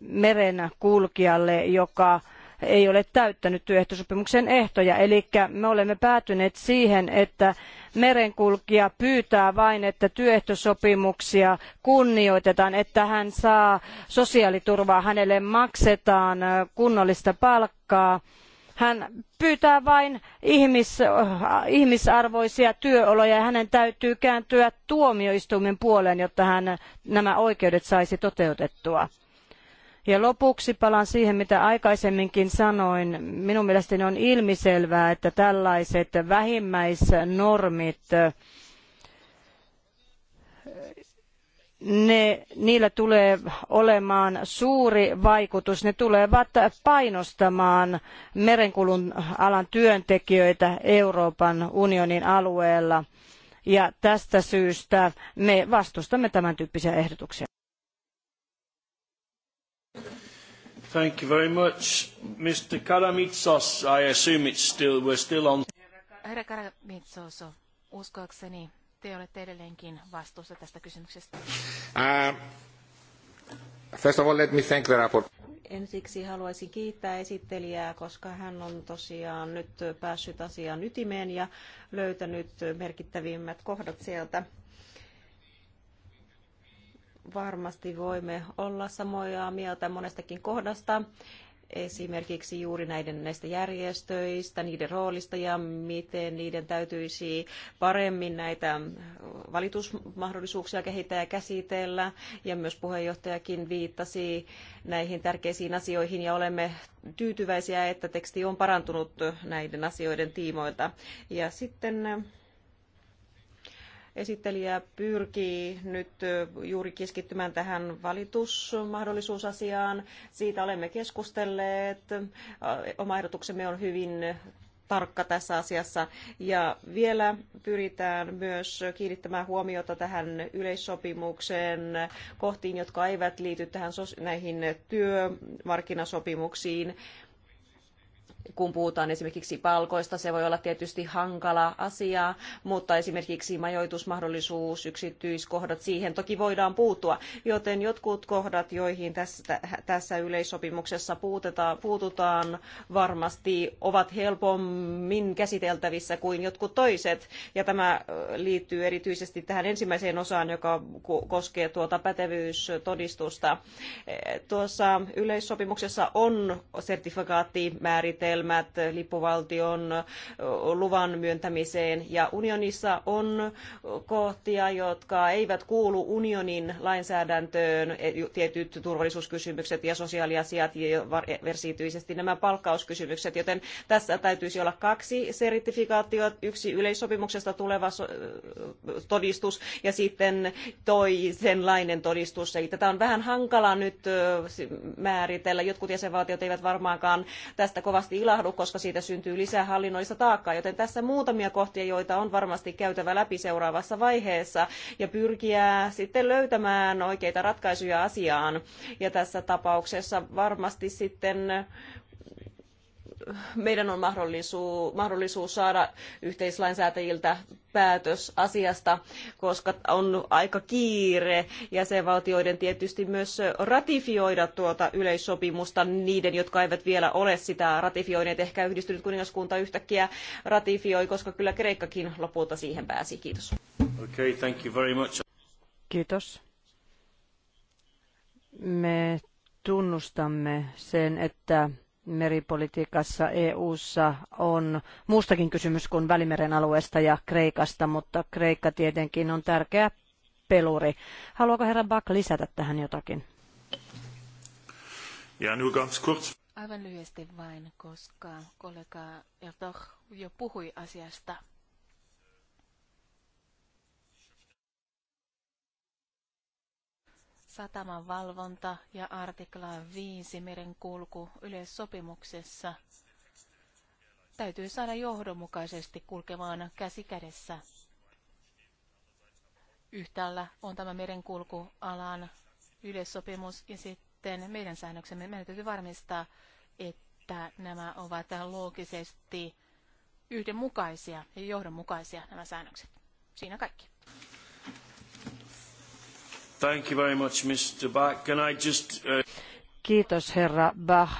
B: merenkulkijalle, joka ei ole täyttänyt työehtosopimuksen ehtoja. Eli me olemme päätyneet siihen, että merenkulkija pyytää vain, että työehtosopimuksia kunnioitetaan, että hän saa sosiaaliturvaa, hänelle maksetaan kunnollista palkkaa. Hän pyytää vain ihmis, ihmisarvoisia työoloja ja hänen täytyy kääntyä tuomioistuimen puoleen, jotta hän nämä oikeudet saisi toteutettua. Ja lopuksi palaan siihen, mitä aikaisemminkin sanoin. Minun mielestäni on ilmiselvää, että tällaiset vähimmäisnormit ne, niillä tulee olemaan suuri vaikutus. Ne tulevat painostamaan merenkulun alan työntekijöitä Euroopan unionin alueella. Ja tästä syystä me vastustamme tämän tyyppisiä ehdotuksia. Thank you very much. Mr.
C: Karamitsos, I assume it's still, we're still on...
A: Herra Karamitsos, uskoakseni te olette edelleenkin vastuussa tästä kysymyksestä.
C: Uh, first of all, let me thank the rapport.
A: Ensiksi haluaisin kiittää esittelijää,
C: koska hän on tosiaan nyt päässyt asian ytimeen ja löytänyt merkittävimmät kohdat sieltä varmasti voimme olla samoja mieltä monestakin kohdasta esimerkiksi juuri näiden näistä järjestöistä, niiden roolista ja miten niiden täytyisi paremmin näitä valitusmahdollisuuksia kehittää ja käsitellä. Ja myös puheenjohtajakin viittasi näihin tärkeisiin asioihin ja olemme tyytyväisiä, että teksti on parantunut näiden asioiden tiimoilta. Ja sitten esittelijä pyrkii nyt juuri keskittymään tähän valitusmahdollisuusasiaan. Siitä olemme keskustelleet. Oma ehdotuksemme on hyvin tarkka tässä asiassa. Ja vielä pyritään myös kiinnittämään huomiota tähän yleissopimukseen kohtiin, jotka eivät liity tähän näihin työmarkkinasopimuksiin kun puhutaan esimerkiksi palkoista, se voi olla tietysti hankala asia, mutta esimerkiksi majoitusmahdollisuus, yksityiskohdat, siihen toki voidaan puuttua. Joten jotkut kohdat, joihin tässä, tässä yleissopimuksessa puutetaan, puututaan, varmasti ovat helpommin käsiteltävissä kuin jotkut toiset. Ja tämä liittyy erityisesti tähän ensimmäiseen osaan, joka koskee tuota pätevyystodistusta. E, tuossa yleissopimuksessa on sertifikaatti määritelty määritelmät lippuvaltion luvan myöntämiseen. Ja unionissa on kohtia, jotka eivät kuulu unionin lainsäädäntöön, e, tietyt turvallisuuskysymykset ja sosiaaliasiat ja versiityisesti nämä palkkauskysymykset, joten tässä täytyisi olla kaksi sertifikaatiota, yksi yleissopimuksesta tuleva todistus ja sitten toisenlainen todistus. Eli tätä on vähän hankala nyt määritellä. Jotkut jäsenvaltiot eivät varmaankaan tästä kovasti ilahdu, koska siitä syntyy lisää hallinnollista taakkaa, joten tässä muutamia kohtia, joita on varmasti käytävä läpi seuraavassa vaiheessa ja pyrkiä sitten löytämään oikeita ratkaisuja asiaan. Ja tässä tapauksessa varmasti sitten meidän on mahdollisuus, mahdollisuus saada yhteislainsäätäjiltä päätös asiasta, koska on aika kiire jäsenvaltioiden tietysti myös ratifioida tuota yleissopimusta niiden, jotka eivät vielä ole sitä ratifioineet. Ehkä yhdistynyt kuningaskunta yhtäkkiä ratifioi, koska kyllä Kreikkakin lopulta siihen pääsi. Kiitos. Okay, thank you very much.
B: Kiitos. Me tunnustamme sen, että meripolitiikassa EU:ssa on muustakin kysymys kuin Välimeren alueesta ja Kreikasta, mutta Kreikka tietenkin on tärkeä peluri. Haluaako herra Bak lisätä tähän jotakin?
A: Ja nur ganz kurz. Aivan lyhyesti vain, koska kollega Erdoch jo puhui asiasta. sataman valvonta ja artikla 5 merenkulku yleissopimuksessa täytyy saada johdonmukaisesti kulkemaan käsi kädessä. Yhtäällä on tämä merenkulkualan yleissopimus ja sitten meidän säännöksemme. Meidän täytyy varmistaa, että nämä ovat loogisesti yhdenmukaisia ja johdonmukaisia nämä säännökset. Siinä kaikki.
B: Thank you very much, Mr.
C: Bach. Can I just, uh...
B: Kiitos herra Bach.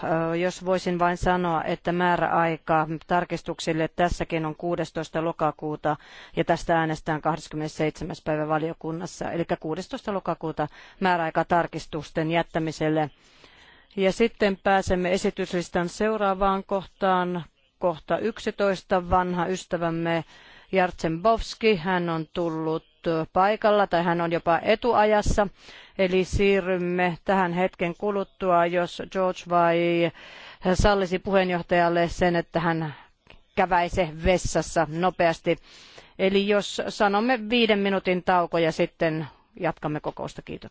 B: Jos voisin vain sanoa, että määräaika tarkistuksille tässäkin on 16. lokakuuta ja tästä äänestään 27. päivä valiokunnassa. Eli 16. lokakuuta määräaika tarkistusten jättämiselle. Ja sitten pääsemme esityslistan seuraavaan kohtaan, kohta 11, vanha ystävämme Jartsenbovski. Hän on tullut paikalla tai hän on jopa etuajassa. Eli siirrymme tähän hetken kuluttua, jos George vai sallisi puheenjohtajalle sen, että hän käväise vessassa nopeasti. Eli jos sanomme viiden minuutin tauko ja sitten jatkamme kokousta. Kiitos.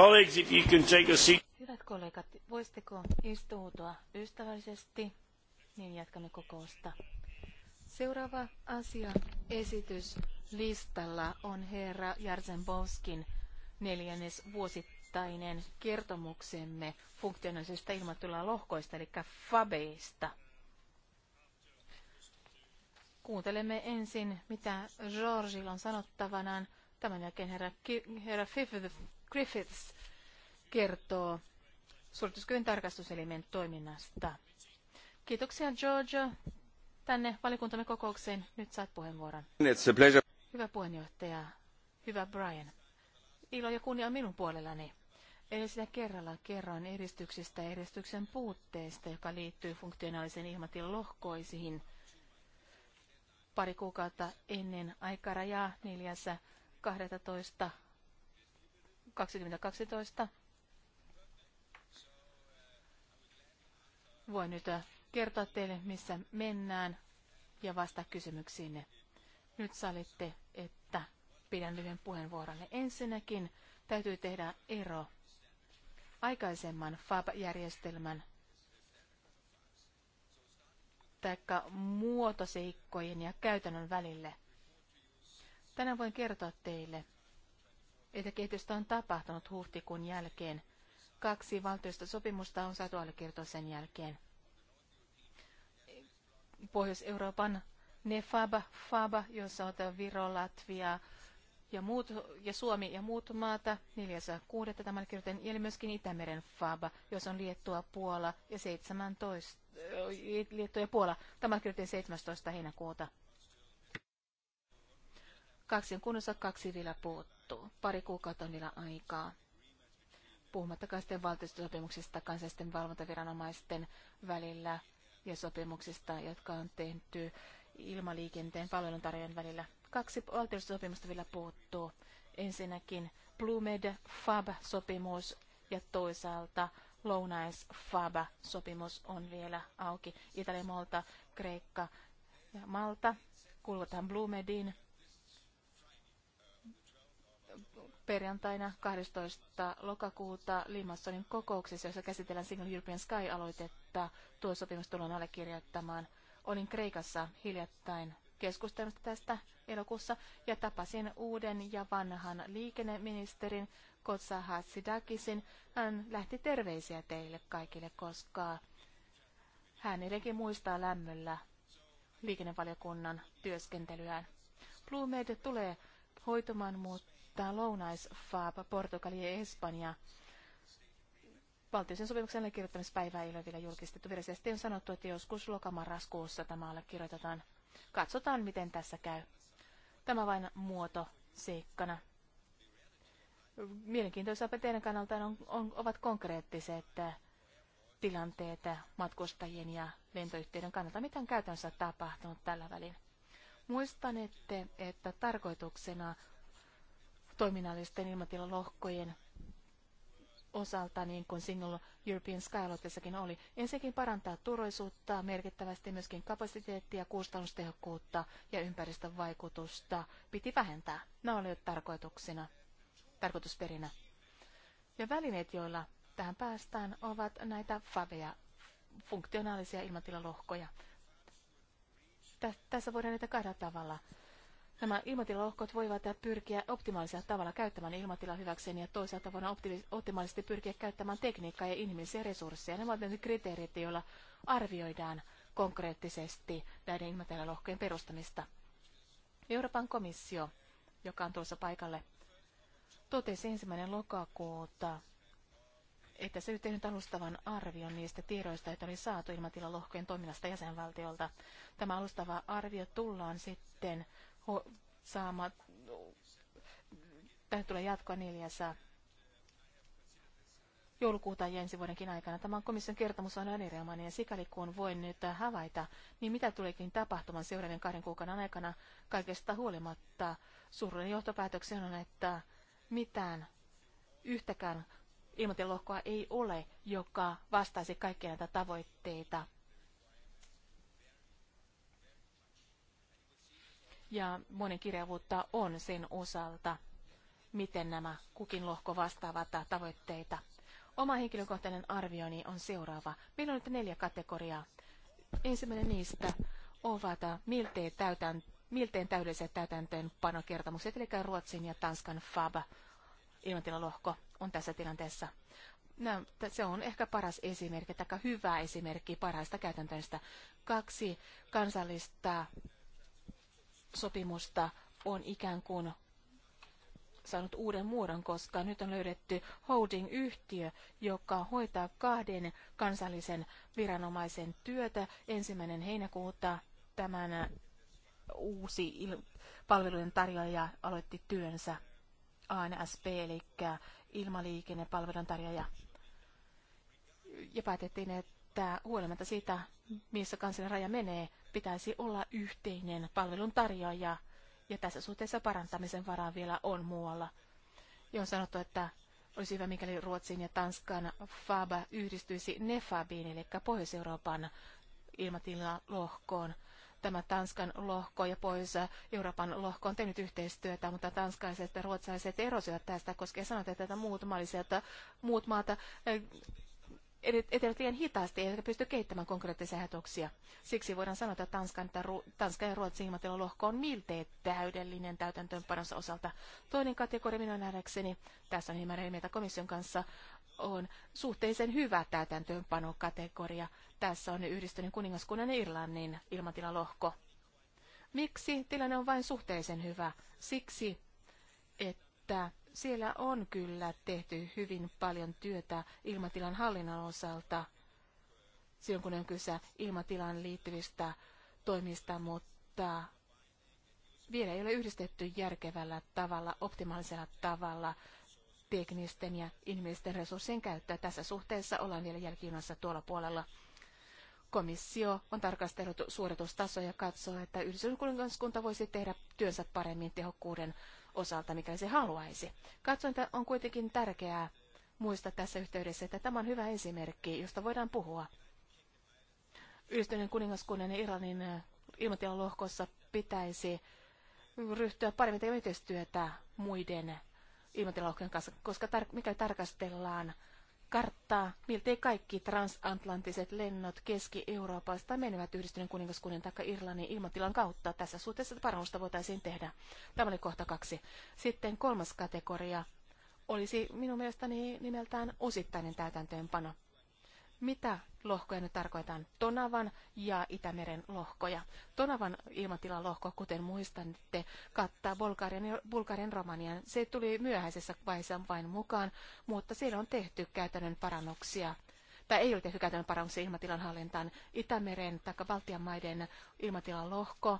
B: Colleagues, if you can take a seat.
A: Hyvät kollegat, voisitteko istuutua ystävällisesti, niin jatkamme kokousta. Seuraava asia esityslistalla on herra Jarzembowskin neljännes vuosittainen kertomuksemme funktionaalisesta ilmatila lohkoista, eli fabeista. Kuuntelemme ensin, mitä Georgilla on sanottavanaan Tämän jälkeen herra, herra Griffiths kertoo suorituskyvyn tarkastuselimen toiminnasta. Kiitoksia Georgia tänne valikuntamme kokoukseen. Nyt saat puheenvuoron. It's a pleasure. Hyvä puheenjohtaja, hyvä Brian. Ilo ja kunnia on minun puolellani. Edellisellä kerralla kerroin eristyksistä ja eristyksen puutteista, joka liittyy funktionaalisen ilmatilan lohkoisiin. Pari kuukautta ennen aikarajaa neljässä 12. 2012. Voin nyt kertoa teille, missä mennään ja vastaa kysymyksiinne. Nyt salitte, että pidän lyhyen puheenvuoronne. Ensinnäkin täytyy tehdä ero aikaisemman FAB-järjestelmän tai muotoseikkojen ja käytännön välille – Tänään voin kertoa teille, että kehitystä on tapahtunut huhtikuun jälkeen. Kaksi valtioista sopimusta on saatu allekirjoittaa sen jälkeen. Pohjois-Euroopan Nefaba, FABA, jossa on Viro, Latvia ja, muut, ja Suomi ja muut maata, 4.6. tämän kirjoitan, ja myöskin Itämeren FABA, jossa on Liettua, Puola ja 17, Liettua ja Puola, tämän kirjoitan 17. heinäkuuta. Kaksi on kunnossa, kaksi vielä puuttuu. Pari kuukautta on vielä aikaa. Puhumattakaan sitten valtuustosopimuksista kansallisten valvontaviranomaisten välillä ja sopimuksista, jotka on tehty ilmaliikenteen palveluntarjoajien välillä. Kaksi valtuustosopimusta vielä puuttuu. Ensinnäkin Blumed FAB-sopimus ja toisaalta Lounais FAB-sopimus on vielä auki. Italia, Malta, Kreikka ja Malta kuuluvat tähän Blumedin perjantaina 12. lokakuuta Limassonin kokouksessa, jossa käsitellään Single European Sky-aloitetta. Tuo sopimus tullaan allekirjoittamaan. Olin Kreikassa hiljattain keskustelusta tästä elokuussa ja tapasin uuden ja vanhan liikenneministerin Kotsa Hatsidakisin. Hän lähti terveisiä teille kaikille, koska hän edelleenkin muistaa lämmöllä liikennevaliokunnan työskentelyään. BlueMed tulee hoitamaan, mutta Tämä lounais Portugali ja Espanja. Valtioisen sopimuksen allekirjoittamispäivää ei ole vielä julkistettu. Virallisesti on sanottu, että joskus lokamarraskuussa tämä allekirjoitetaan. Katsotaan, miten tässä käy. Tämä vain muoto seikkana. Mielenkiintoisempaa teidän kannalta on, on, ovat konkreettiset äh, tilanteet äh, matkustajien ja lentoyhtiöiden kannalta. Mitä on käytännössä tapahtunut tällä välin? Muistan, että, että tarkoituksena toiminnallisten ilmatilalohkojen osalta, niin kuin Single European Skylottessakin oli. Ensinnäkin parantaa turvallisuutta, merkittävästi myöskin kapasiteettia, kustannustehokkuutta ja ympäristön vaikutusta piti vähentää. Nämä olivat tarkoituksena, tarkoitusperinä. Ja välineet, joilla tähän päästään, ovat näitä faveja, funktionaalisia ilmatilalohkoja. Tässä voidaan näitä kahdella tavalla Nämä ilmatilalohkot voivat pyrkiä optimaalisella tavalla käyttämään ilmatilaa hyväkseen ja toisaalta voidaan optimaalisesti pyrkiä käyttämään tekniikkaa ja inhimillisiä resursseja. Nämä ovat ne kriteerit, joilla arvioidaan konkreettisesti näiden ilmatilalohkojen perustamista. Euroopan komissio, joka on tuossa paikalle, totesi ensimmäinen lokakuuta, että se nyt tehnyt alustavan arvion niistä tiedoista, joita oli saatu ilmatilalohkojen toiminnasta jäsenvaltiolta. Tämä alustava arvio tullaan sitten saama, tähän tulee jatkoa neljässä joulukuuta ja ensi vuodenkin aikana. Tämä komission kertomus on erilainen erinomainen ja sikäli kun voin nyt havaita, niin mitä tuleekin tapahtuman seuraavien kahden kuukauden aikana kaikesta huolimatta. Suurin johtopäätöksen on, että mitään yhtäkään ilmatilohkoa ei ole, joka vastaisi kaikkia näitä tavoitteita. ja monikirjavuutta on sen osalta, miten nämä kukin lohko vastaavat tavoitteita. Oma henkilökohtainen arvioni on seuraava. Meillä on nyt neljä kategoriaa. Ensimmäinen niistä ovat miltein, täytän, miltein täydelliset täytäntöönpanokertomukset, eli Ruotsin ja Tanskan FAB ilmatilalohko on tässä tilanteessa. No, se on ehkä paras esimerkki, tai hyvä esimerkki parhaista käytäntöistä. Kaksi kansallista sopimusta on ikään kuin saanut uuden muodon, koska nyt on löydetty holding-yhtiö, joka hoitaa kahden kansallisen viranomaisen työtä. Ensimmäinen heinäkuuta tämän uusi palvelujen tarjoaja aloitti työnsä ANSP, eli ilmaliikennepalvelun tarjoaja. Ja päätettiin, että huolimatta siitä, missä kansan raja menee, pitäisi olla yhteinen palvelun tarjoaja, ja tässä suhteessa parantamisen varaa vielä on muualla. Ja on sanottu, että olisi hyvä, mikäli Ruotsin ja Tanskan FABA yhdistyisi NEFABiin, eli Pohjois-Euroopan ilmatilalohkoon. Tämä Tanskan lohko ja Pohjois-Euroopan lohko on tehnyt yhteistyötä, mutta tanskalaiset ja ruotsalaiset erosivat tästä, koska sanovat, että muut, maaliset, muut maat etenevät liian hitaasti eivätkä pysty kehittämään konkreettisia ajatuksia. Siksi voidaan sanoa, että Tanskan, Tanska ja Ruotsin ilmatilalohko on miltei täydellinen täytäntöönpanossa osalta. Toinen kategoria minun nähdäkseni, tässä on hieman eri mieltä komission kanssa, on suhteellisen hyvä täytäntöönpanokategoria. Tässä on yhdistyneen kuningaskunnan Irlannin ilmatilalohko. Miksi tilanne on vain suhteellisen hyvä? Siksi, että siellä on kyllä tehty hyvin paljon työtä ilmatilan hallinnan osalta, silloin kun on kyse ilmatilan liittyvistä toimista, mutta vielä ei ole yhdistetty järkevällä tavalla, optimaalisella tavalla teknisten ja inhimillisten resurssien käyttöä. Tässä suhteessa ollaan vielä jälkijunassa tuolla puolella. Komissio on tarkastellut suoritustasoja ja katsoo, että yhdistyskuningaskunta voisi tehdä työnsä paremmin tehokkuuden osalta, mikäli se haluaisi. Katson, että on kuitenkin tärkeää muistaa tässä yhteydessä, että tämä on hyvä esimerkki, josta voidaan puhua. Yhdistyneen kuningaskunnan ja Iranin äh, ilmatilan lohkossa pitäisi ryhtyä paremmin yhteistyötä muiden ilmatilalohkojen kanssa, koska tar- mikäli tarkastellaan karttaa miltei kaikki transatlanttiset lennot Keski-Euroopasta menevät yhdistyneen kuningaskunnan tai Irlannin ilmatilan kautta. Tässä suhteessa parannusta voitaisiin tehdä. Tämä oli kohta kaksi. Sitten kolmas kategoria olisi minun mielestäni nimeltään osittainen täytäntöönpano. Mitä lohkoja nyt tarkoitan? Tonavan ja Itämeren lohkoja. Tonavan ilmatilan lohko, kuten muistatte, kattaa Bulgarian ja Bulgarian Romanian. Se tuli myöhäisessä vaiheessa vain mukaan, mutta siellä on tehty käytännön parannuksia tai ei ole tehty käytännön parannuksia ilmatilan hallintaan. Itämeren tai Baltian maiden ilmatilan lohko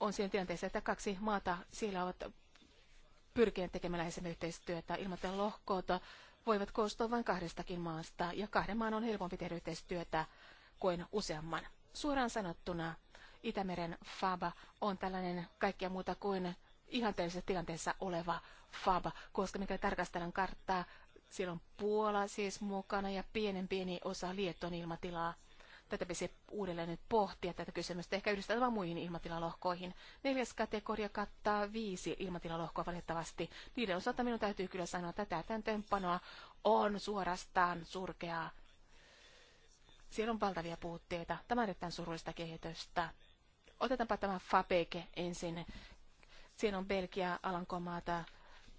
A: on siinä tilanteessa, että kaksi maata siellä ovat pyrkineet tekemään lähes yhteistyötä ilmatilan lohkoa voivat koostua vain kahdestakin maasta, ja kahden maan on helpompi tehdä yhteistyötä kuin useamman. Suoraan sanottuna Itämeren FABA on tällainen kaikkea muuta kuin ihanteellisessa tilanteessa oleva FABA, koska mikä tarkastellaan karttaa, siellä on Puola siis mukana ja pienen pieni osa Lietton ilmatilaa. Tätä pitäisi uudelleen nyt pohtia tätä kysymystä, ehkä yhdistetään muihin ilmatilalohkoihin. Neljäs kategoria kattaa viisi ilmatilalohkoa valitettavasti. Niiden osalta minun täytyy kyllä sanoa, että tätä täytäntöönpanoa on suorastaan surkeaa. Siellä on valtavia puutteita. Tämä on erittäin surullista kehitystä. Otetaanpa tämä Fabeke ensin. Siinä on Belgia, Alankomaata,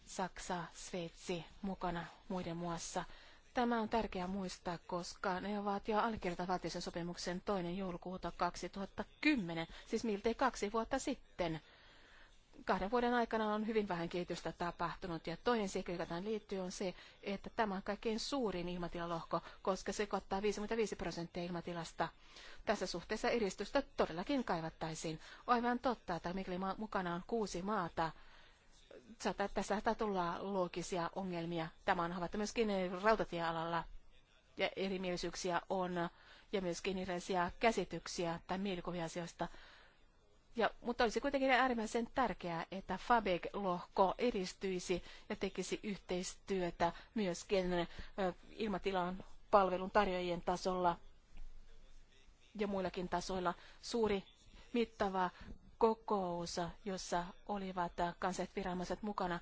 A: Saksa, Sveitsi mukana muiden muassa. Tämä on tärkeää muistaa, koska ne ovat jo allekirjoittavat sopimuksen toinen joulukuuta 2010, siis miltei kaksi vuotta sitten. Kahden vuoden aikana on hyvin vähän kehitystä tapahtunut ja toinen seikka, joka tähän liittyy, on se, että tämä on kaikkein suurin ilmatilalohko, koska se kattaa 55 prosenttia ilmatilasta. Tässä suhteessa edistystä todellakin kaivattaisiin. Aivan totta, että mikäli mukana on kuusi maata, saattaa, tässä saattaa tulla loogisia ongelmia. Tämä on havaittu myöskin rautatiealalla ja erimielisyyksiä on ja myöskin erilaisia käsityksiä tai mielikuvia asioista. Ja, mutta olisi kuitenkin äärimmäisen tärkeää, että Fabeg-lohko edistyisi ja tekisi yhteistyötä myöskin ilmatilan palvelun tarjoajien tasolla ja muillakin tasoilla. Suuri mittava kokous, jossa olivat kansalliset viranomaiset mukana,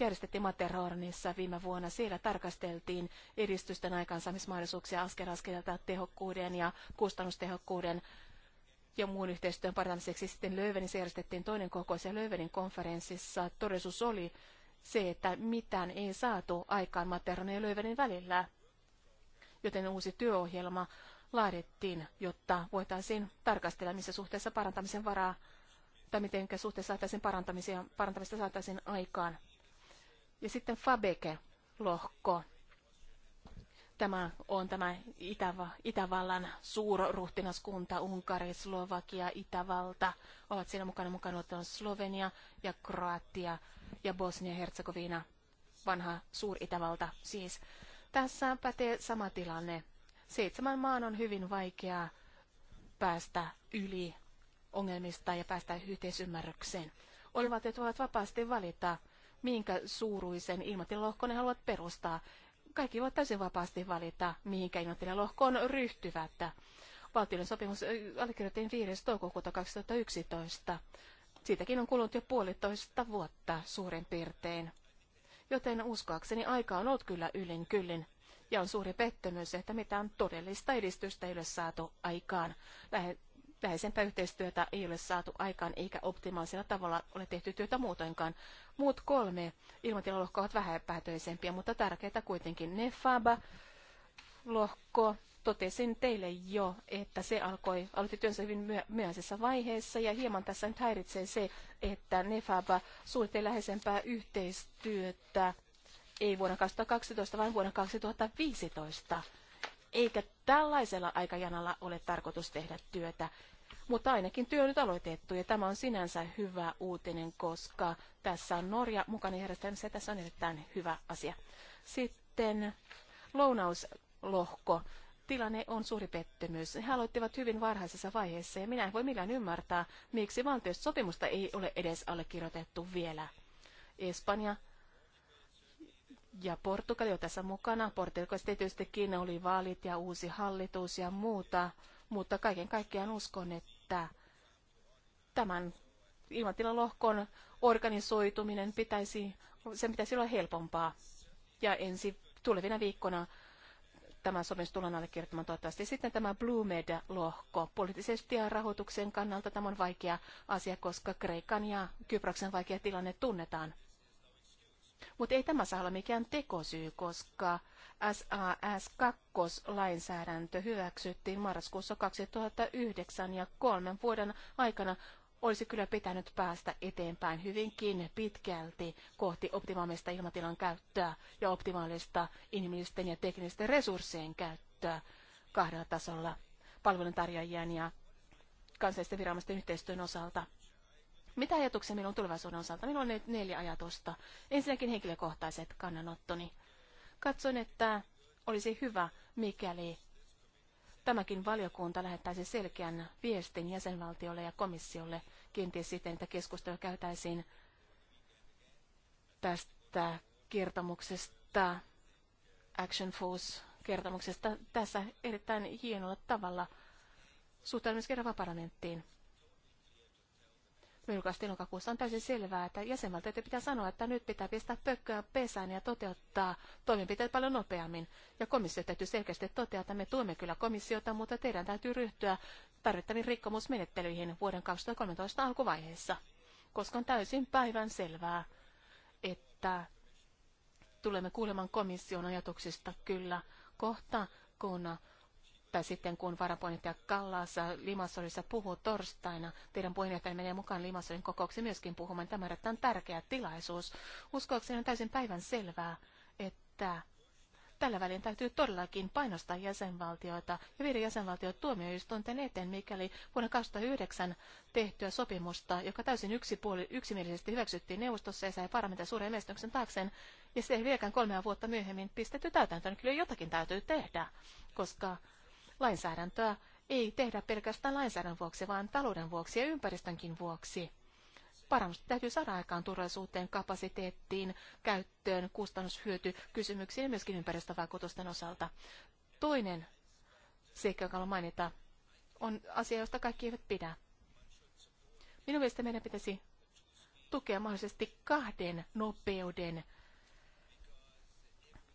A: järjestettiin Materhornissa viime vuonna. Siellä tarkasteltiin edistysten aikaansaamismahdollisuuksia askel askelta tehokkuuden ja kustannustehokkuuden ja muun yhteistyön parantamiseksi. Sitten Löövenissä järjestettiin toinen kokous ja Löövenin konferenssissa todellisuus oli se, että mitään ei saatu aikaan Materhornin ja Löövenin välillä. Joten uusi työohjelma laadittiin, jotta voitaisiin tarkastella, missä suhteessa parantamisen varaa tai miten suhteessa saataisiin parantamisia, parantamista saataisiin aikaan. Ja sitten Fabeke-lohko. Tämä on tämä Itäva, Itävallan suurruhtinaskunta, Unkari, Slovakia, Itävalta. Ovat siinä mukana mukana on Slovenia ja Kroatia ja Bosnia-Herzegovina, vanha suur-Itävalta siis. Tässä pätee sama tilanne. Seitsemän maan on hyvin vaikeaa päästä yli ongelmista ja päästä yhteisymmärrykseen. Olvat voivat vapaasti valita, minkä suuruisen ilmatilalohkon ne haluavat perustaa. Kaikki voivat täysin vapaasti valita, mihinkä ilmatilalohkoon ryhtyvät. Valtioiden sopimus allekirjoitettiin 5. toukokuuta 2011. Siitäkin on kulunut jo puolitoista vuotta suurin piirtein. Joten uskoakseni aika on ollut kyllä ylin kyllin. Ja on suuri pettymys, että mitään todellista edistystä ei ole saatu aikaan. Lähe, läheisempää yhteistyötä ei ole saatu aikaan, eikä optimaalisella tavalla ole tehty työtä muutoinkaan. Muut kolme ilmatilalohkoa ovat vähäpäätöisempiä, mutta tärkeitä kuitenkin. Nefaba, lohko, totesin teille jo, että se alkoi, aloitti työnsä hyvin myö- myöhäisessä vaiheessa ja hieman tässä nyt häiritsee se, että Nefaba suunnittelee läheisempää yhteistyötä ei vuonna 2012, vaan vuonna 2015. Eikä tällaisella aikajanalla ole tarkoitus tehdä työtä, mutta ainakin työ on nyt aloitettu ja tämä on sinänsä hyvä uutinen, koska tässä on Norja mukana järjestelmässä ja tässä on erittäin hyvä asia. Sitten lounauslohko. Tilanne on suuri pettymys. He aloittivat hyvin varhaisessa vaiheessa ja minä en voi millään ymmärtää, miksi valtiosopimusta ei ole edes allekirjoitettu vielä. Espanja ja Portugali on tässä mukana. Portugalissa tietystikin oli vaalit ja uusi hallitus ja muuta, mutta kaiken kaikkiaan uskon, että tämän ilmatilalohkon organisoituminen pitäisi, sen pitäisi olla helpompaa. Ja ensi tulevina viikkona tämä sopimus tullaan allekirjoittamaan toivottavasti. Sitten tämä Blue Med-lohko. Poliittisesti ja rahoituksen kannalta tämä on vaikea asia, koska Kreikan ja Kyproksen vaikea tilanne tunnetaan. Mutta ei tämä saa olla mikään tekosyy, koska SAS-2-lainsäädäntö hyväksyttiin marraskuussa 2009 ja kolmen vuoden aikana olisi kyllä pitänyt päästä eteenpäin hyvinkin pitkälti kohti optimaalista ilmatilan käyttöä ja optimaalista inhimillisten ja teknisten resurssien käyttöä kahdella tasolla palveluntarjoajien ja kansallisten viranomaisten yhteistyön osalta. Mitä ajatuksia minulla on tulevaisuuden osalta? Minulla on nyt neljä ajatusta. Ensinnäkin henkilökohtaiset kannanottoni. Katsoin, että olisi hyvä, mikäli tämäkin valiokunta lähettäisi selkeän viestin jäsenvaltiolle ja komissiolle kenties siten, että keskustelua käytäisiin tästä kertomuksesta, Action Force-kertomuksesta, tässä erittäin hienolla tavalla suhtaudumme kerran parlamenttiin julkaistiin lokakuussa, on täysin selvää, että jäsenvaltio että pitää sanoa, että nyt pitää pistää pökköä pesään ja toteuttaa toimenpiteet paljon nopeammin. Ja komissio täytyy selkeästi toteaa, että me tuemme kyllä komissiota, mutta teidän täytyy ryhtyä tarvittaviin rikkomusmenettelyihin vuoden 2013 alkuvaiheessa, koska on täysin päivän selvää, että tulemme kuulemaan komission ajatuksista kyllä kohta, kun tai sitten kun varapuheenjohtaja kallaassa Limassolissa puhuu torstaina, teidän puheenjohtaja menee mukaan Limassolin kokoukseen myöskin puhumaan. Tämä on tärkeä tilaisuus. Uskoakseni on täysin päivän selvää, että tällä välin täytyy todellakin painostaa jäsenvaltioita ja viedä jäsenvaltiot tuomioistuinten eteen, mikäli vuonna 2009 tehtyä sopimusta, joka täysin yksipuoli, yksimielisesti hyväksyttiin neuvostossa ja sai parlamentin suuren emestyksen taakseen, ja se ei vieläkään kolmea vuotta myöhemmin pistetty täytäntöön. Kyllä jotakin täytyy tehdä, koska Lainsäädäntöä ei tehdä pelkästään lainsäädännön vuoksi, vaan talouden vuoksi ja ympäristönkin vuoksi. Parannusta täytyy saada aikaan turvallisuuteen, kapasiteettiin, käyttöön, kustannushyöty, kysymyksiin ja myöskin ympäristövaikutusten osalta. Toinen seikka, joka haluan mainita, on asia, josta kaikki eivät pidä. Minun mielestä meidän pitäisi tukea mahdollisesti kahden nopeuden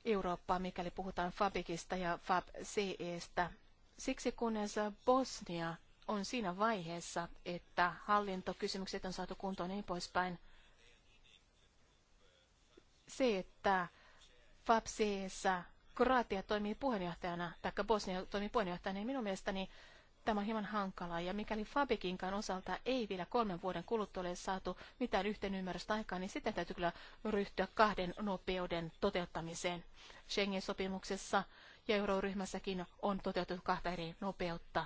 A: Eurooppaa, mikäli puhutaan Fabikista ja Fab CEstä. Siksi kunnes Bosnia on siinä vaiheessa, että hallintokysymykset on saatu kuntoon niin poispäin, se, että FAPSEessä Kroatia toimii puheenjohtajana, tai Bosnia toimii puheenjohtajana, niin minun mielestäni tämä on hieman hankalaa. Ja mikäli Fabikinkaan osalta ei vielä kolmen vuoden kuluttua ole saatu mitään yhteenymmärrystä aikaa, niin sitten täytyy kyllä ryhtyä kahden nopeuden toteuttamiseen. Schengen-sopimuksessa ja euroryhmässäkin on toteutettu kahta eri nopeutta.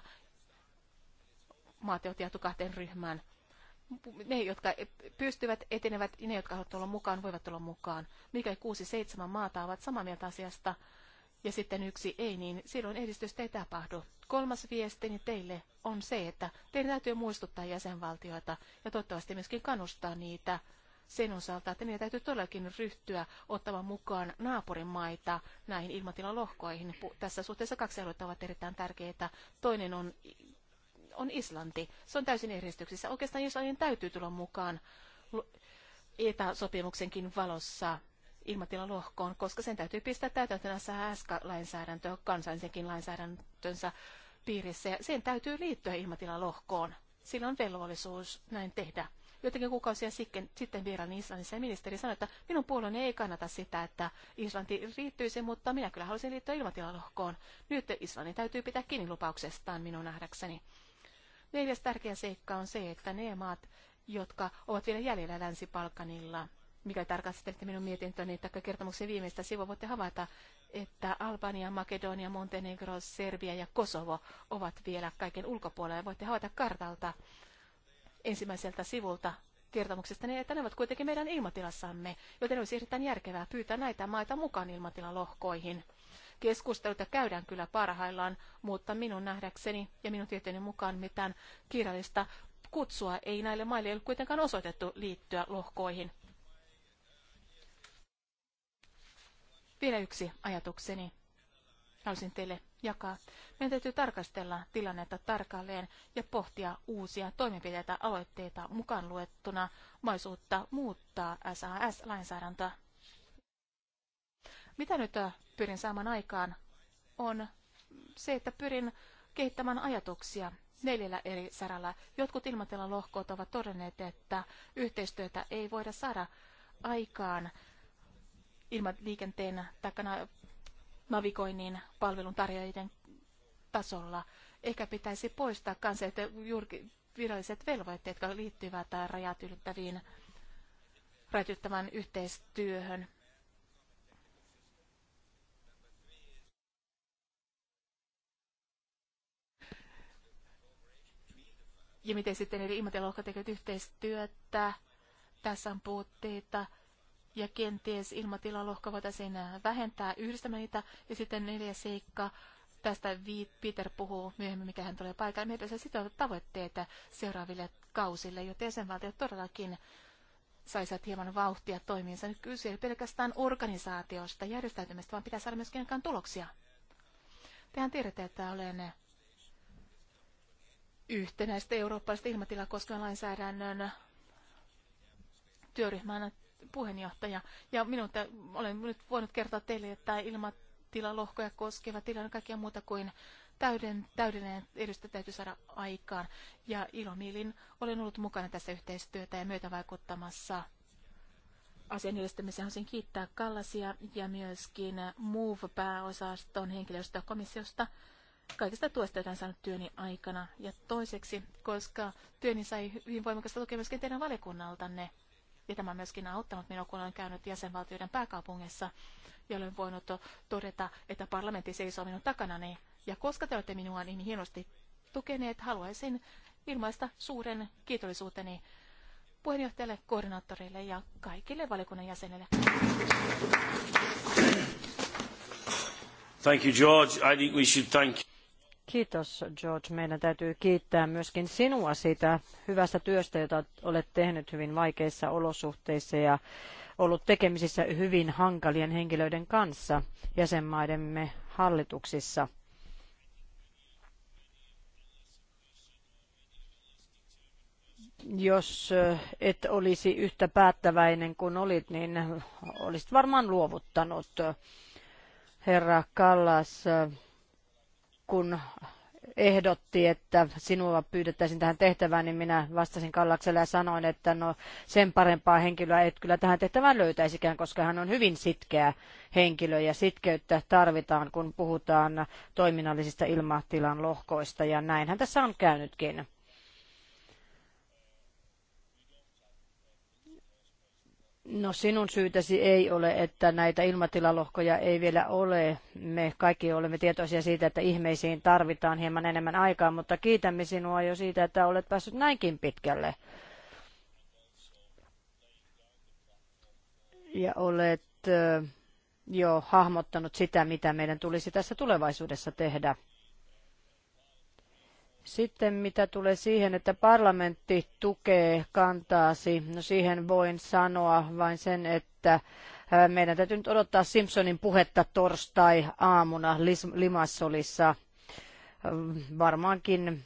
A: Maat on jaettu kahteen ryhmään. Ne, jotka pystyvät, etenevät, ne, jotka haluavat olla mukaan, voivat olla mukaan. Mikäli kuusi, seitsemän maata ovat samaa mieltä asiasta, ja sitten yksi ei, niin silloin edistystä ei tapahdu. Kolmas viestini teille on se, että teidän täytyy muistuttaa jäsenvaltioita ja toivottavasti myöskin kannustaa niitä – sen osalta, että meidän täytyy todellakin ryhtyä ottamaan mukaan naapurimaita näihin ilmatilalohkoihin. Tässä suhteessa kaksi aluetta ovat erittäin tärkeitä. Toinen on, on Islanti. Se on täysin eristyksissä. Oikeastaan Islannin täytyy tulla mukaan ETA-sopimuksenkin valossa ilmatilalohkoon, koska sen täytyy pistää täytäntöön SHS-lainsäädäntöä kansallisenkin lainsäädäntönsä piirissä ja sen täytyy liittyä ilmatilalohkoon. Sillä on velvollisuus näin tehdä. Jotenkin kuukausia sitten, sitten vierailin Islannissa ja ministeri sanoi, että minun puolueeni ei kannata sitä, että Islanti riittyisi, mutta minä kyllä haluaisin liittyä ilmatilalohkoon. Nyt Islannin täytyy pitää kiinni lupauksestaan minun nähdäkseni. Neljäs tärkeä seikka on se, että ne maat, jotka ovat vielä jäljellä länsi palkanilla mikä tarkastelette minun mietintöni että kertomuksen viimeistä sivua, voitte havaita, että Albania, Makedonia, Montenegro, Serbia ja Kosovo ovat vielä kaiken ulkopuolella. Ja voitte havaita kartalta, ensimmäiseltä sivulta kertomuksesta, niin että ne ovat kuitenkin meidän ilmatilassamme, joten olisi erittäin järkevää pyytää näitä maita mukaan ilmatilalohkoihin. Keskusteluita käydään kyllä parhaillaan, mutta minun nähdäkseni ja minun tietojeni mukaan mitään kirjallista kutsua ei näille maille ole kuitenkaan osoitettu liittyä lohkoihin. Vielä yksi ajatukseni haluaisin teille jakaa. Meidän täytyy tarkastella tilannetta tarkalleen ja pohtia uusia toimenpiteitä, aloitteita mukaan luettuna maisuutta muuttaa SAS-lainsäädäntöä. Mitä nyt äh, pyrin saamaan aikaan on se, että pyrin kehittämään ajatuksia neljällä eri saralla. Jotkut ilmatilan lohkot ovat todenneet, että yhteistyötä ei voida saada aikaan ilmaliikenteen takana navigoinnin palveluntarjoajien tasolla. Ehkä pitäisi poistaa juuri viralliset velvoitteet, jotka liittyvät rajat ylittäviin rajoittavan yhteistyöhön. Ja miten sitten eri imateloukka tekevät yhteistyötä. Tässä on puutteita ja kenties ilmatilalohka voitaisiin äh, vähentää yhdistämään niitä. Ja sitten neljä seikka, tästä Peter puhuu myöhemmin, mikä hän tulee paikalle. Meidän pitäisi sitoa tavoitteita seuraaville kausille, jotta jäsenvaltiot todellakin saisivat hieman vauhtia toimiinsa. Nyt kyse ei pelkästään organisaatiosta, järjestäytymistä, vaan pitää saada myöskin aikaan tuloksia. Tehän tiedätte, että olen yhtenäistä eurooppalaista ilmatilaa koskevan lainsäädännön työryhmän puheenjohtaja. Ja minun olen nyt voinut kertoa teille, että ilmatilalohkoja koskeva tilanne kaikkea muuta kuin täyden, täydellinen edustaja täytyy saada aikaan. Ja ilomielin olen ollut mukana tässä yhteistyötä ja myötävaikuttamassa asian edistämiseen. Haluaisin kiittää Kallasia ja myöskin MOVE-pääosaston henkilöstökomissiosta kaikesta tuesta, jota on saanut työni aikana. Ja toiseksi, koska työni sai hyvin voimakasta tukea myöskin teidän valikunnaltanne, ja tämä on myöskin auttanut minua, kun olen käynyt jäsenvaltioiden pääkaupungissa, jolloin voinut todeta, että parlamentti seisoo minun takanani. Ja koska te olette minua niin hienosti tukeneet, haluaisin ilmaista suuren kiitollisuuteni puheenjohtajalle, koordinaattorille ja kaikille valikunnan jäsenille.
B: Thank you, George. I think we should thank you. Kiitos George. Meidän täytyy kiittää myöskin sinua siitä hyvästä työstä, jota olet tehnyt hyvin vaikeissa olosuhteissa ja ollut tekemisissä hyvin hankalien henkilöiden kanssa jäsenmaidemme hallituksissa. Jos eh, et olisi yhtä päättäväinen kuin olit, niin olisit varmaan luovuttanut. Eh, herra Kallas, kun ehdotti, että sinua pyydettäisiin tähän tehtävään, niin minä vastasin Kallakselle ja sanoin, että no sen parempaa henkilöä et kyllä tähän tehtävään löytäisikään, koska hän on hyvin sitkeä henkilö ja sitkeyttä tarvitaan, kun puhutaan toiminnallisista ilmatilan lohkoista ja näinhän tässä on käynytkin. No sinun syytäsi ei ole, että näitä ilmatilalohkoja ei vielä ole. Me kaikki olemme tietoisia siitä, että ihmeisiin tarvitaan hieman enemmän aikaa, mutta kiitämme sinua jo siitä, että olet päässyt näinkin pitkälle. Ja olet jo hahmottanut sitä, mitä meidän tulisi tässä tulevaisuudessa tehdä. Sitten mitä tulee siihen, että parlamentti tukee kantaasi, no siihen voin sanoa vain sen, että meidän täytyy nyt odottaa Simpsonin puhetta torstai-aamuna Limassolissa. Varmaankin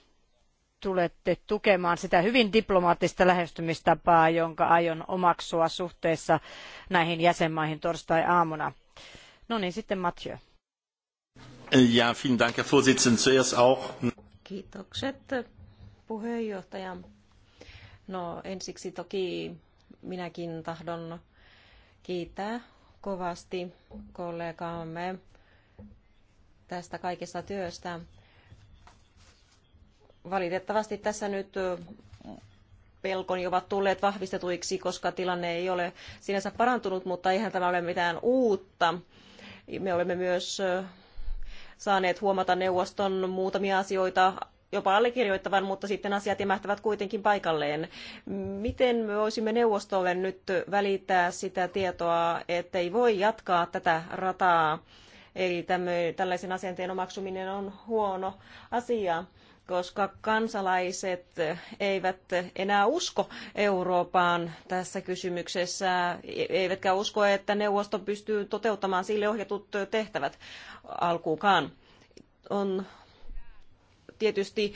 B: tulette tukemaan sitä hyvin diplomaattista lähestymistapaa, jonka aion omaksua suhteessa näihin jäsenmaihin torstai-aamuna. No niin, sitten Mathieu.
C: Ja, vielen Dank, Herr Vorsitzender. Zuerst auch Kiitokset puheenjohtaja. No ensiksi toki minäkin tahdon kiittää kovasti kollegaamme tästä kaikesta työstä. Valitettavasti tässä nyt pelkoni ovat tulleet vahvistetuiksi, koska tilanne ei ole sinänsä parantunut, mutta eihän tämä ole mitään uutta. Me olemme myös saaneet huomata neuvoston muutamia asioita jopa allekirjoittavan, mutta sitten asiat jämähtävät kuitenkin paikalleen. Miten me voisimme neuvostolle nyt välittää sitä tietoa, ettei voi jatkaa tätä rataa? Eli tämmö, tällaisen asenteen omaksuminen on huono asia koska kansalaiset eivät enää usko Eurooppaan tässä kysymyksessä, eivätkä usko, että neuvosto pystyy toteuttamaan sille ohjatut tehtävät alkuukaan. On tietysti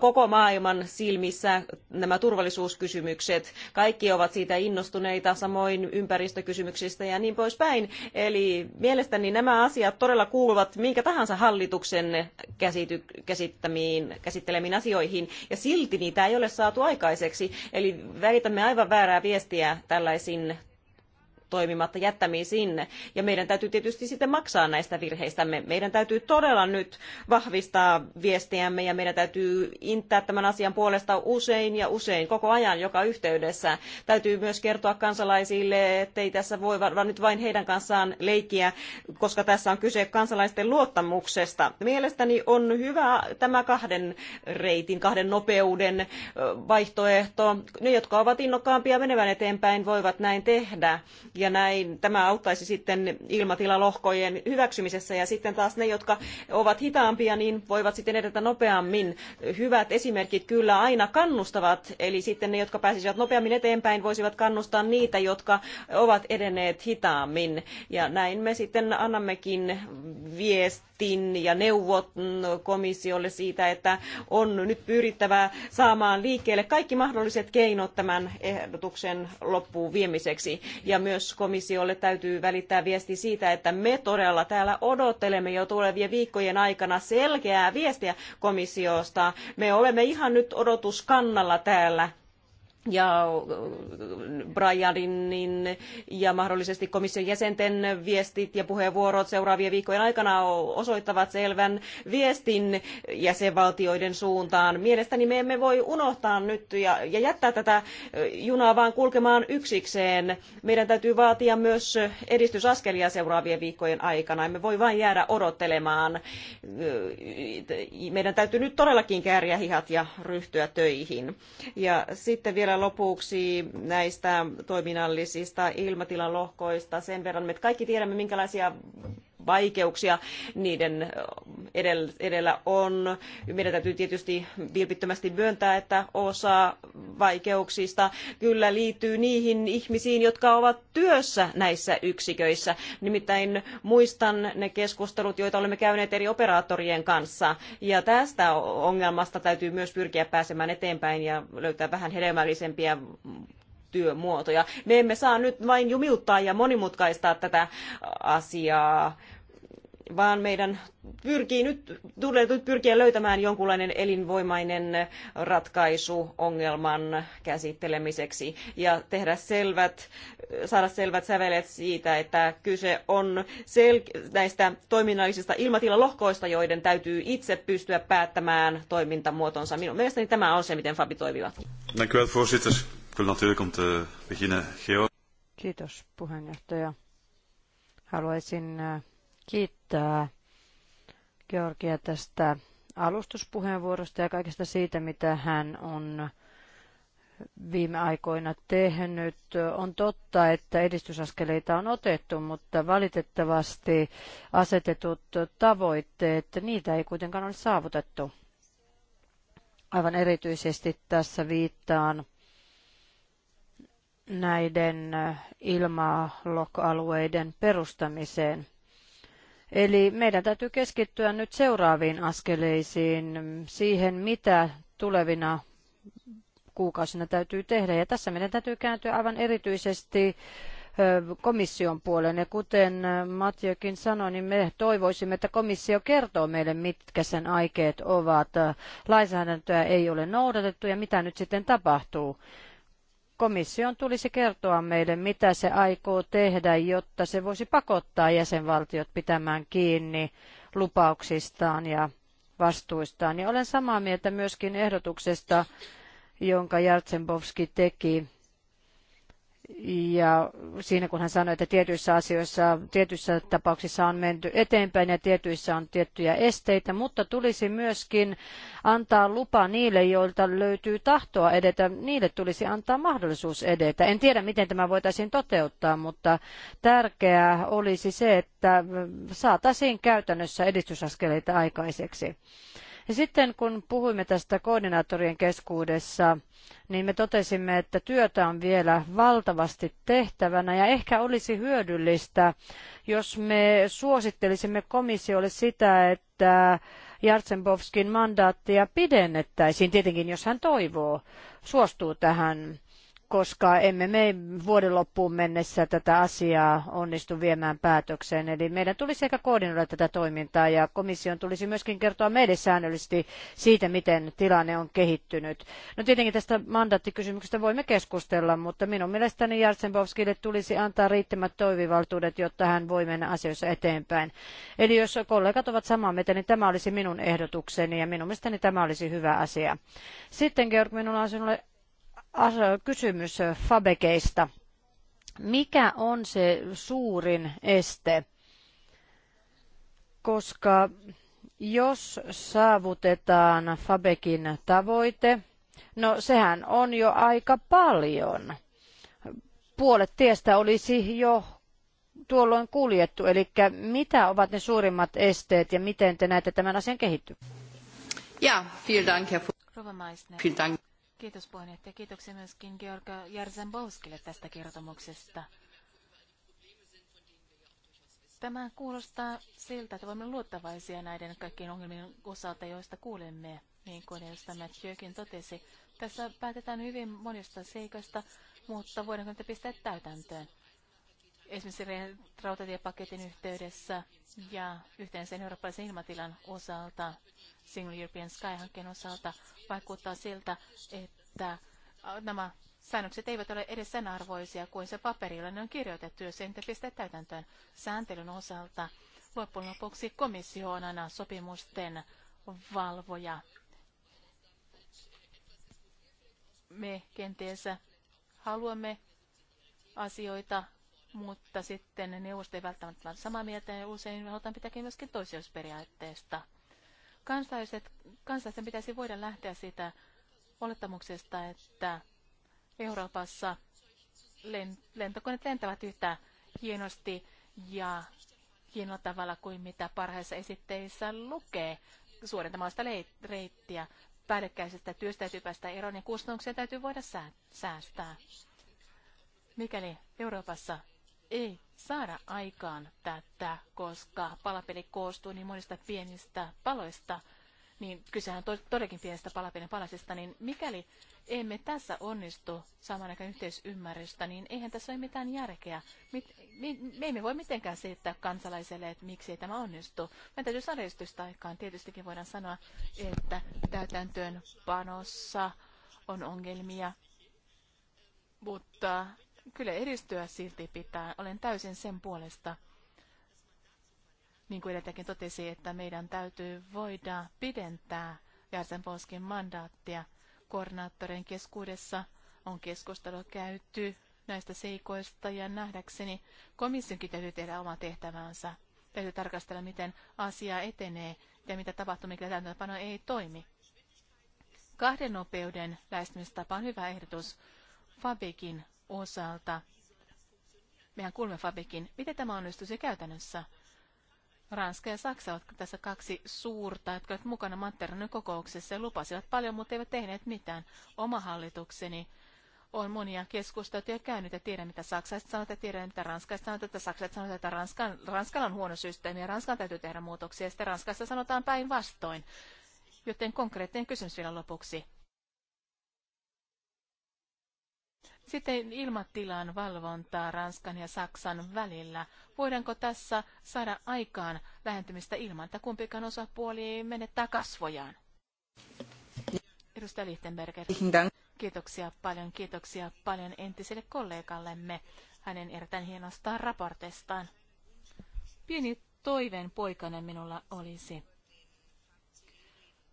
C: koko maailman silmissä nämä turvallisuuskysymykset. Kaikki ovat siitä innostuneita, samoin ympäristökysymyksistä ja niin poispäin. Eli mielestäni nämä asiat todella kuuluvat minkä tahansa hallituksen käsity, käsittämiin, käsittelemiin asioihin, ja silti niitä ei ole saatu aikaiseksi. Eli välitämme aivan väärää viestiä tällaisin toimimatta sinne. Ja meidän täytyy tietysti sitten maksaa näistä virheistämme. Meidän täytyy todella nyt vahvistaa viestiämme ja meidän täytyy inttää tämän asian puolesta usein ja usein, koko ajan, joka yhteydessä. Täytyy myös kertoa kansalaisille, ettei tässä voi vaan nyt vain heidän kanssaan leikkiä, koska tässä on kyse kansalaisten luottamuksesta. Mielestäni on hyvä tämä kahden reitin, kahden nopeuden vaihtoehto. Ne, jotka ovat innokkaampia menevän eteenpäin, voivat näin tehdä ja näin tämä auttaisi sitten ilmatilalohkojen hyväksymisessä ja sitten taas ne, jotka ovat hitaampia, niin voivat sitten edetä nopeammin. Hyvät esimerkit kyllä aina kannustavat, eli sitten ne, jotka pääsisivät nopeammin eteenpäin, voisivat kannustaa niitä, jotka ovat edenneet hitaammin ja näin me sitten annammekin viestin ja neuvot komissiolle siitä, että on nyt pyrittävä saamaan liikkeelle kaikki mahdolliset keinot tämän ehdotuksen loppuun viemiseksi. Ja myös komissiolle täytyy välittää viesti siitä, että me todella täällä odottelemme jo tulevien viikkojen aikana selkeää viestiä komissiosta. Me olemme ihan nyt odotuskannalla täällä ja äh, Brianin ja mahdollisesti komission jäsenten viestit ja puheenvuorot seuraavien viikkojen aikana osoittavat selvän viestin jäsenvaltioiden suuntaan. Mielestäni me emme voi unohtaa nyt ja, ja jättää tätä äh, junaa vaan kulkemaan yksikseen. Meidän täytyy vaatia myös edistysaskelia seuraavien viikkojen aikana. Emme voi vain jäädä odottelemaan. Äh, meidän täytyy nyt todellakin kääriä hihat ja ryhtyä töihin. Ja sitten vielä vielä lopuksi näistä toiminnallisista ilmatilalohkoista lohkoista sen verran, että kaikki tiedämme, minkälaisia vaikeuksia. Niiden eh, edellä on. Meidän täytyy tietysti vilpittömästi myöntää, että osa vaikeuksista kyllä liittyy niihin ihmisiin, jotka ovat työssä näissä yksiköissä. Nimittäin muistan ne keskustelut, joita olemme käyneet eri operaattorien kanssa. Ja tästä ongelmasta täytyy myös pyrkiä pääsemään eteenpäin ja löytää vähän hedelmällisempiä työmuotoja. Me emme saa nyt vain jumiuttaa ja monimutkaistaa tätä asiaa, vaan meidän pyrkii nyt, tulee nyt pyrkiä löytämään jonkunlainen elinvoimainen ratkaisu ongelman käsittelemiseksi ja tehdä selvät, saada selvät sävelet siitä, että kyse on sel- näistä toiminnallisista ilmatilalohkoista, joiden täytyy itse pystyä päättämään toimintamuotonsa. Minun mielestäni tämä on se, miten FABI toimivat. Kiitos,
B: puheenjohtaja. Haluaisin eh, kiittää Georgia tästä alustuspuheenvuorosta ja kaikesta siitä, mitä hän on viime aikoina tehnyt. On totta, että edistysaskeleita on otettu, mutta valitettavasti asetetut tavoitteet, niitä ei kuitenkaan ole saavutettu. Aivan erityisesti tässä viittaan näiden ilmalokalueiden perustamiseen. Eli meidän täytyy keskittyä nyt seuraaviin askeleisiin, siihen mitä tulevina kuukausina täytyy tehdä. Ja tässä meidän täytyy kääntyä aivan erityisesti komission puoleen. Ja kuten Matjokin sanoi, niin me toivoisimme, että komissio kertoo meille, mitkä sen aikeet ovat. Lainsäädäntöä ei ole noudatettu ja mitä nyt sitten tapahtuu komission tulisi kertoa meille, mitä se aikoo tehdä, jotta se voisi pakottaa jäsenvaltiot pitämään kiinni lupauksistaan ja vastuistaan. Ja olen samaa mieltä myöskin ehdotuksesta, jonka Jartsenbovski teki ja siinä kun hän sanoi, että tietyissä asioissa, tietyissä tapauksissa on menty eteenpäin ja tietyissä on tiettyjä esteitä, mutta tulisi myöskin antaa lupa niille, joilta löytyy tahtoa edetä, niille tulisi antaa mahdollisuus edetä. En tiedä, miten tämä voitaisiin toteuttaa, mutta tärkeää olisi se, että saataisiin käytännössä edistysaskeleita aikaiseksi. Ja sitten kun puhuimme tästä koordinaattorien keskuudessa, niin me totesimme, että työtä on vielä valtavasti tehtävänä ja ehkä olisi hyödyllistä, jos me suosittelisimme komissiolle sitä, että Jartsenbovskin mandaattia pidennettäisiin, tietenkin jos hän toivoo, suostuu tähän koska emme me vuoden loppuun mennessä tätä asiaa onnistu viemään päätökseen. Eli meidän tulisi ehkä koordinoida tätä toimintaa ja komission tulisi myöskin kertoa meille säännöllisesti siitä, miten tilanne on kehittynyt. No tietenkin tästä mandaattikysymyksestä voimme keskustella, mutta minun mielestäni Jartsenbovskille tulisi antaa riittämät toivivaltuudet, jotta hän voi mennä asioissa eteenpäin. Eli jos kollegat ovat samaa mieltä, niin tämä olisi minun ehdotukseni ja minun mielestäni tämä olisi hyvä asia. Sitten Georg, minulla on sinulle kysymys fabekeista. Mikä on se suurin este? Koska jos saavutetaan Fabekin tavoite, no sehän on jo aika paljon. Puolet tiestä olisi jo tuolloin kuljettu, eli mitä ovat ne suurimmat esteet ja miten te näette tämän asian kehittyvän? Ja,
A: vielen Dank, Herr Kiitos puheenjohtaja. Kiitoksia myöskin Georg Jarzembowskille tästä kertomuksesta. Tämä kuulostaa siltä, että voimme luottavaisia näiden kaikkien ongelmien osalta, joista kuulemme, niin kuin edustaja Jökin totesi. Tässä päätetään hyvin monista seikasta, mutta voidaanko niitä pistää täytäntöön? Esimerkiksi rautatiepaketin yhteydessä ja yhteensä eurooppalaisen ilmatilan osalta Single European Sky-hankkeen osalta vaikuttaa siltä, että nämä säännökset eivät ole edes sen arvoisia kuin se paperilla ne on kirjoitettu, jos ei pistä täytäntöön sääntelyn osalta. Loppujen lopuksi komissio on aina sopimusten valvoja. Me kenties haluamme asioita, mutta sitten neuvosto ei välttämättä ole samaa mieltä ja usein halutaan pitääkin myöskin toiseusperiaatteesta – Kansalaiset, kansalaisten pitäisi voida lähteä siitä olettamuksesta, että Euroopassa lentokoneet lentävät yhtä hienosti ja hienolla tavalla kuin mitä parhaissa esitteissä lukee suorintamalla sitä reittiä. Päällekkäisestä työstä täytyy päästä eroon ja kustannuksia täytyy voida säästää. Mikäli Euroopassa ei saada aikaan tätä, koska palapeli koostuu niin monista pienistä paloista, niin kysehän on todellakin pienistä palapelin palasista, niin mikäli emme tässä onnistu saamaan aikaan yhteisymmärrystä, niin eihän tässä ole mitään järkeä. Me, me, me emme voi mitenkään selittää kansalaiselle, että miksi ei tämä onnistu. Me täytyy saada aikaan. Tietystikin voidaan sanoa, että täytäntöön panossa on ongelmia, mutta Kyllä edistyä silti pitää. Olen täysin sen puolesta. Niin kuin edeltäkin totesi, että meidän täytyy voida pidentää Jarsenboskin mandaattia. Koordinaattorien keskuudessa on keskustelu käyty näistä seikoista ja nähdäkseni komissionkin täytyy tehdä oma tehtävänsä. Täytyy tarkastella, miten asia etenee ja mitä tapahtuu, mikä täytäntöpano ei toimi. Kahden nopeuden lähestymistapa on hyvä ehdotus. Fabekin osalta. meidän kulmefabrikin. miten tämä onnistuisi käytännössä. Ranska ja Saksa ovat tässä kaksi suurta, jotka ovat mukana Mantteranen kokouksessa ja lupasivat paljon, mutta eivät tehneet mitään. Oma hallitukseni on monia keskusteluja käynyt ja tiedän, mitä saksalaiset sanovat ja tiedän, mitä ranskalaiset sanovat, että saksalaiset sanovat, että Ranskan, Ranskalla on huono systeemi ja Ranskan täytyy tehdä muutoksia ja sitten Ranskassa sanotaan päinvastoin. Joten konkreettinen kysymys vielä lopuksi. Sitten ilmatilan valvontaa Ranskan ja Saksan välillä. Voidaanko tässä saada aikaan lähentymistä ilman, että kumpikaan osapuoli menettää kasvojaan? Edustaja Lichtenberger. Kiitoksia paljon, kiitoksia paljon entiselle kollegallemme hänen erittäin hienosta raportistaan. Pieni toiveen poikana minulla olisi.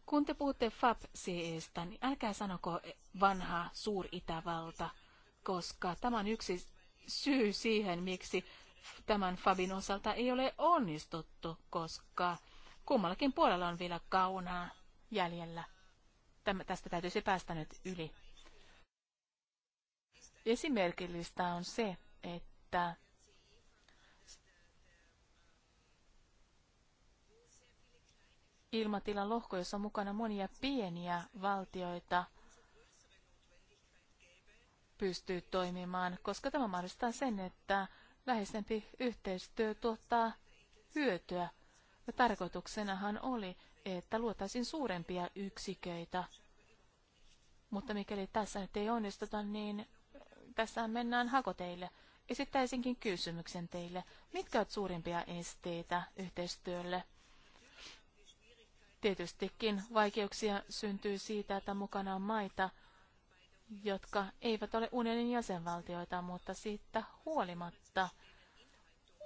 A: Kun te puhutte fab niin älkää sanoko vanha suur-Itävalta – koska tämä on yksi syy siihen, miksi tämän Fabin osalta ei ole onnistuttu, koska kummallakin puolella on vielä kaunaa jäljellä. Tämä, tästä täytyisi päästä nyt yli. Esimerkillistä on se, että ilmatilan lohko, jossa on mukana monia pieniä valtioita – pystyy toimimaan, koska tämä mahdollistaa sen, että läheisempi yhteistyö tuottaa hyötyä. Ja tarkoituksenahan oli, että luotaisiin suurempia yksiköitä. Mutta mikäli tässä nyt ei onnistuta, niin tässä mennään hakoteille. Esittäisinkin kysymyksen teille. Mitkä ovat suurimpia esteitä yhteistyölle? Tietystikin vaikeuksia syntyy siitä, että mukana on maita, jotka eivät ole unionin jäsenvaltioita, mutta siitä huolimatta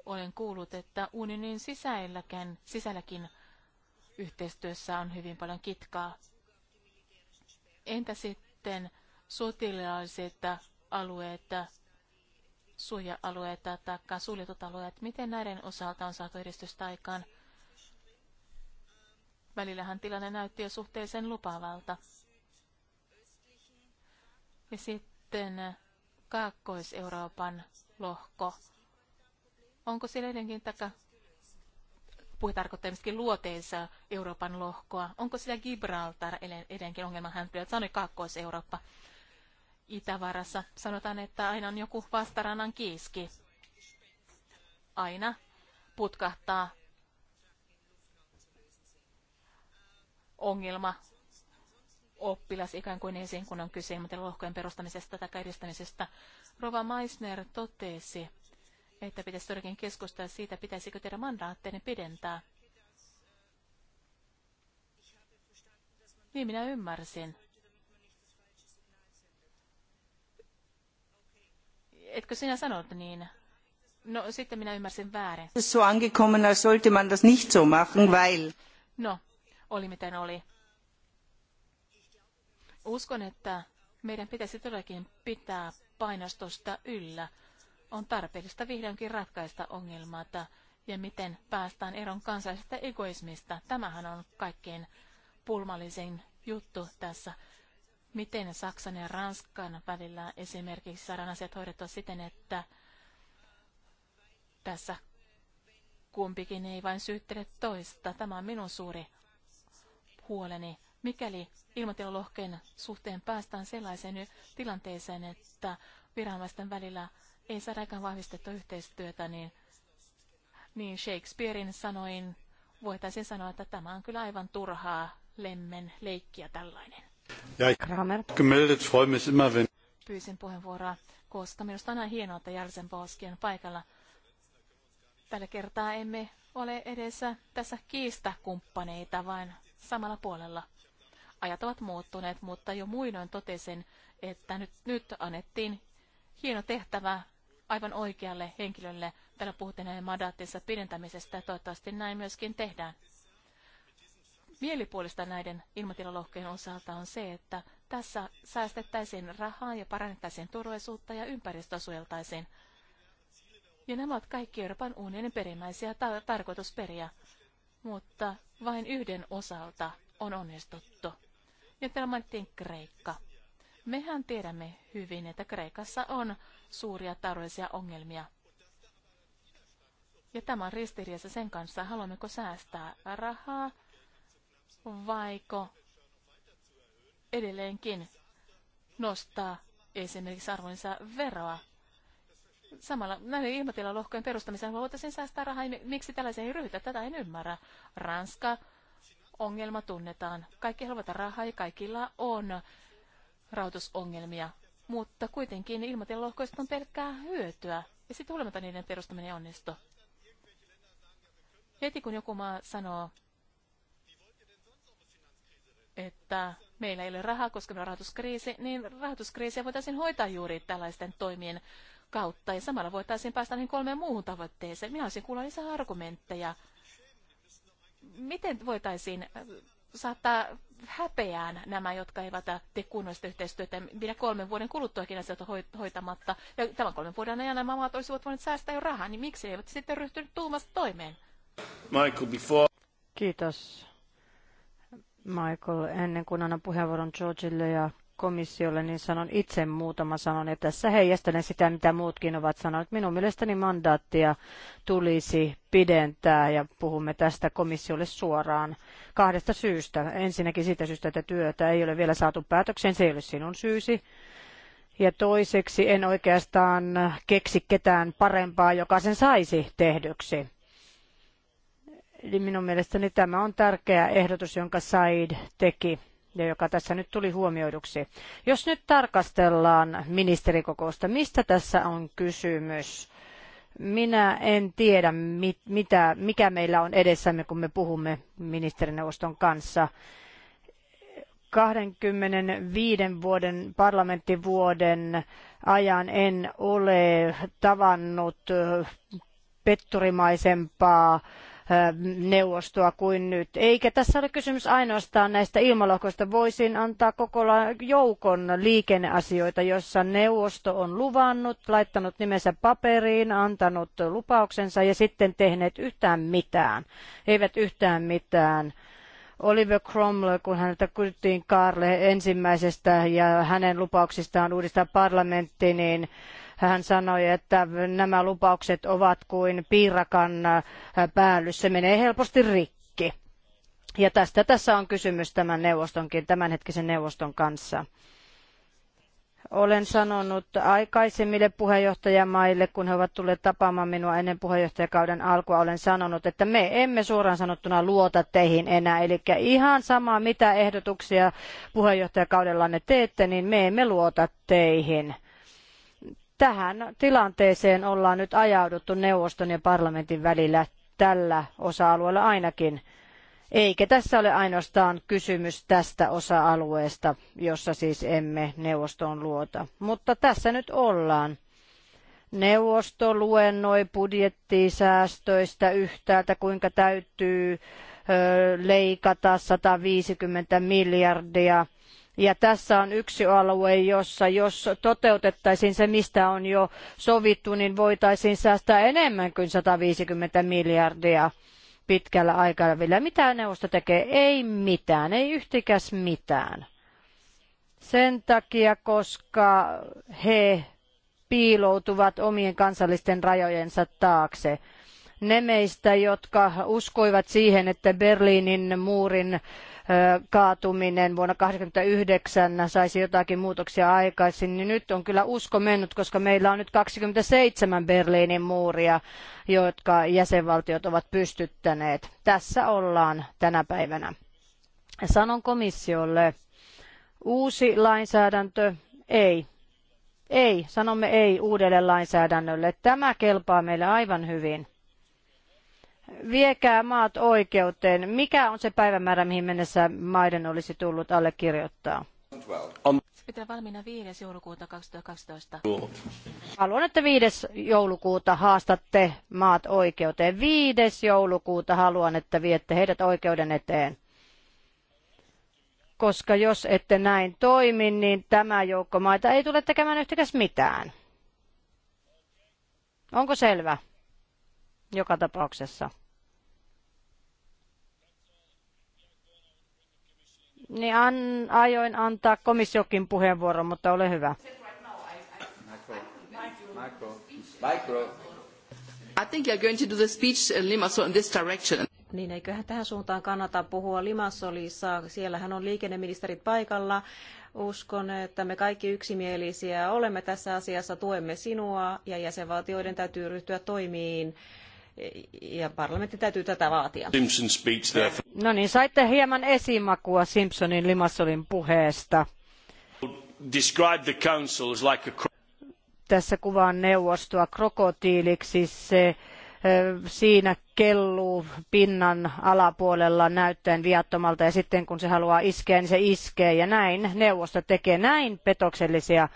A: olen kuullut, että unionin sisälläkin, sisälläkin yhteistyössä on hyvin paljon kitkaa. Entä sitten sotilaalliset alueet, suoja-alueet tai suljetut alueet, miten näiden osalta on saatu edistystä aikaan? Välillähän tilanne näytti jo suhteellisen lupaavalta. Ja sitten äh, Kaakkois-Euroopan lohko. Onko siellä jotenkin taka puhe tarkoittaa myöskin luoteensa Euroopan lohkoa. Onko siellä Gibraltar edenkin ongelman häntä, sanoi Kaakkois-Eurooppa Itävarassa. Sanotaan, että aina on joku vastarannan kiiski. Aina putkahtaa ongelma oppilas ikään kuin esiin, kun on kyse ilmatilalohkojen perustamisesta tai edistämisestä. Rova Meissner totesi, että pitäisi todellakin keskustella siitä, pitäisikö teidän mandaatteenne pidentää. Niin minä ymmärsin. Etkö sinä sanonut niin? No sitten minä ymmärsin väärin. No, oli miten oli. Uskon, että meidän pitäisi todellakin pitää painostusta yllä. On tarpeellista vihdoinkin ratkaista ongelmata ja miten päästään eron kansallisesta egoismista. Tämähän on kaikkein pulmallisin juttu tässä. Miten Saksan ja Ranskan välillä esimerkiksi saadaan asiat hoidettua siten, että tässä kumpikin ei vain syyttele toista. Tämä on minun suuri huoleni Mikäli ilmatilalohkeen suhteen päästään sellaiseen tilanteeseen, että viranomaisten välillä ei saada aikaan vahvistettua yhteistyötä, niin, niin Shakespearein sanoin voitaisiin sanoa, että tämä on kyllä aivan turhaa lemmen leikkiä tällainen.
B: Ja Kramer. immer, wenn...
A: Pyysin puheenvuoroa, koska minusta on aina hienoa, että Jarsenboski on paikalla. Tällä kertaa emme ole edessä tässä kiistakumppaneita, vaan samalla puolella. Ajat ovat muuttuneet, mutta jo muinoin totesin, että nyt, nyt annettiin hieno tehtävä aivan oikealle henkilölle. Täällä puhuttiin mandaattinsa pidentämisestä ja toivottavasti näin myöskin tehdään. Mielipuolista näiden ilmatilalohkeen osalta on se, että tässä säästettäisiin rahaa ja parannettaisiin turvallisuutta ja ympäristöä suojeltaisiin. Ja nämä ovat kaikki Euroopan unionin perimmäisiä ta- tarkoitusperiä, mutta vain yhden osalta on onnistuttu. Ja täällä mainittiin Kreikka. Mehän tiedämme hyvin, että Kreikassa on suuria taloudellisia ongelmia. Ja tämä on ristiriidassa sen kanssa, haluammeko säästää rahaa vaiko edelleenkin nostaa esimerkiksi arvonsa veroa. Samalla näiden ilmatilalohkojen perustamisen voitaisiin säästää rahaa. Niin miksi tällaisen ei ryhdytä? Tätä en ymmärrä. Ranska ongelma tunnetaan. Kaikki haluavat rahaa ja kaikilla on rahoitusongelmia, mutta kuitenkin ilmatilalohkoista on pelkkää hyötyä ja sitten huolimatta niiden perustaminen onnistu. Heti kun joku maa sanoo, että meillä ei ole rahaa, koska meillä on rahoituskriisi, niin rahoituskriisiä voitaisiin hoitaa juuri tällaisten toimien kautta ja samalla voitaisiin päästä niihin kolmeen muuhun tavoitteeseen. Minä olisin kuulla lisää argumentteja miten voitaisiin äh, saattaa häpeään nämä, jotka eivät äh, tee kunnollista yhteistyötä, minä kolmen vuoden kuluttuakin asioita hoitamatta. Ja tämän kolmen vuoden ajan nämä maat olisivat voineet säästää jo rahaa, niin miksi eivät sitten ryhtyneet tuumasta toimeen? Michael, before...
B: Kiitos. Michael, ennen kuin annan puheenvuoron Georgeille ja komissiolle, niin sanon itse muutama sanon, että tässä heijastelen sitä, mitä muutkin ovat sanoneet. Minun mielestäni mandaattia tulisi pidentää ja puhumme tästä komissiolle suoraan kahdesta syystä. Ensinnäkin siitä syystä, että työtä ei ole vielä saatu päätökseen, se ei ole sinun syysi. Ja toiseksi en oikeastaan keksi ketään parempaa, joka sen saisi tehdyksi. Eli minun mielestäni tämä on tärkeä ehdotus, jonka Said teki ja joka tässä nyt tuli huomioiduksi. Jos nyt tarkastellaan ministerikokousta, mistä tässä on kysymys? Minä en tiedä, mit, mitä, mikä meillä on edessämme, kun me puhumme ministerineuvoston kanssa. 25 vuoden parlamenttivuoden ajan en ole tavannut petturimaisempaa neuvostoa kuin nyt. Eikä tässä ole kysymys ainoastaan näistä ilmalohkoista. Voisin antaa koko joukon liikenneasioita, jossa neuvosto on luvannut, laittanut nimensä paperiin, antanut lupauksensa ja sitten tehneet yhtään mitään. Eivät yhtään mitään. Oliver Cromwell, kun häneltä kysyttiin Karle ensimmäisestä ja hänen lupauksistaan uudistaa parlamentti, niin hän sanoi, että nämä lupaukset ovat kuin piirakan äh, päällys. Se menee helposti rikki. Ja tästä tässä on kysymys tämän neuvostonkin, tämänhetkisen neuvoston kanssa olen sanonut aikaisemmille puheenjohtajamaille, kun he ovat tulleet tapaamaan minua ennen puheenjohtajakauden alkua, olen sanonut, että me emme suoraan sanottuna luota teihin enää. Eli ihan sama, mitä ehdotuksia puheenjohtajakaudellanne teette, niin me emme luota teihin Tähän tilanteeseen ollaan nyt ajauduttu neuvoston ja parlamentin välillä tällä osa-alueella ainakin. Eikä tässä ole ainoastaan kysymys tästä osa-alueesta, jossa siis emme neuvostoon luota. Mutta tässä nyt ollaan. Neuvosto luennoi budjettisäästöistä yhtäältä, kuinka täytyy leikata 150 miljardia ja tässä on yksi alue, jossa jos toteutettaisiin se, mistä on jo sovittu, niin voitaisiin säästää enemmän kuin 150 miljardia pitkällä aikavälillä. Mitä neuvosto tekee? Ei mitään, ei yhtikäs mitään. Sen takia, koska he piiloutuvat omien kansallisten rajojensa taakse. Ne meistä, jotka uskoivat siihen, että Berliinin muurin kaatuminen vuonna 1989 saisi jotakin muutoksia aikaisin, niin nyt on kyllä usko mennyt, koska meillä on nyt 27 Berliinin muuria, jotka jäsenvaltiot ovat pystyttäneet. Tässä ollaan tänä päivänä. Sanon komissiolle, uusi lainsäädäntö ei. Ei, sanomme ei uudelle lainsäädännölle. Tämä kelpaa meille aivan hyvin. Viekää maat oikeuteen. Mikä on se päivämäärä, mihin mennessä maiden olisi tullut allekirjoittaa?
A: Se pitää valmiina 5. joulukuuta 2012.
B: Haluan, että 5. joulukuuta haastatte maat oikeuteen. 5. joulukuuta haluan, että viette heidät oikeuden eteen koska jos ette näin toimi, niin tämä joukko maita ei tule tekemään yhtäkäs mitään. Onko selvä? joka tapauksessa. Niin an, ajoin antaa komissiokin puheenvuoron, mutta ole hyvä.
C: I think you're going
A: to do the speech uh, Limassol in this direction.
C: Niin eiköhän tähän suuntaan kannata puhua Limassolissa. Siellähän on liikenneministerit paikalla. Uskon, että me kaikki yksimielisiä olemme tässä asiassa, tuemme sinua ja jäsenvaltioiden täytyy ryhtyä toimiin ja parlamentti täytyy tätä vaatia. No niin, saitte hieman
B: esimakua Simpsonin Limassolin puheesta. Like a... Tässä kuvaan neuvostoa krokotiiliksi. Se eh, siinä kelluu pinnan alapuolella näyttäen viattomalta ja sitten kun se haluaa iskeä, niin se iskee ja näin neuvosto tekee näin petoksellisia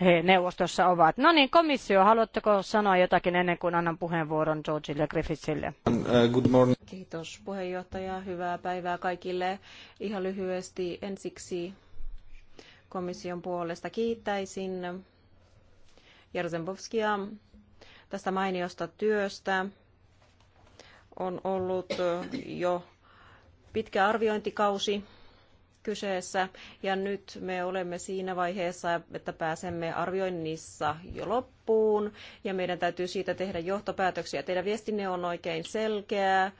B: he neuvostossa ovat. No niin, komissio, haluatteko sanoa jotakin ennen kuin annan puheenvuoron Georgeille Griffithsille?
C: Um, uh, good morning. Kiitos puheenjohtaja, hyvää päivää kaikille. Ihan lyhyesti ensiksi komission puolesta kiittäisin Jarzembovskia tästä mainiosta työstä. On ollut jo pitkä arviointikausi kyseessä. Ja nyt me olemme siinä vaiheessa, että pääsemme arvioinnissa jo loppuun ja meidän täytyy siitä tehdä johtopäätöksiä. Teidän viestinne on oikein selkeää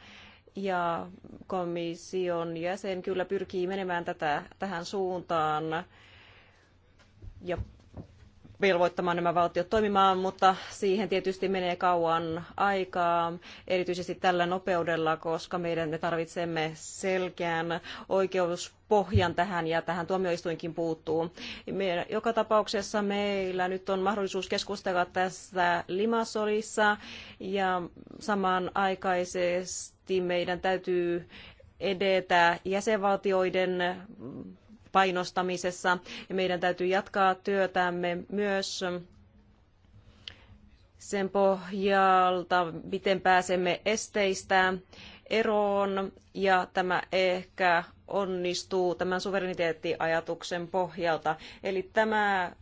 C: ja komission jäsen kyllä pyrkii menemään tätä, tähän suuntaan ja velvoittamaan nämä valtiot toimimaan, mutta siihen tietysti menee kauan aikaa, erityisesti tällä nopeudella, koska meidän me tarvitsemme selkeän oikeuspohjan tähän ja tähän tuomioistuinkin puuttuu. joka tapauksessa meillä nyt on mahdollisuus keskustella tässä Limassolissa ja samanaikaisesti meidän täytyy edetä jäsenvaltioiden painostamisessa. Meidän täytyy jatkaa työtämme myös sen pohjalta, miten pääsemme esteistä eroon ja tämä ehkä onnistuu tämän suvereniteettiajatuksen pohjalta. Eli tämä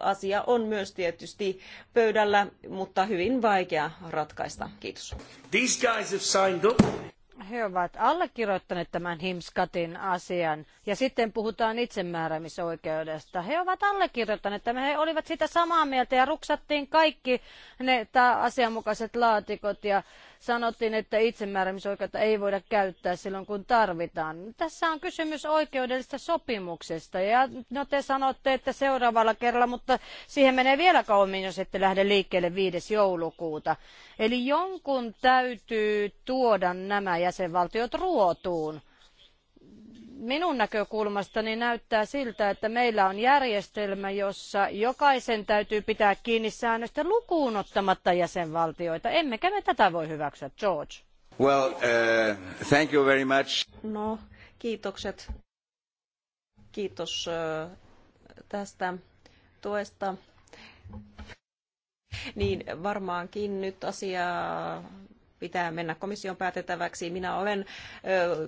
C: asia on myös tietysti pöydällä, mutta hyvin vaikea ratkaista. Kiitos. These guys have signed up he ovat allekirjoittaneet tämän
B: Himskatin asian. Ja sitten puhutaan itsemääräämisoikeudesta. He ovat allekirjoittaneet tämän. He olivat sitä samaa mieltä ja ruksattiin kaikki ne asianmukaiset laatikot ja sanottiin, että itsemääräämisoikeutta ei voida käyttää silloin, kun tarvitaan. Tässä on kysymys oikeudellisesta sopimuksesta. Ja no te sanotte, että seuraavalla kerralla, mutta siihen menee vielä kauemmin, jos ette lähde liikkeelle 5. joulukuuta. Eli jonkun täytyy tuoda nämä jäsenvaltiot ruotuun minun näkökulmastani näyttää siltä, että meillä on järjestelmä, jossa jokaisen täytyy pitää kiinni säännöstä lukuun ottamatta jäsenvaltioita. Emmekä me
C: tätä voi hyväksyä, George.
B: Well, uh, thank you very much.
C: No, kiitokset. Kiitos uh, tästä tuesta. Niin varmaankin nyt asiaa pitää mennä komission päätettäväksi. Minä olen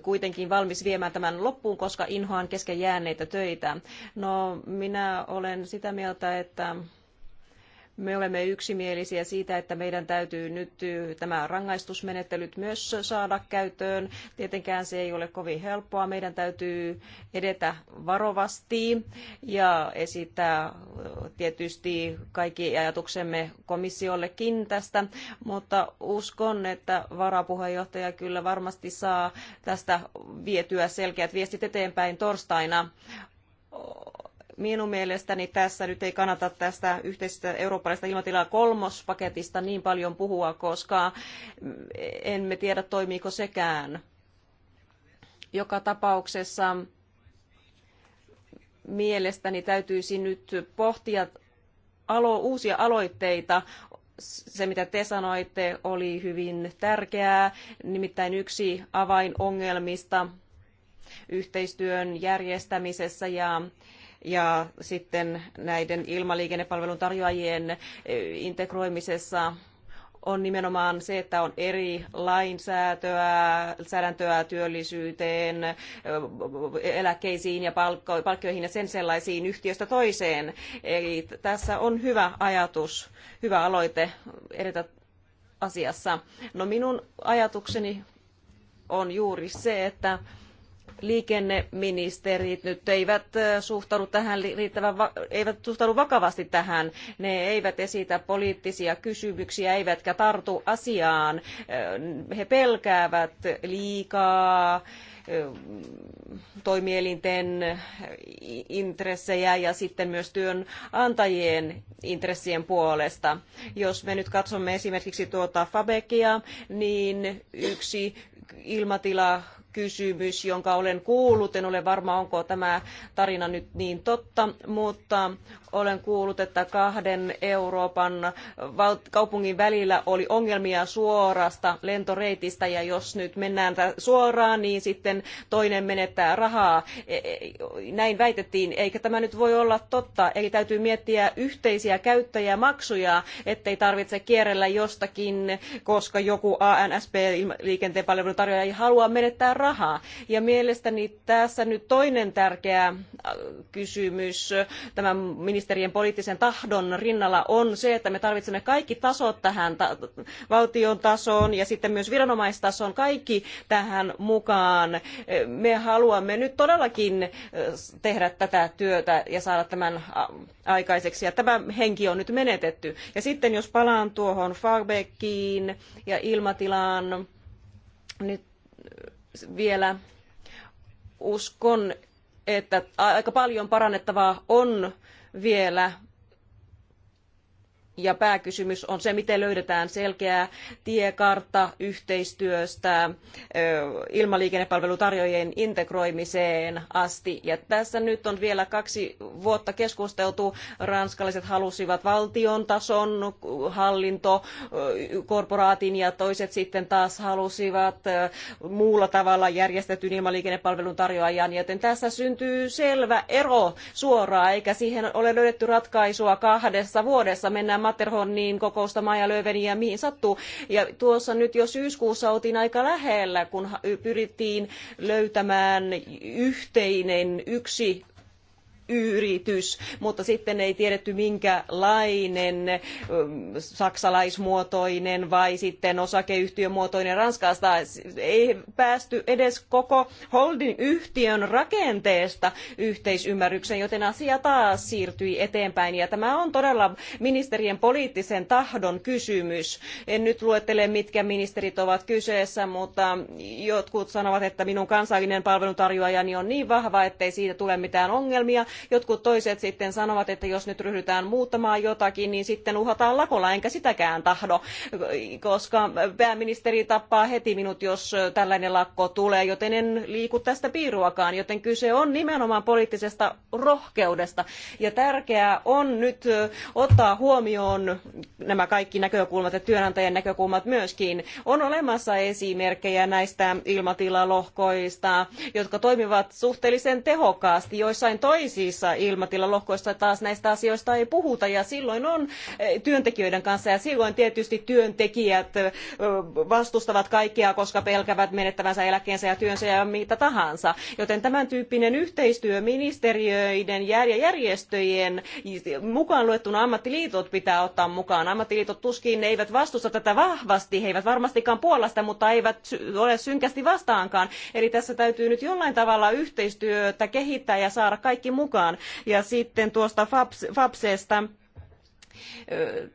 C: kuitenkin valmis viemään tämän loppuun, koska inhoan kesken jääneitä töitä. No, minä olen sitä mieltä, että me olemme yksimielisiä siitä, että meidän täytyy nyt tämä rangaistusmenettelyt myös saada käyttöön. Tietenkään se ei ole kovin helppoa. Meidän täytyy edetä varovasti ja esittää tietysti kaikki ajatuksemme komissiollekin tästä, mutta uskon, että varapuheenjohtaja kyllä varmasti saa tästä vietyä selkeät viestit eteenpäin torstaina Minun mielestäni tässä nyt ei kannata tästä yhteisestä eurooppalaisesta ilmatilaa kolmospaketista niin paljon puhua, koska emme tiedä toimiiko sekään. Joka tapauksessa mielestäni täytyisi nyt pohtia alo, uusia aloitteita. Se, mitä te sanoitte, oli hyvin tärkeää. Nimittäin yksi avainongelmista yhteistyön järjestämisessä ja ja sitten näiden ilmaliikennepalvelun tarjoajien eh, integroimisessa on nimenomaan se, että on eri lainsäätöä, säädäntöä työllisyyteen, eh, eläkkeisiin ja palkko, palkkioihin ja sen sellaisiin yhtiöstä toiseen. Eli tässä on hyvä ajatus, hyvä aloite edetä asiassa. No minun ajatukseni on juuri se, että liikenneministerit nyt eivät suhtaudu tähän riittävän, eivät suhtaudu vakavasti tähän. Ne eivät esitä poliittisia kysymyksiä eivätkä tartu asiaan. He pelkäävät liikaa toimielinten intressejä ja sitten myös työnantajien intressien puolesta. Jos me nyt katsomme esimerkiksi tuota Fabekia, niin yksi ilmatila kysymys, jonka olen kuullut. En ole varma, onko tämä tarina nyt niin totta, mutta olen kuullut, että kahden Euroopan kaupungin välillä oli ongelmia suorasta lentoreitistä ja jos nyt mennään suoraan, niin sitten toinen menettää rahaa. E-, e-, näin väitettiin, eikä tämä nyt voi olla totta. Eli täytyy miettiä yhteisiä käyttäjämaksuja, ettei tarvitse kierrellä jostakin, koska joku ANSP-liikenteen palvelun tarjoaja ei halua menettää rahaa. Ja mielestäni tässä nyt toinen tärkeä äh, kysymys tämän ministeri ministerien poliittisen tahdon rinnalla on se, että me tarvitsemme kaikki tasot tähän ta- valtion tasoon ja sitten myös viranomaistason kaikki tähän mukaan. Me haluamme nyt todellakin tehdä tätä työtä ja saada tämän aikaiseksi ja tämä henki on nyt menetetty. Ja sitten jos palaan tuohon Farbeckiin ja ilmatilaan nyt vielä uskon, että aika paljon parannettavaa on vielä ja pääkysymys on se, miten löydetään selkeä tiekartta yhteistyöstä ilmaliikennepalvelutarjoajien integroimiseen asti. Ja tässä nyt on vielä kaksi vuotta keskusteltu. Ranskalaiset halusivat valtion tason hallintokorporaatin ja toiset sitten taas halusivat muulla tavalla järjestetyn ilmaliikennepalvelun tarjoajan. Joten tässä syntyy selvä ero suoraan, eikä siihen ole löydetty ratkaisua kahdessa vuodessa. Mennään Matterhornin niin kokousta ja Löveniin ja mihin sattuu. Ja tuossa nyt jo syyskuussa oltiin aika lähellä, kun pyrittiin löytämään yhteinen yksi yritys, mutta sitten ei tiedetty minkälainen saksalaismuotoinen vai sitten osakeyhtiömuotoinen Ranskasta. Ei päästy edes koko holding-yhtiön rakenteesta yhteisymmärrykseen, joten asia taas siirtyi eteenpäin. Ja tämä on todella ministerien poliittisen tahdon kysymys. En nyt luettele, mitkä ministerit ovat kyseessä, mutta jotkut sanovat, että minun kansallinen palveluntarjoajani on niin vahva, ettei siitä tule mitään ongelmia. Jotkut toiset sitten sanovat, että jos nyt ryhdytään muuttamaan jotakin, niin sitten uhataan lakolla, enkä sitäkään tahdo, koska pääministeri tappaa heti minut, jos tällainen lakko tulee, joten en liiku tästä piiruakaan, joten kyse on nimenomaan poliittisesta rohkeudesta. Ja tärkeää on nyt ottaa huomioon nämä kaikki näkökulmat ja työnantajien näkökulmat myöskin. On olemassa esimerkkejä näistä ilmatilalohkoista, jotka toimivat suhteellisen tehokkaasti joissain toisissa toisissa ilmatilalohkoissa taas näistä asioista ei puhuta ja silloin on eh, työntekijöiden kanssa ja silloin tietysti työntekijät eh, vastustavat kaikkea, koska pelkävät menettävänsä eläkkeensä ja työnsä ja mitä tahansa. Joten tämän tyyppinen yhteistyö ministeriöiden ja järjestöjen mukaan luettuna ammattiliitot pitää ottaa mukaan. Ammattiliitot tuskin eivät vastusta tätä vahvasti, he eivät varmastikaan puolesta, mutta eivät ole synkästi vastaankaan. Eli tässä täytyy nyt jollain tavalla yhteistyötä kehittää ja saada kaikki mukaan mukaan. Ja sitten tuosta FAPS, FAPSesta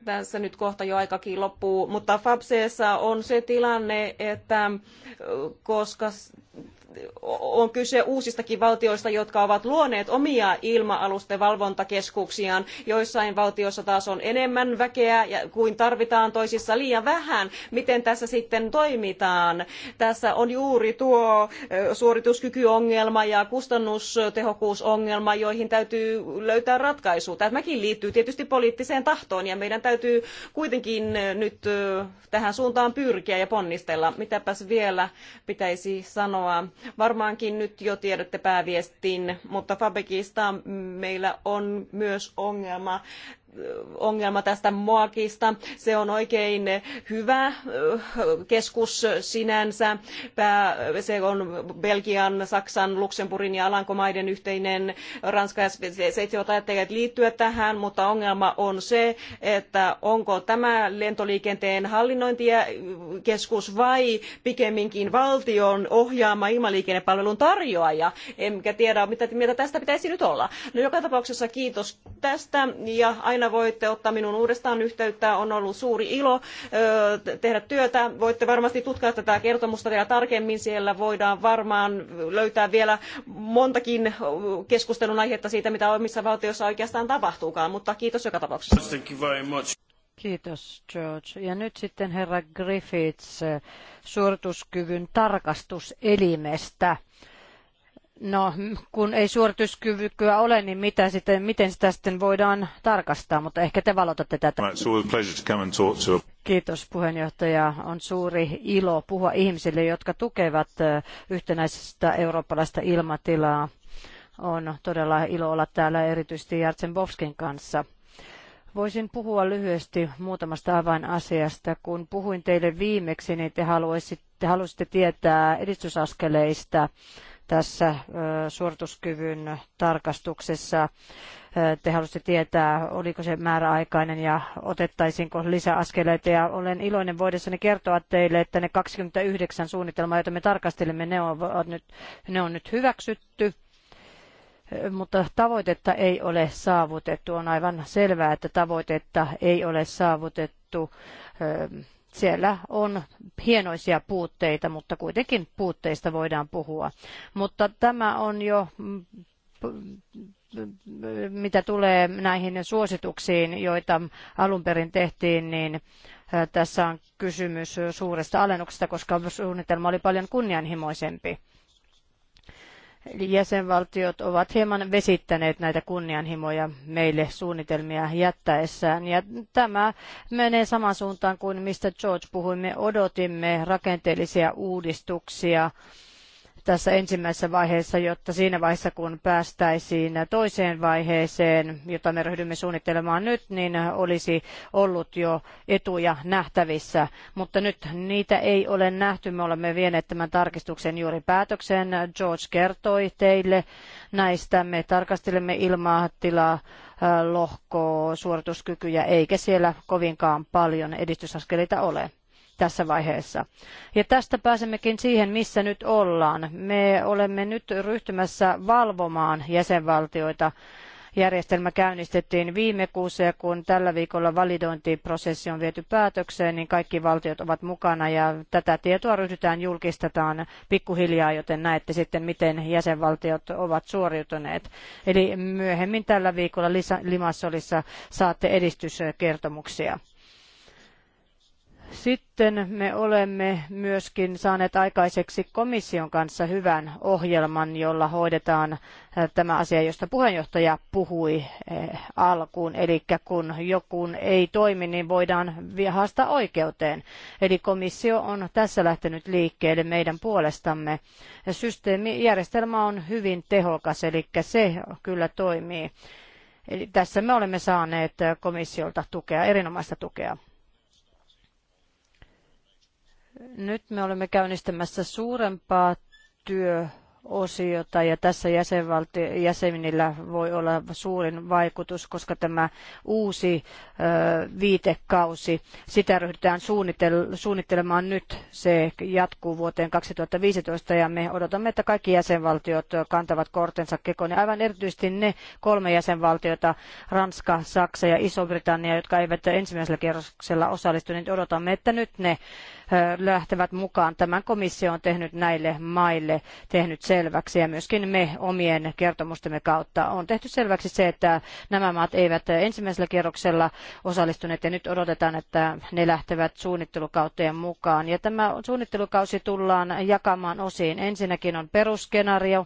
C: tässä nyt kohta jo aikakin loppuu, mutta FAPSeessa on se tilanne, että koska on kyse uusistakin valtioista, jotka ovat luoneet omia ilma-alusten valvontakeskuksiaan. Joissain valtioissa taas on enemmän väkeä kuin tarvitaan, toisissa liian vähän. Miten tässä sitten toimitaan? Tässä on juuri tuo suorituskykyongelma ja kustannustehokkuusongelma, joihin täytyy löytää ratkaisu. Tämäkin liittyy tietysti poliittiseen tahtoon ja meidän täytyy kuitenkin nyt tähän suuntaan pyrkiä ja ponnistella. Mitäpäs vielä pitäisi sanoa? Varmaankin nyt jo tiedätte pääviestin, mutta Fabekista meillä on myös ongelma ongelma tästä muovista. Se on oikein hyvä keskus sinänsä. se on Belgian, Saksan, Luxemburgin ja Alankomaiden yhteinen. Ranska ja Sveitsi ajattelevat liittyä tähän, mutta ongelma on se, että onko tämä lentoliikenteen hallinnointikeskus vai pikemminkin valtion ohjaama ilmaliikennepalvelun tarjoaja. Enkä tiedä, mitä mieltä tästä pitäisi nyt olla. No joka tapauksessa kiitos tästä ja aina aina voitte ottaa minun uudestaan yhteyttä. On ollut suuri ilo tehdä työtä. Voitte varmasti tutkia tätä kertomusta vielä tarkemmin. Siellä voidaan varmaan löytää vielä montakin keskustelun aihetta siitä, mitä omissa valtioissa oikeastaan tapahtuukaan. Mutta kiitos joka tapauksessa.
B: Kiitos George. Ja nyt sitten herra Griffiths suorituskyvyn tarkastuselimestä. No, kun ei suorituskyvykyä ole, niin mitä sitten, miten sitä sitten voidaan tarkastaa, mutta ehkä te valotatte tätä. Kiitos puheenjohtaja. On suuri ilo puhua ihmisille, jotka tukevat yhtenäisestä eurooppalaista ilmatilaa. On todella ilo olla täällä erityisesti Jartsenbovskin kanssa. Voisin puhua lyhyesti muutamasta avainasiasta. Kun puhuin teille viimeksi, niin te halusitte, halusitte tietää edistysaskeleista tässä suorituskyvyn tarkastuksessa. Te halusitte tietää, oliko se määräaikainen ja otettaisiinko lisäaskeleita. Ja olen iloinen voidessani kertoa teille, että ne 29 suunnitelmaa, joita me tarkastelimme, ne on, nyt, ne on nyt hyväksytty mutta tavoitetta ei ole saavutettu. On aivan selvää, että tavoitetta ei ole saavutettu siellä on hienoisia puutteita, mutta kuitenkin puutteista voidaan puhua. Mutta tämä on jo mm, mm, mitä tulee näihin suosituksiin, joita alun perin tehtiin, niin äh, tässä on kysymys suuresta alennuksesta, koska suunnitelma oli paljon kunnianhimoisempi jäsenvaltiot ovat hieman vesittäneet näitä kunnianhimoja meille suunnitelmia jättäessään. Ja tämä menee samaan suuntaan kuin mistä George puhui. Me odotimme rakenteellisia uudistuksia tässä ensimmäisessä vaiheessa, jotta siinä vaiheessa kun päästäisiin toiseen vaiheeseen, jota me ryhdymme suunnittelemaan nyt, niin olisi ollut jo etuja nähtävissä. Mutta nyt niitä ei ole nähty. Me olemme vieneet tämän tarkistuksen juuri päätökseen. George kertoi teille näistä. Me tarkastelemme ilmatilaa lohkoa, suorituskykyjä, eikä siellä kovinkaan paljon edistysaskeleita ole tässä vaiheessa. Ja tästä pääsemmekin siihen, missä nyt ollaan. Me olemme nyt ryhtymässä valvomaan jäsenvaltioita järjestelmä käynnistettiin viime kuussa ja kun tällä viikolla validointiprosessi on viety päätökseen, niin kaikki valtiot ovat mukana ja tätä tietoa ryhdytään julkistetaan pikkuhiljaa, joten näette sitten, miten jäsenvaltiot ovat suoriutuneet. Eli myöhemmin tällä viikolla Limassolissa saatte edistyskertomuksia. Sitten me olemme myöskin saaneet aikaiseksi komission kanssa hyvän ohjelman, jolla hoidetaan eh, tämä asia, josta puheenjohtaja puhui eh, alkuun. Eli kun joku ei toimi, niin voidaan vihasta oikeuteen. Eli komissio on tässä lähtenyt liikkeelle meidän puolestamme. Systeemijärjestelmä järjestelmä on hyvin tehokas, eli se kyllä toimii. Eli tässä me olemme saaneet eh, komissiolta tukea, erinomaista tukea. Nyt me olemme käynnistämässä suurempaa työosiota ja tässä jäsenvalti jäsenillä voi olla suurin vaikutus, koska tämä uusi ö, viitekausi, sitä ryhdytään suunnitel- suunnittelemaan nyt. Se jatkuu vuoteen 2015 ja me odotamme, että kaikki jäsenvaltiot kantavat kortensa kekoon. Ja aivan erityisesti ne kolme jäsenvaltiota, Ranska, Saksa ja Iso-Britannia, jotka eivät ensimmäisellä kierroksella osallistuneet, niin odotamme, että nyt ne lähtevät mukaan. Tämän komissio on tehnyt näille maille tehnyt selväksi ja myöskin me omien kertomustemme kautta on tehty selväksi se, että nämä maat eivät ensimmäisellä kierroksella osallistuneet ja nyt odotetaan, että ne lähtevät suunnittelukauteen mukaan. Ja tämä suunnittelukausi tullaan jakamaan osiin. Ensinnäkin on perusskenaario,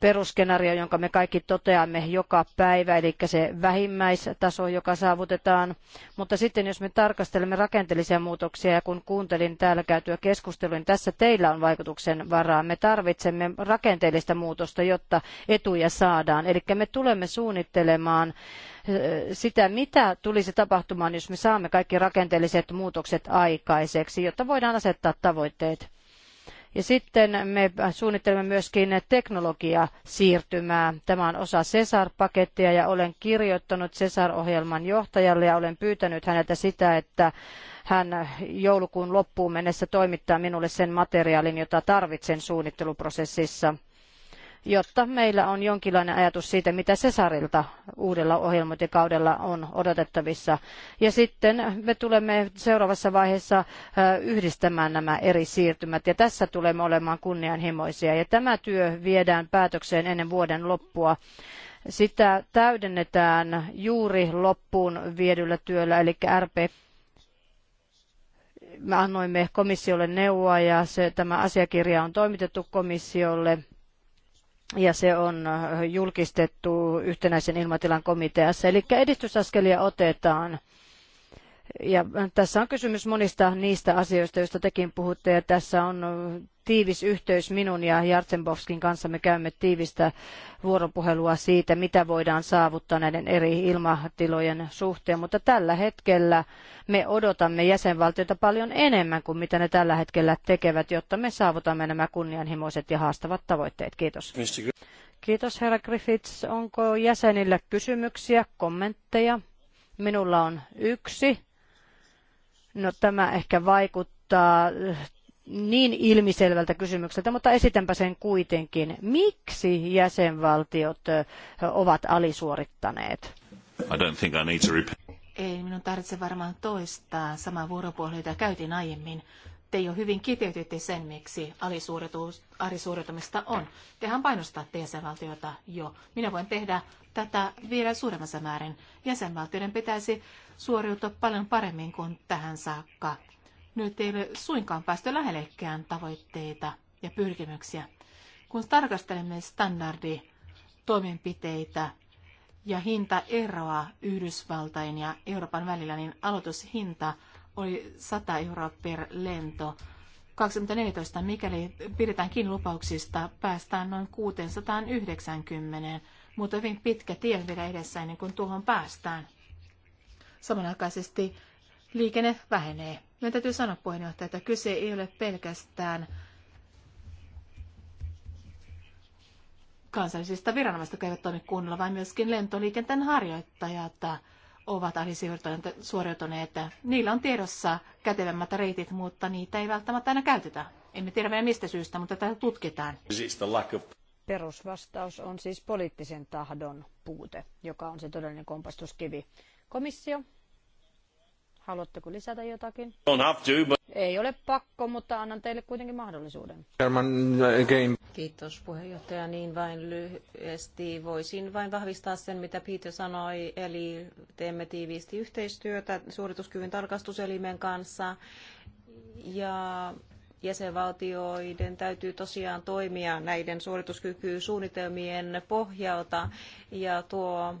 B: perusskenaario, jonka me kaikki toteamme joka päivä, eli se vähimmäistaso, joka saavutetaan. Mutta sitten jos me tarkastelemme rakenteellisia muutoksia ja kun kuuntelin täällä käytyä keskustelua, niin tässä teillä on vaikutuksen varaa. Me tarvitsemme rakenteellista muutosta, jotta etuja saadaan. Eli me tulemme suunnittelemaan sitä, mitä tulisi tapahtumaan, jos me saamme kaikki rakenteelliset muutokset aikaiseksi, jotta voidaan asettaa tavoitteet. Ja sitten me suunnittelemme myöskin teknologiasiirtymää. Tämä on osa CESAR-pakettia ja olen kirjoittanut CESAR-ohjelman johtajalle ja olen pyytänyt häneltä sitä, että hän joulukuun loppuun mennessä toimittaa minulle sen materiaalin, jota tarvitsen suunnitteluprosessissa jotta meillä on jonkinlainen ajatus siitä, mitä Cesarilta uudella ohjelmointikaudella on odotettavissa. Ja sitten me tulemme seuraavassa vaiheessa yhdistämään nämä eri siirtymät, ja tässä tulemme olemaan kunnianhimoisia. Ja tämä työ viedään päätökseen ennen vuoden loppua sitä täydennetään juuri loppuun viedyllä työllä, eli RP. Me annoimme komissiolle neuvoa ja se, tämä asiakirja on toimitettu komissiolle ja se on äh, julkistettu yhtenäisen ilmatilan komiteassa. Eli edistysaskelia otetaan. Ja äh, tässä on kysymys monista niistä asioista, joista tekin puhutte, ja tässä on äh, tiivis yhteys minun ja Jartsenbovskin kanssa. Me käymme tiivistä vuoropuhelua siitä, mitä voidaan saavuttaa näiden eri ilmatilojen suhteen. Mutta tällä hetkellä me odotamme jäsenvaltioita paljon enemmän kuin mitä ne tällä hetkellä tekevät, jotta me saavutamme nämä kunnianhimoiset ja haastavat tavoitteet. Kiitos. Kiitos herra Griffiths. Onko jäsenillä kysymyksiä, kommentteja? Minulla on yksi. No tämä ehkä vaikuttaa niin ilmiselvältä kysymykseltä, mutta esitänpä sen kuitenkin.
A: Miksi jäsenvaltiot ovat alisuorittaneet?
B: I don't think I need to repeat.
A: Ei minun tarvitse varmaan toistaa samaa vuoropuhelua, jota käytiin aiemmin. Te jo hyvin kiteytitte sen, miksi alisuoritumista on. Tehän painostatte jäsenvaltiota jo. Minä voin tehdä tätä vielä suuremmassa määrin. Jäsenvaltioiden pitäisi suoriutua paljon paremmin kuin tähän saakka nyt ei ole suinkaan päästy lähellekään tavoitteita ja pyrkimyksiä. Kun tarkastelemme standardi toimenpiteitä ja hintaeroa Yhdysvaltain ja Euroopan välillä, niin aloitushinta oli 100 euroa per lento. 2014, mikäli pidetään kiinni lupauksista, päästään noin 690, mutta hyvin pitkä tie vielä edessä ennen kuin tuohon päästään. Samanaikaisesti liikenne vähenee. Meidän täytyy sanoa puheenjohtaja, että kyse ei ole pelkästään kansallisista viranomaisista, jotka eivät toimi kunnolla, vaan myöskin lentoliikenteen harjoittajat ovat suoriutuneet. Niillä on tiedossa kätevämmät reitit, mutta niitä ei välttämättä aina käytetä. Emme tiedä vielä mistä syystä, mutta tätä tutkitaan.
B: Perusvastaus on siis poliittisen tahdon puute, joka on se todellinen kompastuskivi. Komissio. Haluatteko lisätä jotakin?
C: Ei ole pakko, mutta annan teille kuitenkin mahdollisuuden. Kiitos puheenjohtaja. Niin vain lyhyesti voisin vain vahvistaa sen, mitä Peter sanoi. Eli teemme tiiviisti yhteistyötä suorituskyvyn tarkastuselimen kanssa. Ja jäsenvaltioiden täytyy tosiaan toimia näiden suunnitelmien pohjalta. Ja tuo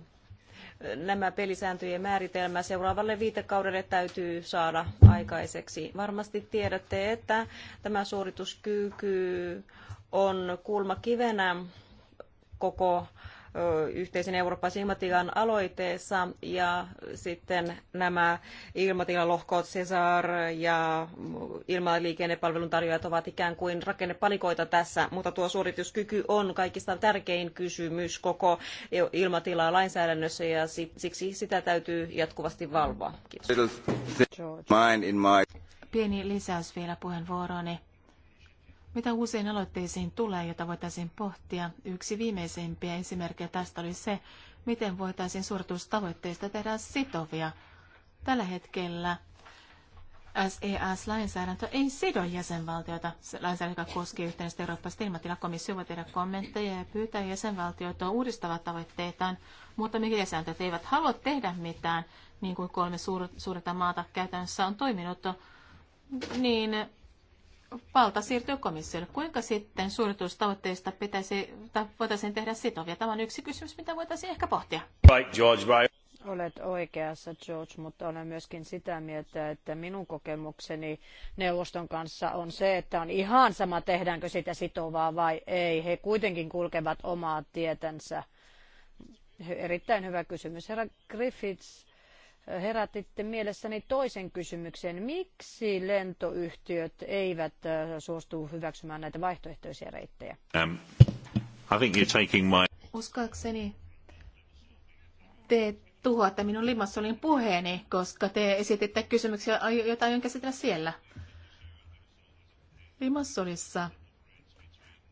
C: nämä pelisääntöjen määritelmä seuraavalle viitekaudelle täytyy saada aikaiseksi. Varmasti tiedätte, että tämä suorituskyky on kulmakivenä koko yhteisen eurooppalaisen ilmatilan aloitteessa ja sitten nämä ilmatilalohkot Cesar ja ilmaliikennepalvelun tarjoajat ovat ikään kuin rakennepalikoita tässä, mutta tuo suorituskyky on kaikista tärkein kysymys koko ilmatilaa lainsäädännössä ja siksi
A: sitä täytyy jatkuvasti valvoa. Kiitos. Pieni lisäys vielä puheenvuorooni. Mitä usein aloitteisiin tulee, jota voitaisiin pohtia? Yksi viimeisimpiä esimerkkejä tästä oli se, miten voitaisiin suoritustavoitteista tehdä sitovia. Tällä hetkellä SES-lainsäädäntö ei sido jäsenvaltioita. Se lainsäädäntö, joka koskee yhtenäistä Euroopasta ilmatilakomissio, voi tehdä kommentteja ja pyytää jäsenvaltioita uudistavat tavoitteitaan, mutta mikä jäsenvaltiot eivät halua tehdä mitään, niin kuin kolme suur- suurta maata käytännössä on toiminut, niin valta siirtyy komissiolle. Kuinka sitten suunnitustavoitteista pitäisi, tai voitaisiin tehdä sitovia? Tämä on yksi kysymys, mitä voitaisiin ehkä pohtia.
B: Right, George, right. Olet oikeassa, George, mutta olen myöskin sitä mieltä, että minun kokemukseni neuvoston kanssa on se, että on ihan sama, tehdäänkö sitä sitovaa vai ei. He kuitenkin kulkevat omaa tietänsä. Erittäin hyvä kysymys. Herra Griffiths, herätitte mielessäni toisen kysymyksen. Miksi lentoyhtiöt eivät suostu hyväksymään näitä vaihtoehtoisia reittejä? Um, my...
A: Uskoakseni te tuhoatte minun Limassolin puheeni, koska te esititte kysymyksiä, joita aion käsitellä siellä. Limassolissa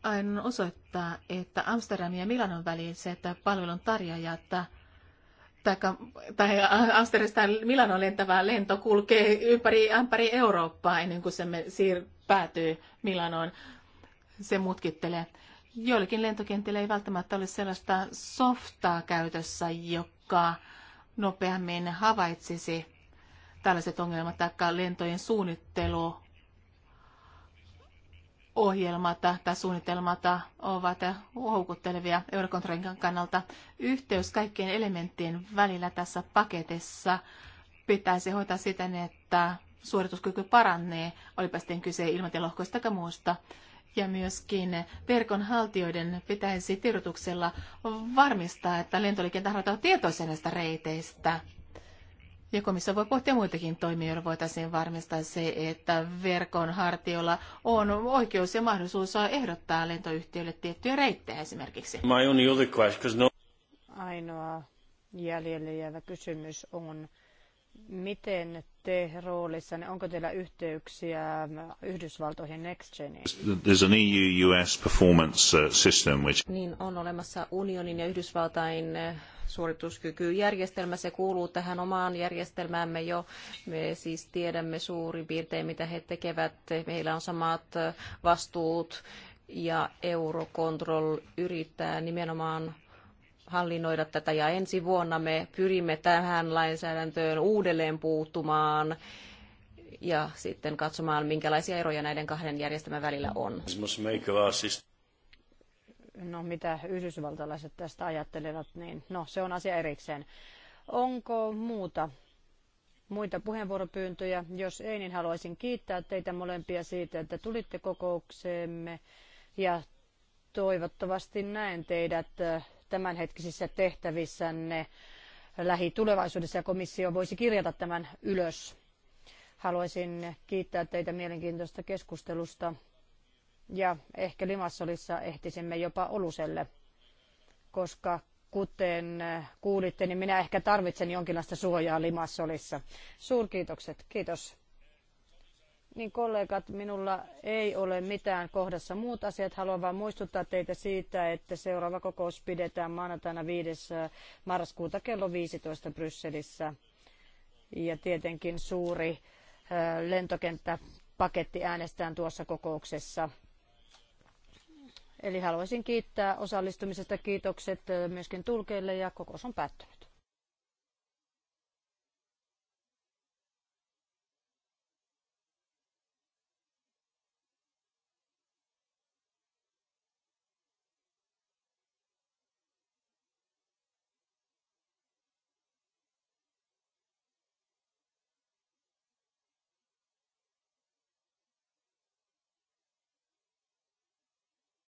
A: aion osoittaa, että Amsterdamin ja Milanon väliset palveluntarjoajat tarjoajat tai, tai Amsterdamista Milano lentävä lento kulkee ympäri, ämpäri Eurooppaa ennen kuin se siir, päätyy Milanoon. Se mutkittelee. Joillakin lentokentillä ei välttämättä ole sellaista softaa käytössä, joka nopeammin havaitsisi tällaiset ongelmat, taikka lentojen suunnittelu ohjelmat tai suunnitelmat ovat houkuttelevia Eurocontrolin kannalta. Yhteys kaikkien elementtien välillä tässä paketissa pitäisi hoitaa siten, että suorituskyky paranee, olipa sitten kyse ilmatilohkoista tai muusta. Ja myöskin verkonhaltijoiden pitäisi tiedotuksella varmistaa, että lentoliikenteen harjoittaa tietoisia näistä reiteistä – ja komissio voi pohtia muitakin toimia, joilla voitaisiin varmistaa se, että verkon hartiolla on oikeus ja mahdollisuus ehdottaa lentoyhtiöille tiettyjä reittejä esimerkiksi.
B: My only other question, no...
A: Ainoa jäljelle jäävä
B: kysymys on, miten te roolissanne, onko teillä yhteyksiä
C: Yhdysvaltoihin NextGeniin?
B: There's an EU-US performance uh, system
A: which...
C: Niin on olemassa unionin ja Yhdysvaltain suorituskykyjärjestelmä, se kuuluu tähän omaan järjestelmäämme jo. Me siis tiedämme suurin piirtein, mitä he tekevät. Meillä on samat vastuut ja Eurocontrol yrittää nimenomaan hallinnoida tätä ja ensi vuonna me pyrimme tähän lainsäädäntöön uudelleen puuttumaan ja sitten katsomaan, minkälaisia eroja näiden kahden järjestelmän välillä on
B: no mitä yhdysvaltalaiset tästä ajattelevat, niin no se on asia erikseen. Onko muuta muita puheenvuoropyyntöjä? Jos ei, niin haluaisin kiittää teitä molempia siitä, että tulitte kokoukseemme ja toivottavasti näen teidät äh, tämänhetkisissä tehtävissänne lähitulevaisuudessa ja komissio voisi kirjata tämän ylös. Haluaisin kiittää teitä mielenkiintoista keskustelusta ja ehkä Limassolissa ehtisimme jopa Oluselle, koska kuten kuulitte, niin minä ehkä tarvitsen jonkinlaista suojaa Limassolissa. Suurkiitokset, kiitos. Niin kollegat, minulla ei ole mitään kohdassa muut asiat. Haluan vain muistuttaa teitä siitä, että seuraava kokous pidetään maanantaina 5. marraskuuta kello 15 Brysselissä. Ja tietenkin suuri lentokenttäpaketti äänestään tuossa kokouksessa. Eli haluaisin kiittää osallistumisesta. Kiitokset myöskin tulkeille ja kokous on päättynyt.